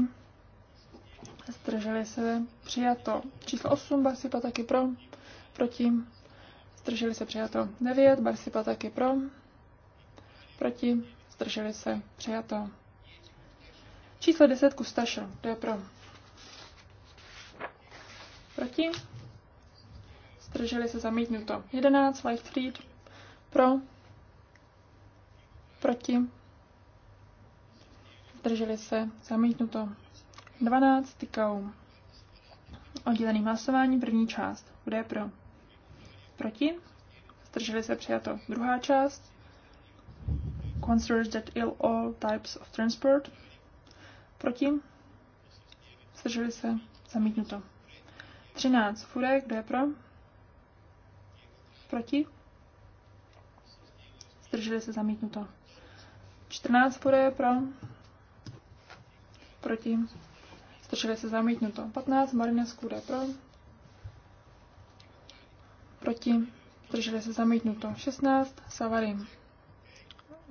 zdrželi se přijato. Číslo 8, Barsipa taky pro, proti, zdrželi se přijato. 9, Barsipa taky pro, proti, zdrželi se přijato. Číslo 10, Kustašo, to je pro. Proti, zdrželi se zamítnuto. 11, Leichtfried, pro, proti, zdrželi se zamítnuto. 12. tykou. Oddělený hlasování první část. Kdo je pro? Proti? Zdrželi se přijato. Druhá část. Considers that ill all types of transport. Proti? Zdrželi se. Zamítnuto. 13. Fure, kdo je pro? Proti? Zdrželi se zamítnuto. 14 Fure je pro? Proti? zdrželi se zamítnuto. 15, Marina kde pro, proti, zdrželi se zamítnuto. 16, Savary.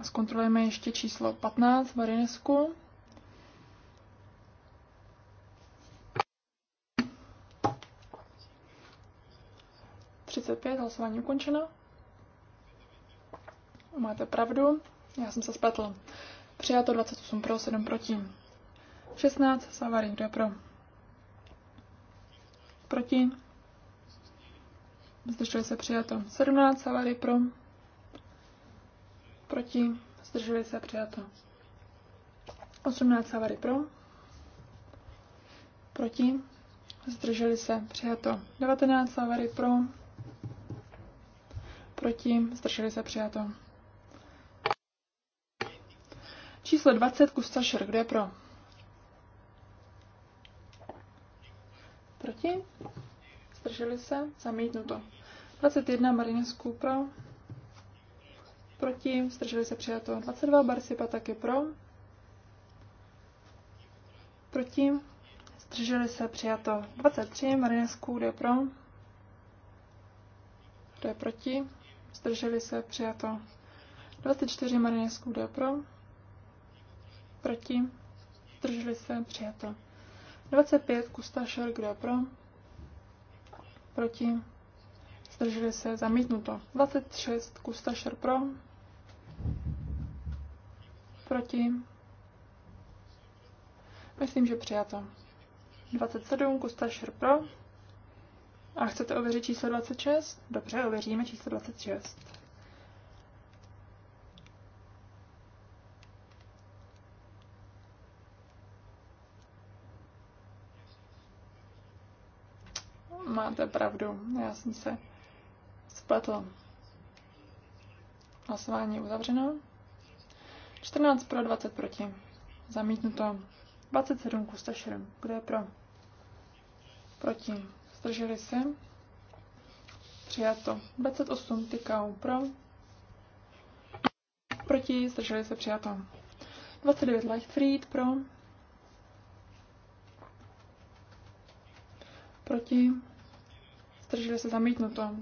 Zkontrolujeme ještě číslo 15, Marinesku. hlasování ukončeno. Máte pravdu, já jsem se spletl. Přijato 28 pro, 7 proti. 16, Savary, kdo je pro? Proti? Zdrželi se přijato. 17, Savary, pro? Proti? Zdrželi se přijato. 18, Savary, pro? Proti? Zdrželi se přijato. 19, Savary, pro? Proti? Zdrželi se přijato. Číslo 20, Kustašer, kdo je pro? Proti? Zdrželi se? Zamítnuto. 21 Marina pro. Proti? Zdrželi se přijato. 22 Barsipa taky pro. Proti? Zdrželi se přijato. 23 Marina jde pro. je proti? Zdrželi se přijato. 24 Marina jde pro. Proti? Zdrželi se přijato. 25 Kustašer, kdo je pro? Proti? Zdrželi se, zamítnuto. 26 Kustašer pro? Proti? Myslím, že přijato. 27 Kustašer pro? A chcete ověřit číslo 26? Dobře, ověříme číslo 26. máte pravdu. Já jsem se spletla. Hlasování uzavřeno. 14 pro, 20 proti. Zamítnuto. 27 ku 104. Kdo je pro? Proti. Zdrželi se. Přijato. 28 tykau pro. Proti. Zdrželi se. Přijato. 29 freed pro. Proti zdrželi se zamítnuto.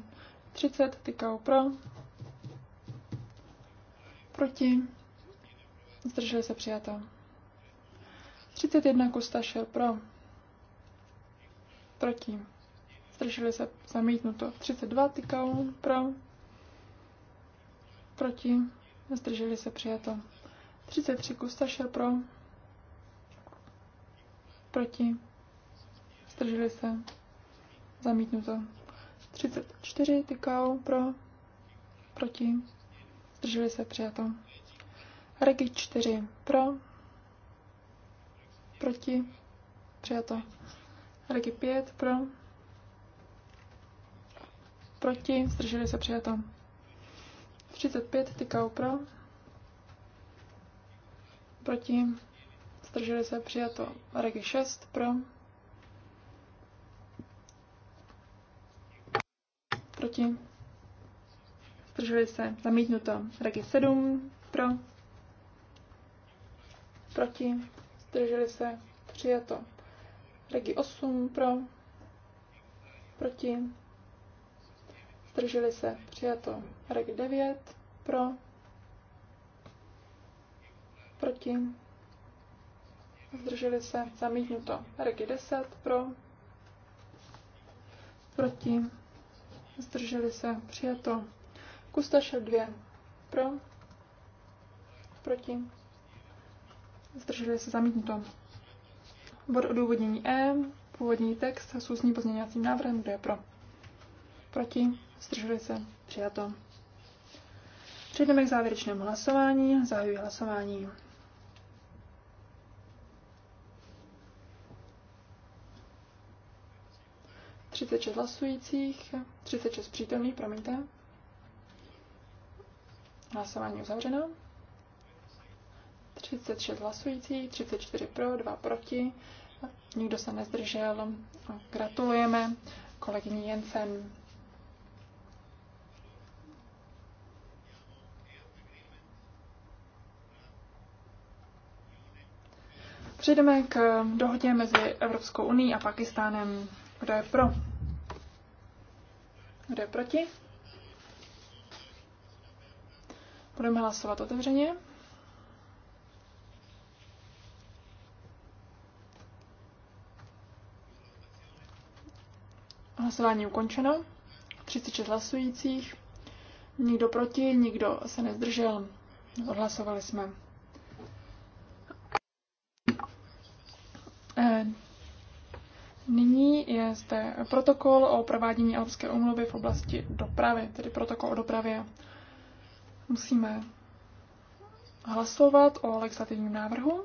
30 tykal pro, proti, zdrželi se přijato. 31 šel pro, proti, zdrželi se zamítnuto. 32 tykal pro, proti, zdrželi se přijato. 33 šel pro, proti, zdrželi se zamítnuto. 34 tykal pro, proti, zdrželi se přijato. Regi 4 pro, proti, přijato. Regi 5 pro, proti, zdrželi se přijato. 35 tykal pro, proti, zdrželi se přijato. Regi 6 pro, proti, zdrželi se, zamítnuto. Regi 7, pro, proti, zdrželi se, přijato. Regi 8, pro, proti, zdrželi se, přijato. Regi 9, pro, proti, zdrželi se, zamítnuto. Regi 10, pro, proti, zdrželi se, přijato. Kustaše 2, pro, proti, zdrželi se, zamítnuto. Bod odůvodnění E, původní text s ústním pozměňovacím návrhem, kdo je pro, proti, zdrželi se, přijato. Přejdeme k závěrečnému hlasování. Zahajuji hlasování. 36 hlasujících, 36 přítomných, promiňte. Hlasování uzavřeno. 36 hlasujících, 34 pro, 2 proti. Nikdo se nezdržel. Gratulujeme kolegyni Jensen. Přejdeme k dohodě mezi Evropskou unii a Pakistánem. Kdo je pro? Kdo je proti? Budeme hlasovat otevřeně. Hlasování ukončeno. 36 hlasujících. Nikdo proti, nikdo se nezdržel. Odhlasovali jsme. je zde protokol o provádění Alpské umluvy v oblasti dopravy, tedy protokol o dopravě. Musíme hlasovat o legislativním návrhu.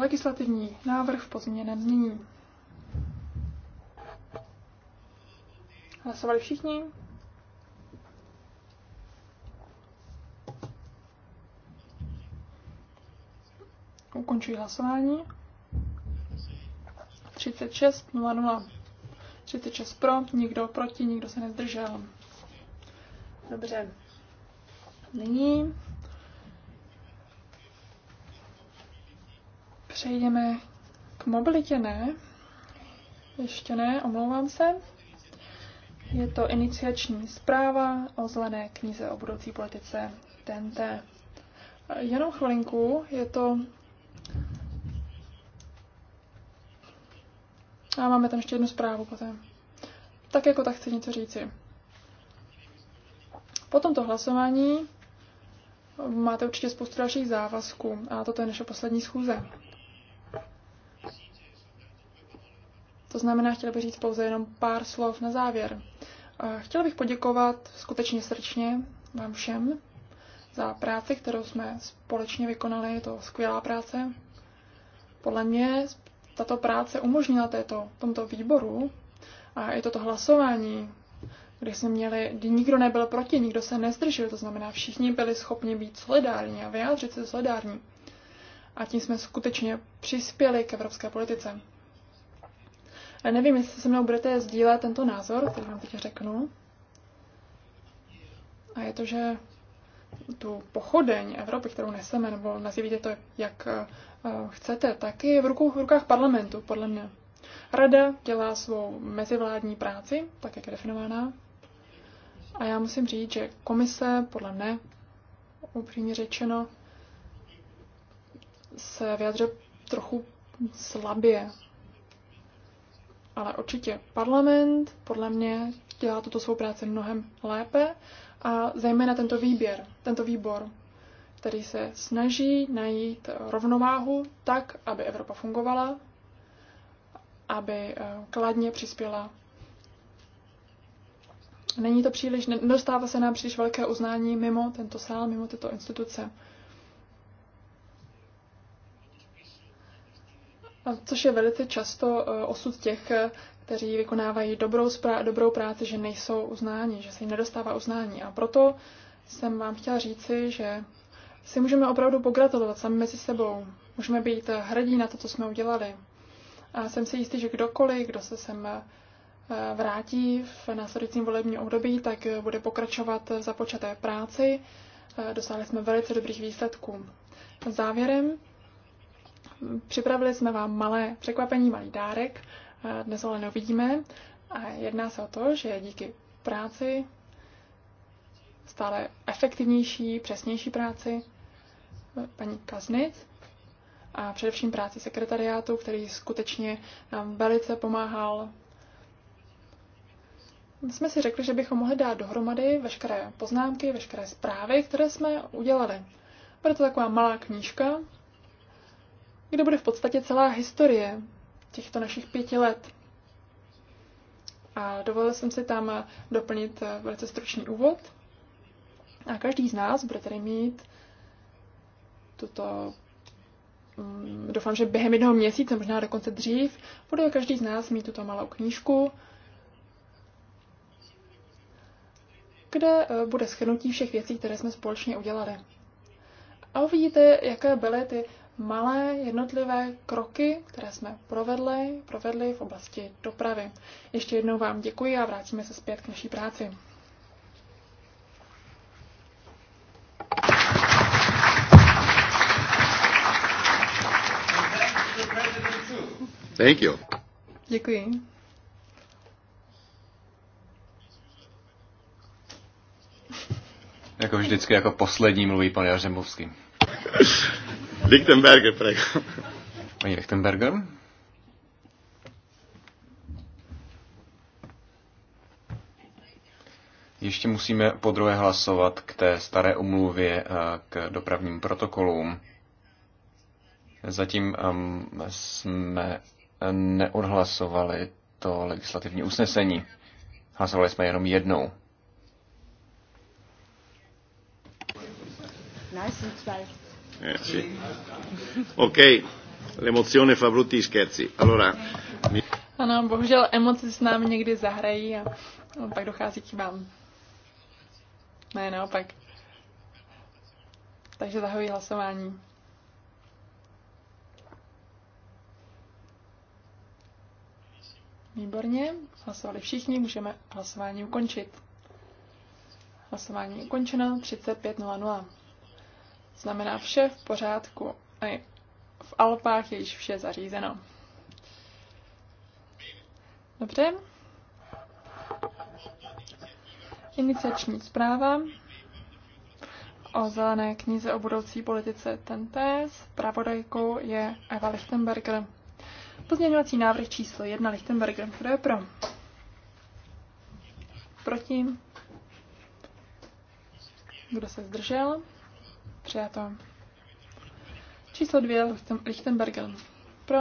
Legislativní návrh v pozměněném znění. Hlasovali všichni? Ukončuji hlasování. 36, 0. 36 pro, nikdo proti, nikdo se nezdržel. Dobře. Nyní přejdeme k mobilitě, ne? Ještě ne, omlouvám se. Je to iniciační zpráva o zelené knize o budoucí politice TNT. Jenom chvilinku, je to... A máme tam ještě jednu zprávu potom. Tak jako tak chci něco říci. Po tomto hlasování máte určitě spoustu dalších závazků a toto je naše poslední schůze. To znamená, chtěla bych říct pouze jenom pár slov na závěr. Chtěla bych poděkovat skutečně srdčně vám všem za práci, kterou jsme společně vykonali. Je to skvělá práce. Podle mě tato práce umožnila této, tomto výboru a i toto hlasování, kde jsme měli, kdy nikdo nebyl proti, nikdo se nezdržel, to znamená, všichni byli schopni být solidární a vyjádřit se solidární. A tím jsme skutečně přispěli k evropské politice. Nevím, jestli se mnou budete sdílet tento názor, který vám teď řeknu. A je to, že tu pochodeň Evropy, kterou neseme, nebo nazývíte to, jak eh, chcete, tak je v, rukou, v rukách parlamentu, podle mě. Rada dělá svou mezivládní práci, tak jak je definovaná. A já musím říct, že komise, podle mne, upřímně řečeno, se vyjadřuje trochu slabě ale určitě parlament podle mě dělá tuto svou práci mnohem lépe a zejména tento výběr, tento výbor, který se snaží najít rovnováhu tak, aby Evropa fungovala, aby eh, kladně přispěla. Není to příliš, nedostává se nám příliš velké uznání mimo tento sál, mimo tyto instituce. což je velice často e, osud těch, e, kteří vykonávají dobrou, dobrou práci, že nejsou uznáni, že se jim nedostává uznání. A proto jsem vám chtěla říci, že si můžeme opravdu pogratulovat sami mezi sebou. Můžeme být hrdí na to, co jsme udělali. A jsem si jistý, že kdokoliv, kdo se sem e, vrátí v následujícím volebním období, tak bude pokračovat v započaté práci. Dosáhli jsme velice dobrých výsledků. Závěrem Připravili jsme vám malé překvapení, malý dárek. Dnes ale neuvidíme. A jedná se o to, že díky práci, stále efektivnější, přesnější práci eh, paní Kaznic a především práci sekretariátu, který skutečně nám velice pomáhal jsme si řekli, že bychom mohli dát dohromady veškeré poznámky, veškeré zprávy, které jsme udělali. Bude to taková malá knížka, kde bude v podstatě celá historie těchto našich pěti let. A dovolil jsem si tam doplnit eh, velice stručný úvod. A každý z nás bude tedy mít tuto mm, doufám, že během jednoho měsíce, možná dokonce dřív, bude každý z nás mít tuto malou knížku, kde eh, bude schrnutí všech věcí, které jsme společně udělali. A uvidíte, jaké byly ty malé jednotlivé kroky, které jsme provedli, provedli v oblasti dopravy. Ještě jednou vám děkuji a vrátíme se zpět k naší práci. Thank you. Děkuji. Jako vždycky, jako poslední mluví pan Jařemovský. Lichtenberger, prego. Paní Lichtenberger? Ještě musíme podruhé hlasovat k té staré umluvě eh, k dopravním protokolům. Zatím ehm, jsme eh, neodhlasovali to legislativní usnesení. Hlasovali jsme jenom jednou. Nice Eh, sì. Ok, l'emozione fa brutti scherzi. Allora, mi... Ano, bohužel emoce s námi někdy zahrají a no, pak dochází k chybám. Ne, naopak. Takže zahojí hlasování. Výborně, hlasovali všichni, můžeme hlasování ukončit. Hlasování ukončeno, 35.00 znamená vše v pořádku. A v Alpách je již vše zařízeno. Dobře. Iniciační zpráva o zelené knize o budoucí politice TNT. Pravodajkou je Eva Lichtenberger. Pozměňovací návrh číslo 1 Lichtenberger. Kdo je pro? Proti? Kdo se zdržel? Přijato. Číslo dvě, Lichtenbergen. Pro.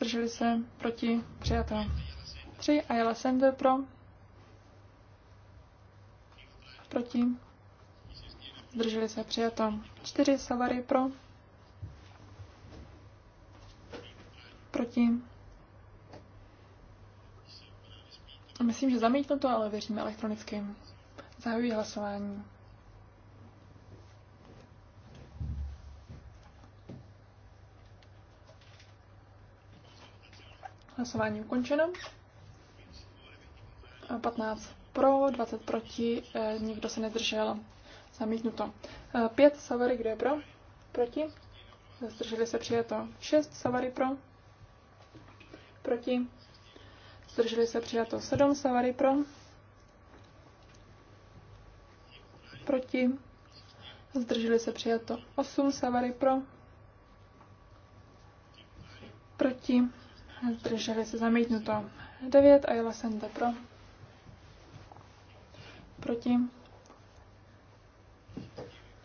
Drželi se. Proti. Přijato. Tři, Ayala Sender. Pro. Proti. Zdrželi se. Přijato. Čtyři, Savary. Pro. Proti. Myslím, že zamítnu to, ale věříme elektronicky. Zahajuji hlasování. Hlasování ukončeno. 15 pro, 20 proti, eh, nikdo se nezdržel. Zamítnuto. 5 eh, Savary, kdo je pro? Proti? Zdrželi se přijato. 6 Savary pro? Proti? Zdrželi se přijato. 7 Savary pro? Proti? Zdrželi se přijato. 8 Savary pro? Proti? zdrželi se zamítnuto. 9 a jela jsem do pro. Proti.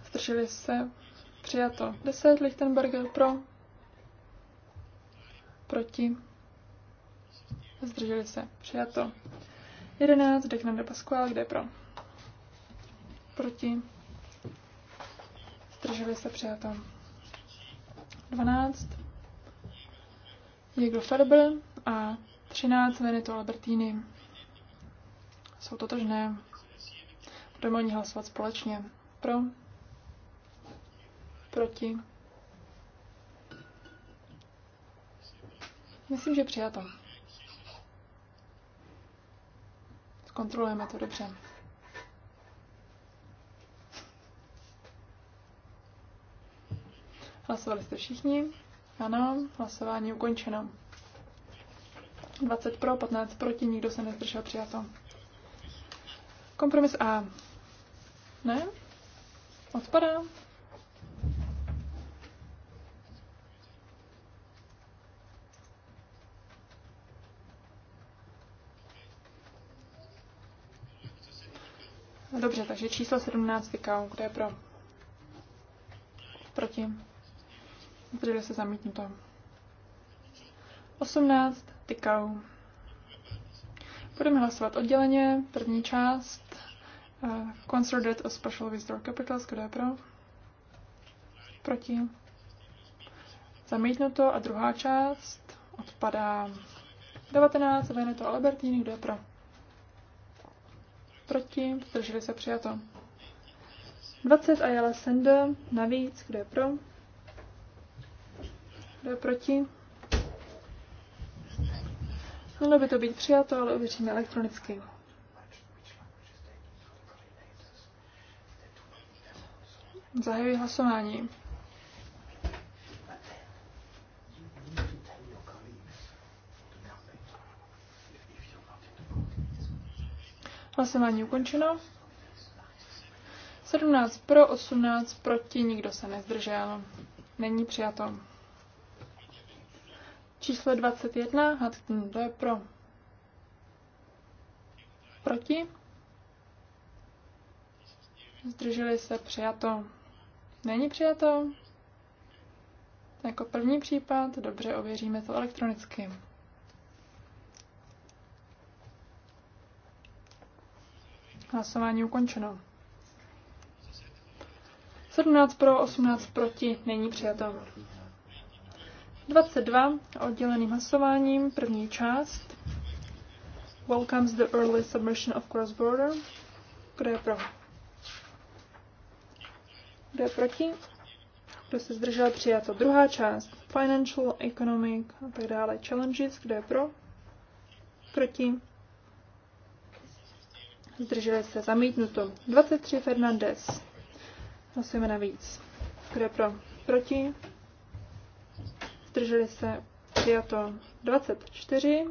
Zdrželi se přijato. 10 Lichtenberger pro. Proti. Zdrželi se přijato. 11 Deknan de Pasquale, kde pro. Proti. Zdrželi se přijato. 12 Diego Ferber a 13 Veneto Albertini. Jsou totožné. Budeme o ní hlasovat společně. Pro. Proti. Myslím, že přijato. Zkontrolujeme to dobře. Hlasovali jste všichni. Ano, hlasování ukončeno. 20 pro, 15 proti, nikdo se nezdržel přijato. Kompromis A. Ne? Odpadá. Dobře, takže číslo 17 vykal. kde je pro? Proti. Zdrželi se zamítnuto. 18. Tykau. Budeme hlasovat odděleně. První část. Uh, eh, Concerted a Special Visitor Capitals. Kdo je pro? Proti. Zamítnuto. A druhá část odpadá. 19. Veneto a Albertini. Kdo je pro? Proti. Zdrželi se přijato. 20. Ayala Sender. Navíc. Kdo je pro? Kdo je proti? Mělo by to být přijato, ale uvěříme elektronicky. Zahajuji hlasování. Hlasování ukončeno. 17 pro, 18 proti, nikdo se nezdržel. Není přijato. Číslo 21, Hudson, to je pro. Proti? Zdrželi se přijato. Není přijato? Jako první případ, dobře, ověříme to elektronicky. Hlasování ukončeno. 17 pro, 18 proti, není přijato. 22 odděleným hlasováním, první část. Welcomes the early submission of cross-border. Kdo je pro? Kdo je proti? Kdo se zdržel, přijato. Druhá část. Financial, economic a tak dále. Challenges. Kdo je pro? Proti? Zdrželi se. Zamítnuto. 23 Fernandez. Hlasujeme navíc. Kdo je pro? Proti? zdrželi se, přijato 24.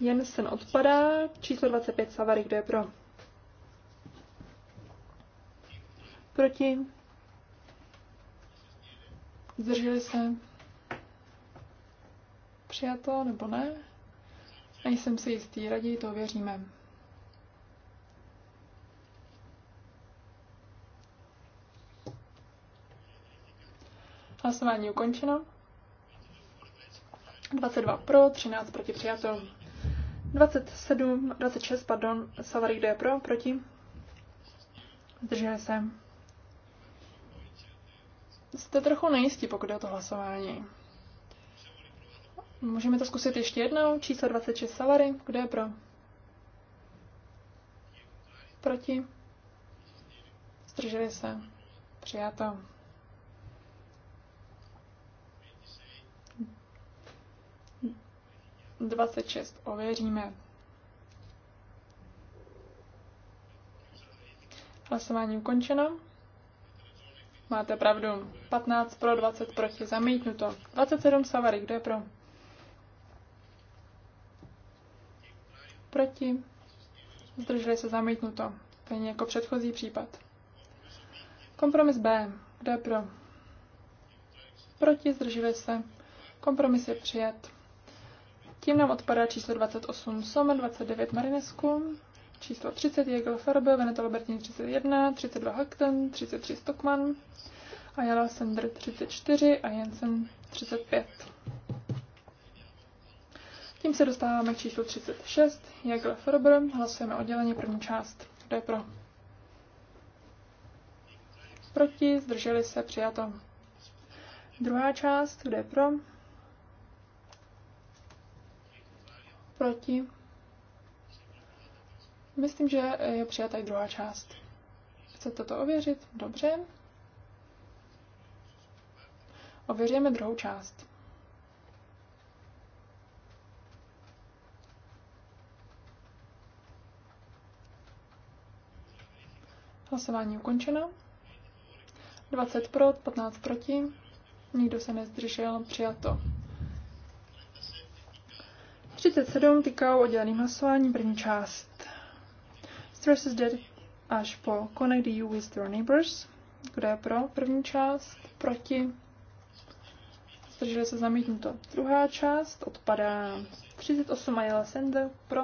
Jensen odpadá, číslo 25 Savary, kdo je pro? Proti? Zdrželi se? Přijato nebo ne? Nejsem si jistý, raději to věříme. Hlasování ukončeno. 22 pro, 13 proti přijato. 27, 26, pardon, Savary, jde pro, proti. Zdržuje se. Jste trochu nejistí, pokud je o to hlasování. Můžeme to zkusit ještě jednou. Číslo 26 Savary, kdo je pro? Proti. Zdrželi se. Přijato. 26 ověříme. Hlasování ukončeno. Máte pravdu. 15 pro, 20 proti, zamítnuto. 27 Savary, kdo je pro? Proti. Zdrželi se zamítnuto. Stejně jako předchozí případ. Kompromis B. Kdo je pro? Proti, zdrželi se. Kompromis je přijat. Tím nám odpadá číslo 28 Sommer, 29 Marinesku, číslo 30 Jägel Farbe, Veneto Albertin 31, 32 Hakten, 33 Stockman, Jala Sender 34 a Jensen 35. Tím se dostáváme k číslu 36, Jägel Ferber, hlasujeme odděleně první část. Kdo je pro? Proti, zdrželi se, přijato. Druhá část, kde je pro? Proti? Myslím, že je přijata i druhá část. Chcete to ověřit? Dobře. Ověříme druhou část. Hlasování ukončeno. 20 pro, 15 proti. Nikdo se nezdržel, přijato. 37 týkal odděleným hlasování, první část. Stress is dead až po Connect you with your neighbors. Kdo je pro první část? Proti? Zdrželi se zamítnuto. Druhá část odpadá 38 Ayala Sende pro.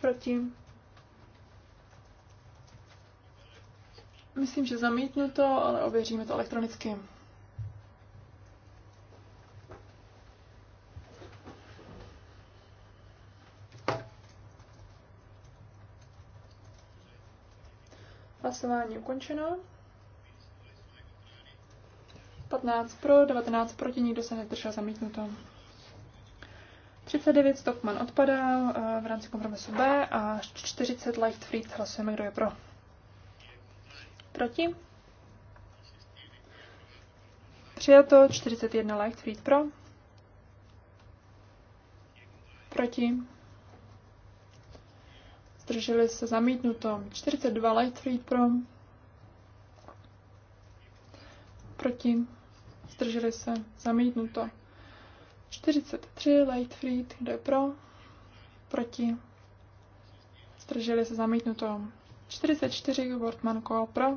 Proti? Myslím, že zamítnuto, ale ověříme to elektronicky. Hlasování ukončeno. 15 pro, 19 proti, nikdo se nedržel zamítnuto. 39 Stockman odpadá eh, v rámci kompromisu B a 40 Light Lightfried hlasujeme, kdo je pro. Proti. Přijato 41 Light Free pro. Proti zdrželi se zamítnuto. 42 free pro, proti, zdrželi se zamítnuto. 43 Lightfried, kdo je pro, proti, zdrželi se zamítnuto. 44 Wortman Co pro,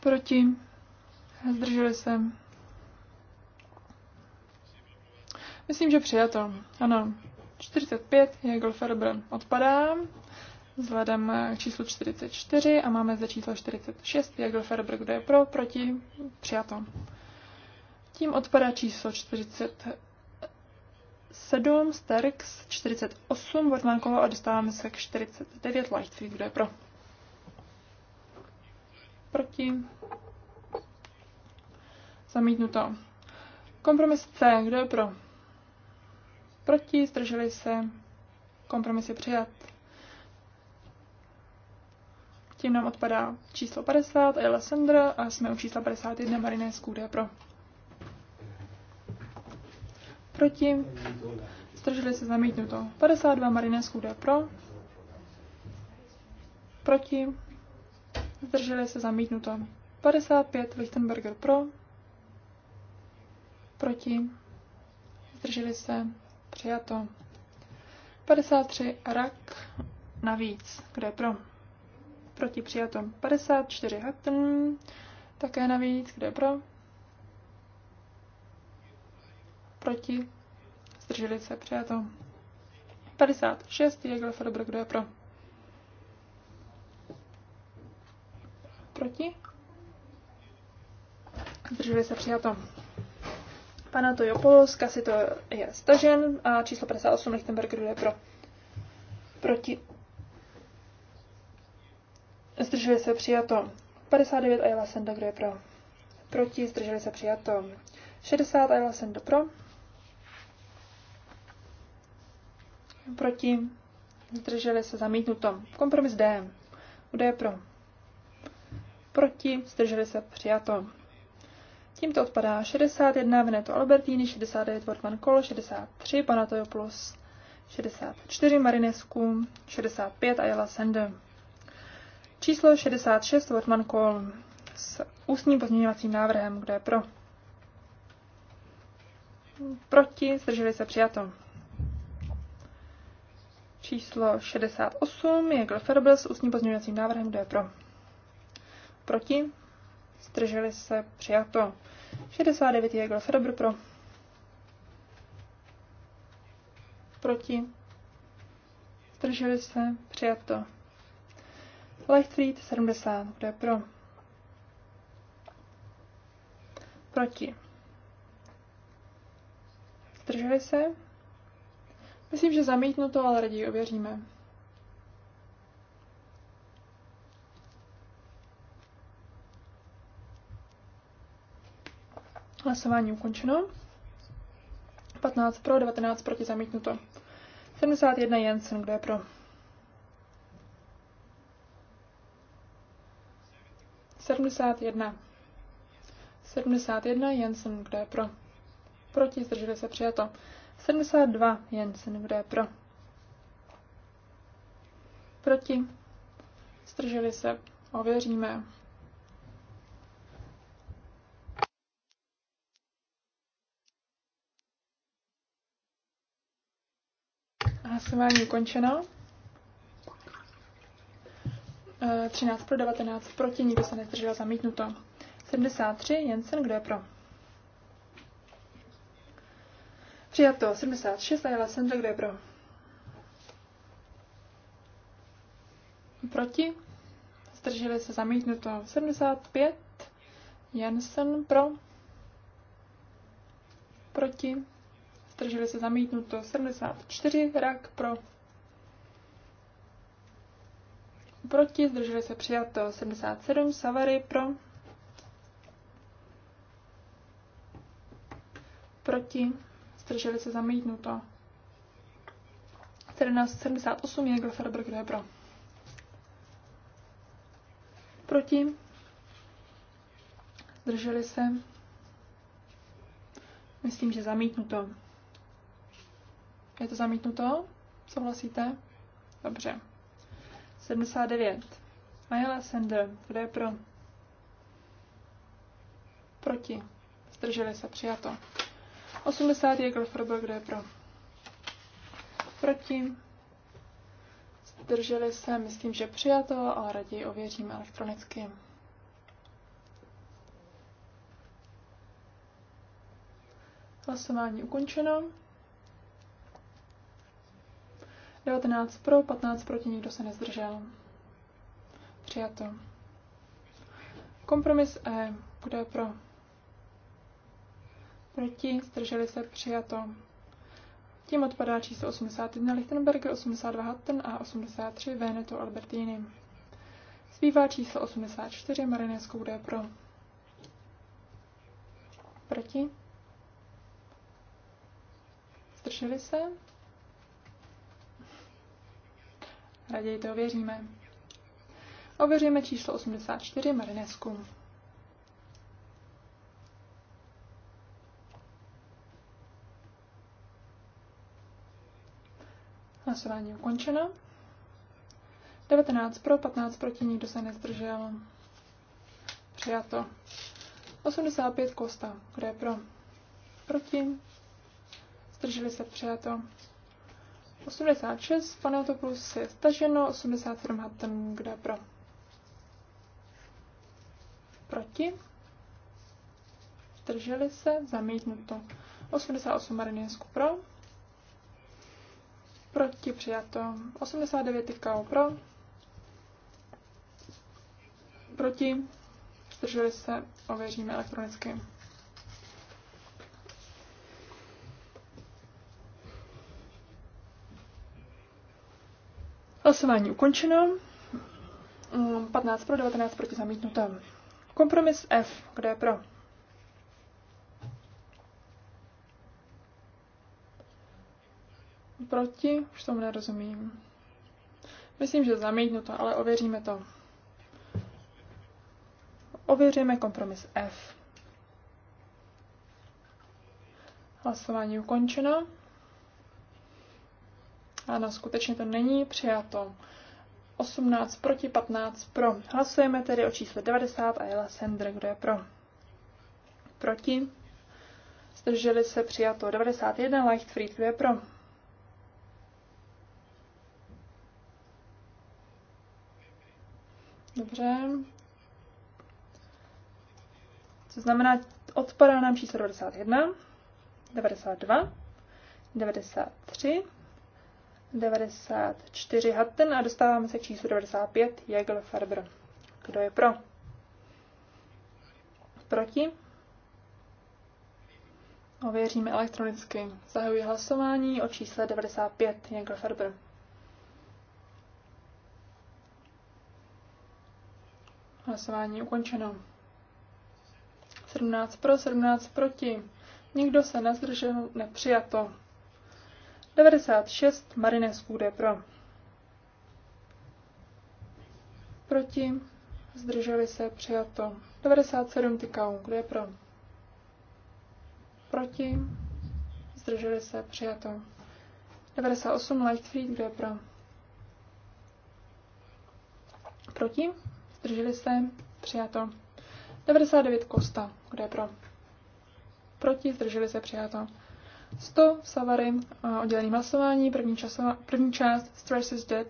proti, zdrželi se Myslím, že přijato. Ano. 45 Hegel Ferber odpadá vzhledem k číslu 44 a máme zde číslo 46 Hegel Ferber, kdo je pro, proti, přijato. Tím odpadá číslo 47 Sterx, 48 Vortmankovo a dostáváme se k 49 Lightfield, kdo je pro. Proti. Zamítnuto. Kompromis C, kdo je pro? Proti, zdrželi se, kompromis je přijat. Tím nám odpadá číslo 50 Ayla Sandra a jsme u čísla 51 Mariné Skůde pro. Proti, zdrželi se zamítnuto. 52 Mariné Skůde pro. Proti, zdrželi se zamítnuto. 55 Lichtenberger pro. Proti, zdrželi se Přijato. 53 rak navíc. Kdo je pro? Proti přijato. 54 hatn. Také navíc. Kdo je pro? Proti. Zdrželi se. Přijato. 56 Jegl Fedobr. Kdo je pro? Proti. Zdrželi se. Přijato pana Tojopoloska si to je stažen a číslo 58 Lichtenberger je pro. Proti. Zdržuje se přijato 59 a Jela Senda, kdo je pro. Proti, zdrželi se přijato 60 a Jela do pro. Proti, zdrželi se zamítnuto. Kompromis D. Kdo je pro? Proti, zdrželi se přijato Tímto odpadá 61 Veneto Albertini, 69 Wortman Kol, 63 Panatoyopoulos, 64 Marinescu, 65 Ayala Sende. Číslo 66 Wortman Kol s ústním pozměňovacím návrhem, kdo je pro. Proti, zdrželi se přijato. Číslo 68 je Gleferbel s ústním pozměňovacím návrhem, kdo je pro. Proti, zdrželi se, přijato. 69 Jegl Ferber pro, proti, zdrželi se, přijato. Lightfried 70, kdo je pro? Proti. Zdrželi se? Myslím, že zamítnu to, ale raději ověříme. Hlasování ukončeno. 15 pro, 19 proti zamítnuto. 71 Jensen, kdo je pro? 71. 71 Jensen, kdo je pro? Proti, zdrželi se, přijato. 72 Jensen, kdo je pro? Proti, zdrželi se, ověříme. Hlasování ukončeno. 13 eh, pro 19 proti, nikdo se nezdržel zamítnuto. 73 Jensen, kdo je pro? Přijato 76 Ayala Sendra, kdo je pro? Proti? Zdrželi se zamítnuto 75 Jensen pro? Proti? zdrželi se zamítnuto 74 rak pro, proti, zdrželi se přijato 77 savary pro, proti, zdrželi se zamítnuto 1778 je Groferber, kdo je pro. Proti, zdrželi se, myslím, že zamítnuto. Je to zamítnuto? Souhlasíte? Dobře. 79. Majela Sender, kdo je pro? Proti. Zdrželi se, přijato. 80 je Glofrobil, kdo je pro? Proti. Zdrželi se, myslím, že přijato, ale raději ověříme elektronicky. Hlasování ukončeno. 19 pro, 15 proti, nikdo se nezdržel. Přijato. Kompromis E. bude pro? Proti, zdrželi se, přijato. Tím odpadá číslo 81 Lichtenberger, 82 Hatten a 83 Veneto Albertini. Zbývá číslo 84 Marineskou D pro. Proti? Zdrželi se? Raději to ověříme. Ověříme číslo 84 Marinesku. Hlasování ukončeno. 19 pro, 15 proti, nikdo se nezdržel. Přijato. 85 Kosta. Kdo je pro? Proti. Zdrželi se přijato. 86 plus je staženo, 87 Hatton, kde pro? Proti? Drželi se, zamítnuto. 88 Marinesku pro. Proti přijato. 89 Tikao pro. Proti. Zdrželi se, ověříme elektronicky. Hlasování ukončeno. 15 mm, pro, 19 proti zamítnuté. Kompromis F. Kde je pro? Proti? Už tomu nerozumím. Myslím, že zamítnuto, ale ověříme to. Ověříme kompromis F. Hlasování ukončeno. Ano, skutečně to není přijato. 18 proti 15 pro. Hlasujeme tedy o čísle 90 a Jela Sender, kdo je pro. Proti. Zdrželi se přijato 91 Leichtfried, kdo je pro. Dobře. co znamená, odpadá nám číslo 91, 92, 93, 94 Hatten a dostáváme se k číslu 95 Jagl Farber. Kdo je pro? Proti? Ověříme elektronicky. Zahajuji hlasování o čísle 95 Jagl Farber. Hlasování ukončeno. 17 pro, 17 proti. Nikdo se nezdržel, nepřijato. 96 Marines jde pro. Proti. Zdrželi se přijato. 97 Tikaung kdo pro? Proti. Zdrželi se přijato. 98 Lightfried, kdo pro? Proti. Zdrželi se přijato. 99 Kosta, kdo pro? Proti. Zdrželi se přijato. 100 Savary, oddělený hlasování, první, časová, první část Stress is Dead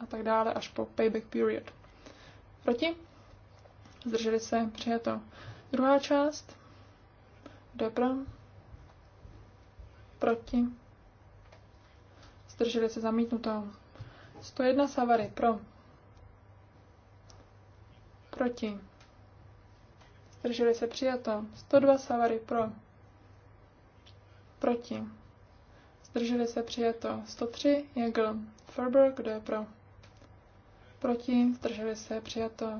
a tak dále až po Payback Period. Proti? Zdrželi se, přijato. Druhá část. Kdo pro? Proti? Zdrželi se, zamítnuto. 101 Savary, pro. Proti? Zdrželi se, přijato. 102 Savary, pro Proti. Zdrželi se přijato 103, Jegl, Ferber, kdo je pro? Proti, zdrželi se přijato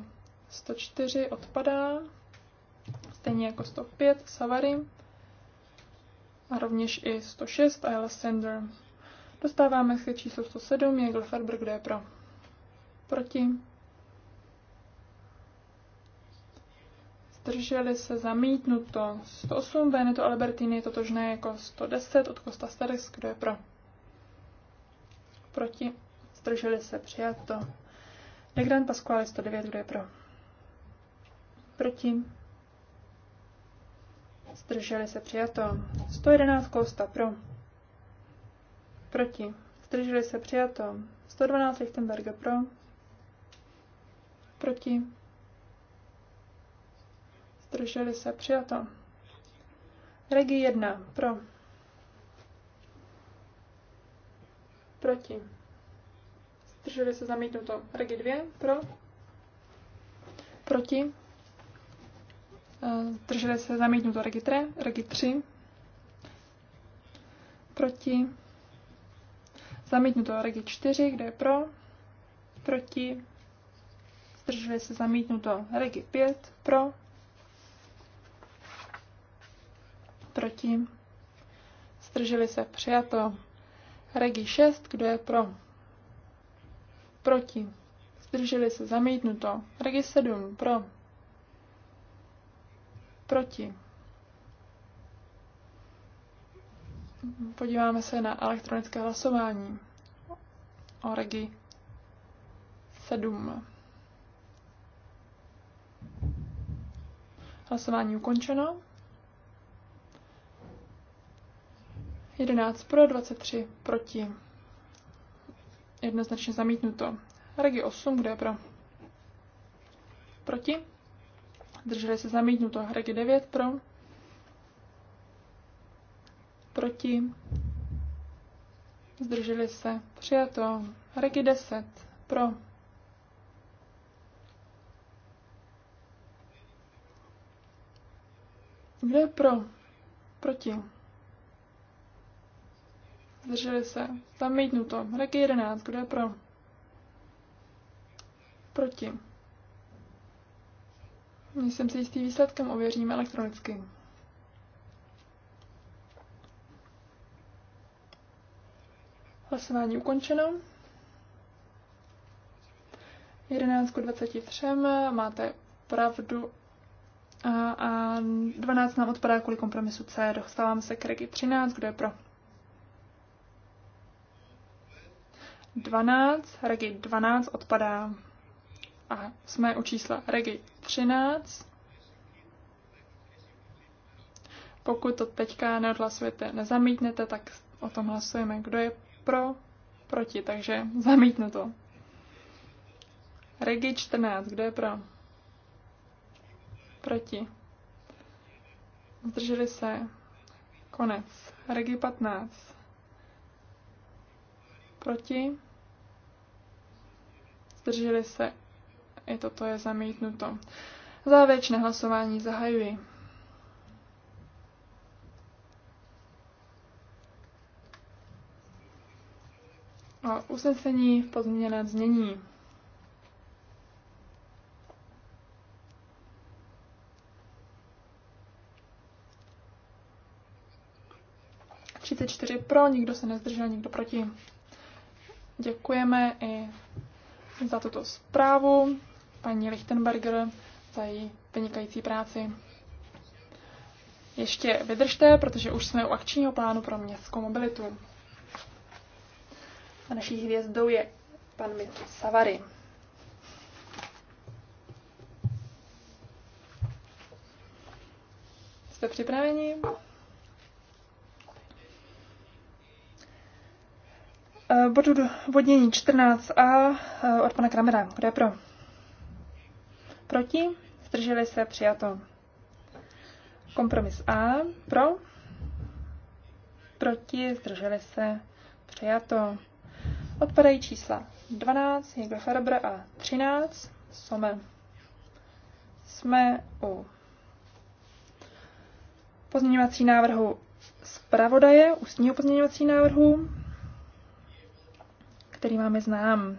104, odpadá, stejně jako 105, Savary, a rovněž i 106, Alessander. Dostáváme se číslo 107, Jegl, Ferber, kdo je pro? Proti, zdrželi se zamítnuto 108, Veneto Albertini je totožné jako 110 od Kosta Starex, kdo je pro? Proti, zdrželi se přijato. Legrand Pasquale 109, kdo je pro? Proti, zdrželi se přijato. 111 Kosta pro. Proti, zdrželi se přijato. 112 Lichtenberger pro. Proti, Zdrželi se. Přijato. Regi 1. Pro. Proti. Zdrželi se zamítnuto. Regi 2. Pro. Proti. Eh, zdrželi se zamítnuto. Regi 3. Regi 3. Proti. Zamítnuto. Regi 4. Kde je pro? Proti. Zdrželi se zamítnuto. Regi 5. Pro proti, zdrželi se, přijato. Regi 6, kdo je pro, proti, zdrželi se, zamítnuto. Regi 7, pro, proti. Podíváme se na elektronické hlasování o regi 7. Hlasování ukončeno. 11 pro, 23 proti. Jednoznačně zamítnuto. Regi 8, kde je pro? Proti. Drželi se zamítnuto. Regi 9 pro. Proti. Zdrželi se. Přijato. Regi 10 pro. Kdo je pro? Proti. Zdrželi se. Tam to. Regi 11. Kdo je pro? Proti. Nejsem si jistý výsledkem, ověřím elektronicky. Hlasování ukončeno. 11 k 23 máte pravdu a 12 nám odpadá kvůli kompromisu C. Dostávám se k regi 13, kdo je pro. 12, regi 12 odpadá. A jsme u čísla regi 13. Pokud to teďka neodhlasujete, nezamítnete, tak o tom hlasujeme, kdo je pro, proti, takže zamítnu to. Regi 14, kdo je pro? Proti. Zdrželi se. Konec. Regi 15. Proti? Zdrželi se. I toto je zamítnuto. Závěrečné hlasování zahajuji. O usnesení v pozměněném znění. čtyři pro, nikdo se nezdržel, nikdo proti. Děkujeme i za tuto zprávu paní Lichtenberger za její vynikající práci. Ještě vydržte, protože už jsme u akčního plánu pro městskou mobilitu. A naší hvězdou je pan Mr. Savary. Jste připraveni? Eh, bodu vodnění 14a eh, od pana Kramera. Kdo je pro? Proti? Zdrželi se? Přijato. Kompromis A. Pro? Proti? Zdrželi se? Přijato. Odpadají čísla 12, Jigl Farber a 13, Some. Jsme u pozměňovací návrhu zpravodaje, ústního pozměňovací návrhu který máme znám.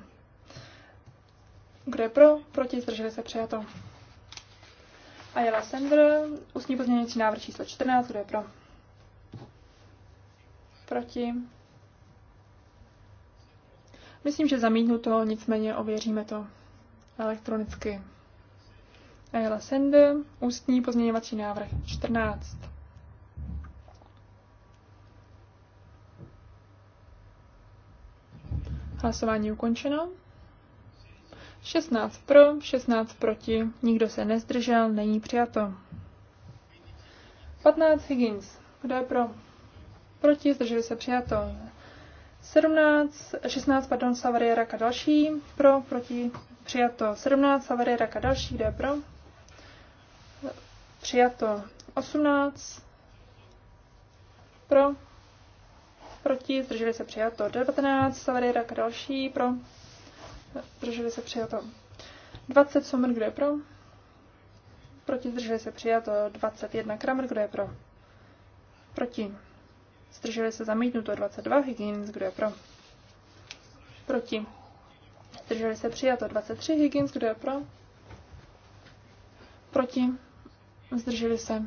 Kdo je pro? Proti? Zdrželi se přijato. A Jela Sender, ústní pozměňující návrh číslo 14, kdo je pro? Proti? Myslím, že zamítnu to, nicméně ověříme to elektronicky. A Jela Sende, ústní pozměňovací návrh 14. Hlasování ukončeno. 16 pro, 16 proti, nikdo se nezdržel, není přijato. 15 Higgins, kdo je pro? Proti, zdrželi se přijato. 17, 16, pardon, Savariera Raka další, pro, proti, přijato. 17, Savariera Raka další, kdo je pro? Přijato. 18, pro, proti, zdrželi se přijato 19, Savarejrak další, pro, zdrželi se přijato 20, Somr, kdo je pro, proti, zdrželi se přijato 21, Kramr, kdo je pro, proti, zdrželi se zamítnuto 22, Higgins, kdo je pro, proti, zdrželi se přijato 23, Higgins, kdo je pro, proti, zdrželi se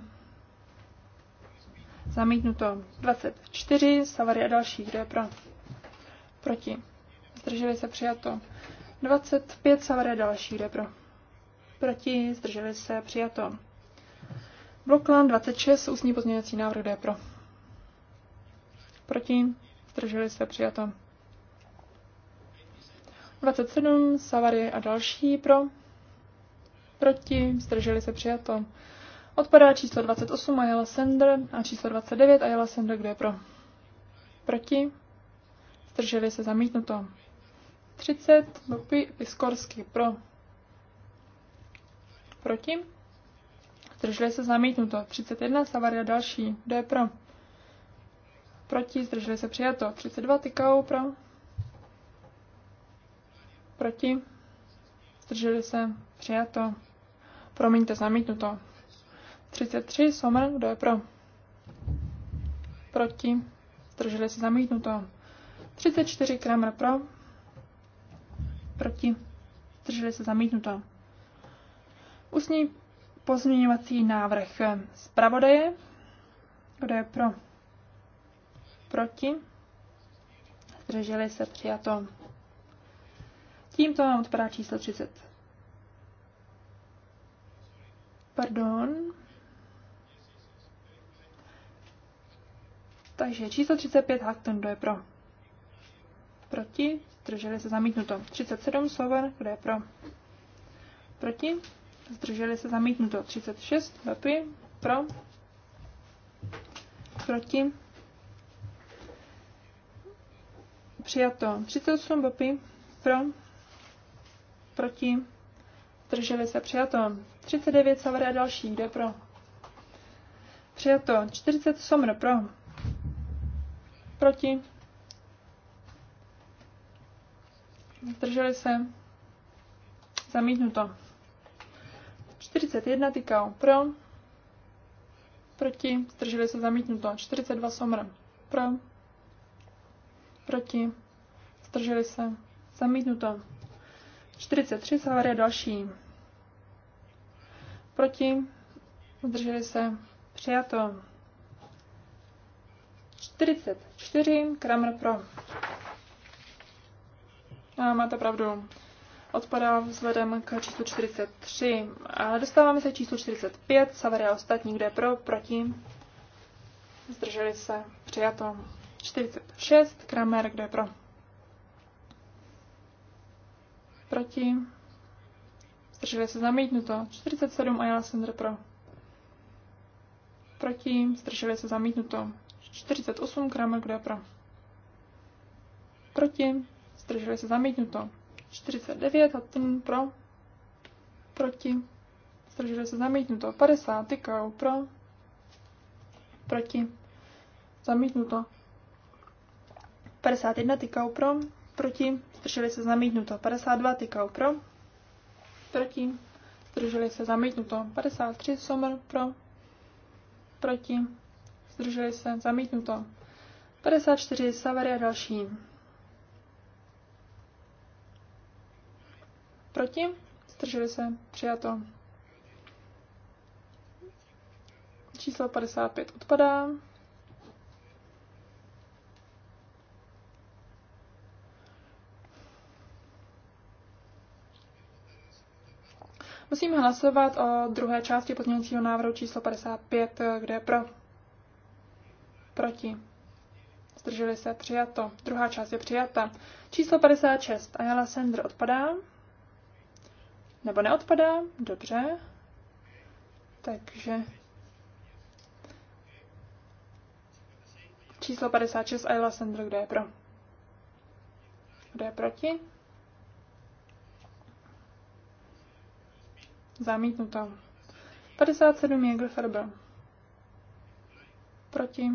Zamítnuto 24, Savary a další, kdo je pro? Proti. Zdrželi se přijato. 25, Savary a další, kdo je pro? Proti, zdrželi se přijato. Bloklan 26, ústní pozměňovací návrh, kdo je pro? Proti, zdrželi se přijato. 27, Savary a další pro? Proti, zdrželi se přijato. Odpadá číslo 28 a Jela Sender a číslo 29 a Jela Sender, kdo je pro? Proti? Zdrželi se zamítnuto. 30, Bopy, Piskorsky, pro. Proti? Zdrželi se zamítnuto. 31, Savaria další, kdo je pro? Proti, zdrželi se přijato. 32, Tykau pro. Proti? Zdrželi se přijato. Promiňte, zamítnuto. 33, Somr, kdo je pro? Proti. Zdrželi se zamítnuto. 34, Kramer pro. Proti. Zdrželi se zamítnuto. Usní pozměňovací návrh zpravodaje. Kdo je pro? Proti. Zdrželi se přijato. Tímto mám odpadá číslo 30. Pardon. Takže číslo 35 Hakton, kdo je pro? Proti? Zdrželi se zamítnuto. 37 Sloven, kdo je pro? Proti? Zdrželi se zamítnuto. 36 Vepy, pro? Proti? Přijato. 38 Vepy, pro? Proti? Zdrželi se přijato. 39 a další, kdo je pro? Přijato. 40 Somr, pro? Proti? Zdrželi se? Zamítnuto. 41 tykal pro. Proti? Zdrželi se? Zamítnuto. 42 somr pro. Proti? Zdrželi se? Zamítnuto. 43 Savaria další. Proti? Zdrželi se? Přijato. 44, Kramer pro. A máte pravdu. Odpadá vzhledem k číslu 43. A dostáváme se k číslu 45. Savary a ostatní, kde pro, proti. Zdrželi se. Přijato. 46. Kramer, kde pro. Proti. Zdrželi se zamítnuto. 47. A já jsem pro. Proti. Zdrželi se zamítnuto. 48 Kramer, kdo pro? Proti. Zdrželi se zamítnuto. 49 a ten pro. Proti. Zdrželi se zamítnuto. 50 kou pro. Proti. Zamítnuto. 51 tykou pro. Proti. Zdrželi se zamítnuto. 52 tykou pro. Proti. Zdrželi se zamítnuto. 53 somr pro. Proti zdrželi se, zamítnuto. 54, Savery a další. Proti, zdrželi se, přijato. Číslo 55 odpadá. Musíme hlasovat o druhé části pozměňovacího návrhu číslo 55, kde je pro Proti. Zdrželi se. Přijato. Druhá část je přijata. Číslo 56. Ayala Sender odpadá. Nebo neodpadá. Dobře. Takže číslo 56 Ayala Sender. kde je pro? Kde je proti? Zamítnuto. 57 Jäger Ferber. Proti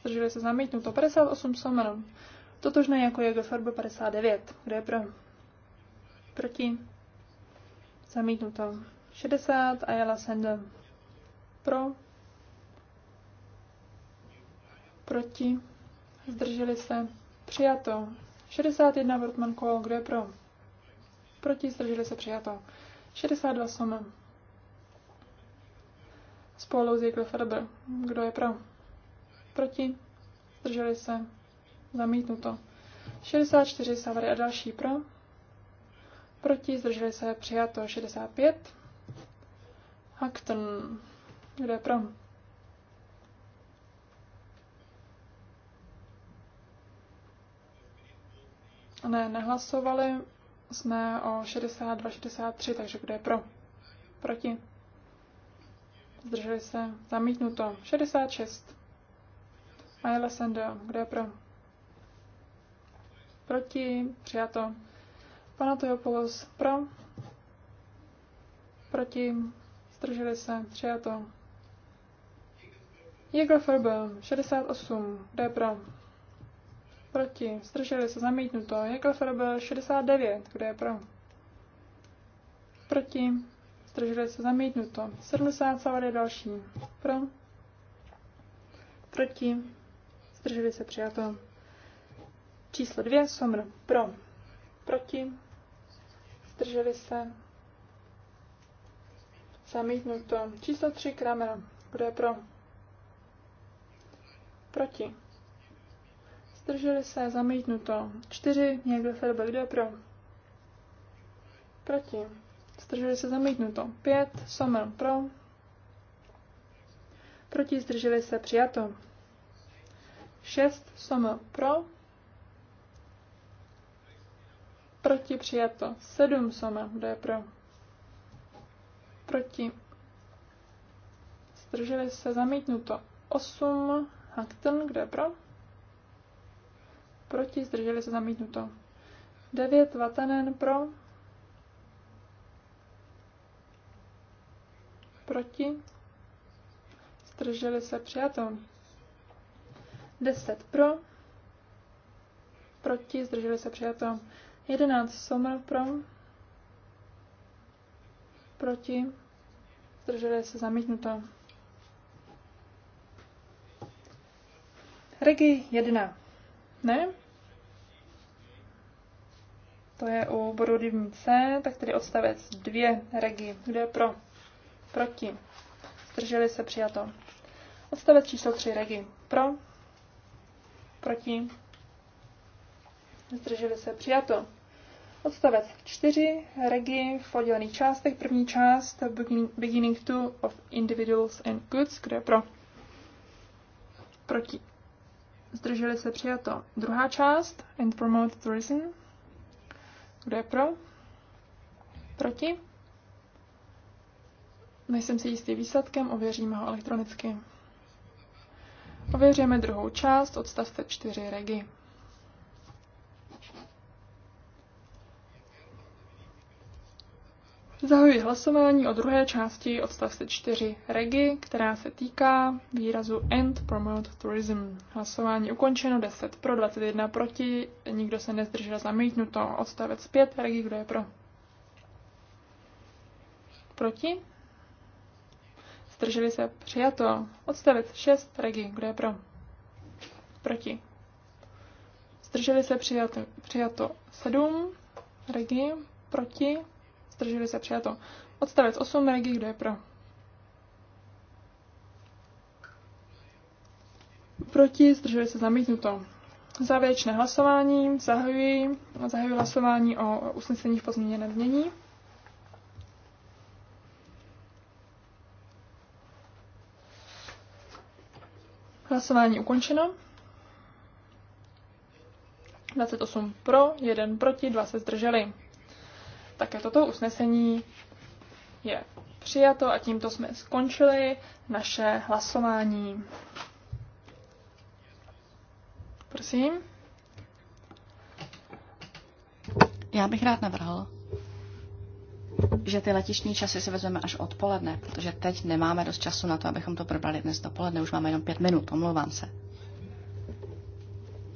zdrželi se zamítnuto. 58 Sommer, totožné jako je Gefarbe 59. kde je pro? Proti? Zamítnuto. 60 a Jela Sende. Pro? Proti? Zdrželi se. Přijato. 61 Wortmann Kohl. kde je pro? Proti? Zdrželi se. Přijato. 62 somen Spolu s Jekle Kdo je pro? proti, zdrželi se, zamítnuto. 64 Savary a další pro, proti, zdrželi se, přijato 65. Hackton, kde je pro? Ne, nehlasovali jsme o 62, 63, takže kde je pro? Proti. Zdrželi se. Zamítnuto. 66. Ajla Sendo, kdo je pro? Proti, přijato. Pana Panatojopolos, pro? Proti, zdrželi se, přijato. Jigl Ferbel, 68, kdo je pro? Proti, zdrželi se, zamítnuto. Jigl Ferbel, 69, kdo je pro? Proti, zdrželi se, zamítnuto. 70 je další, pro? Proti, zdrželi se přijato. Číslo dvě Somr, pro, proti, zdrželi se, zamítnuto. Číslo tři Kramera, kdo je pro, proti, zdrželi se, zamítnuto. Čtyři, někdo Ferber, kdo je pro, proti, zdrželi se, zamítnuto. pět Somr, pro, proti, zdrželi se, přijato. 6 som pro, proti přijato 7 som, kdo je pro, proti, zdrželi se zamítnuto 8 Hankton, kdo je pro, proti, zdrželi se zamítnuto 9 Vatanen pro, proti, zdrželi se přijato 10 pro, proti, zdrželi se přijato. 11 somr pro, proti, zdrželi se zamítnuto. Regi 1. Ne? To je u bodu C, tak tedy odstavec 2 regi. kde je pro? Proti. Zdrželi se přijato. Odstavec číslo 3 regi. Pro proti, zdrželi se, přijato. Odstavec 4, regi v oddělených částech, první část, beginning to of individuals and goods, Kdo je pro, proti, zdrželi se, přijato. Druhá část, and promote tourism, Kdo je pro, proti, nejsem si jistý výsledkem, ověříme ho elektronicky. Ověříme druhou část odstavce 4 regi. Zahajuji hlasování o druhé části odstavce 4 regi, která se týká výrazu End promote tourism. Hlasování ukončeno 10 pro, 21 proti, nikdo se nezdržel zamítnuto. Odstavec 5 regi, kdo je pro? Proti? zdrželi se, přijato. Odstavec 6, regi, kdo je pro? Proti. Zdrželi se, přijato, přijato 7, regi, proti. Zdrželi se, přijato. Odstavec 8, regi, kdo je pro? Proti, zdrželi se, zamítnuto. Závěrečné hlasování, zahajuji, zahajuji hlasování o usnesení v pozměněném znění. Hlasování ukončeno. 28 pro, 1 proti, 2 se zdrželi. Také toto usnesení je přijato a tímto jsme skončili naše hlasování. Prosím. Já bych rád navrhl, že ty letišní časy si vezmeme až odpoledne, protože teď nemáme dost času na to, abychom to probrali dnes dopoledne. Už máme jenom pět minut, omlouvám se.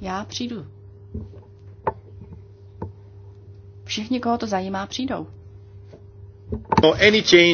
Já přijdu. Všichni, koho to zajímá, přijdou. Oh, any change.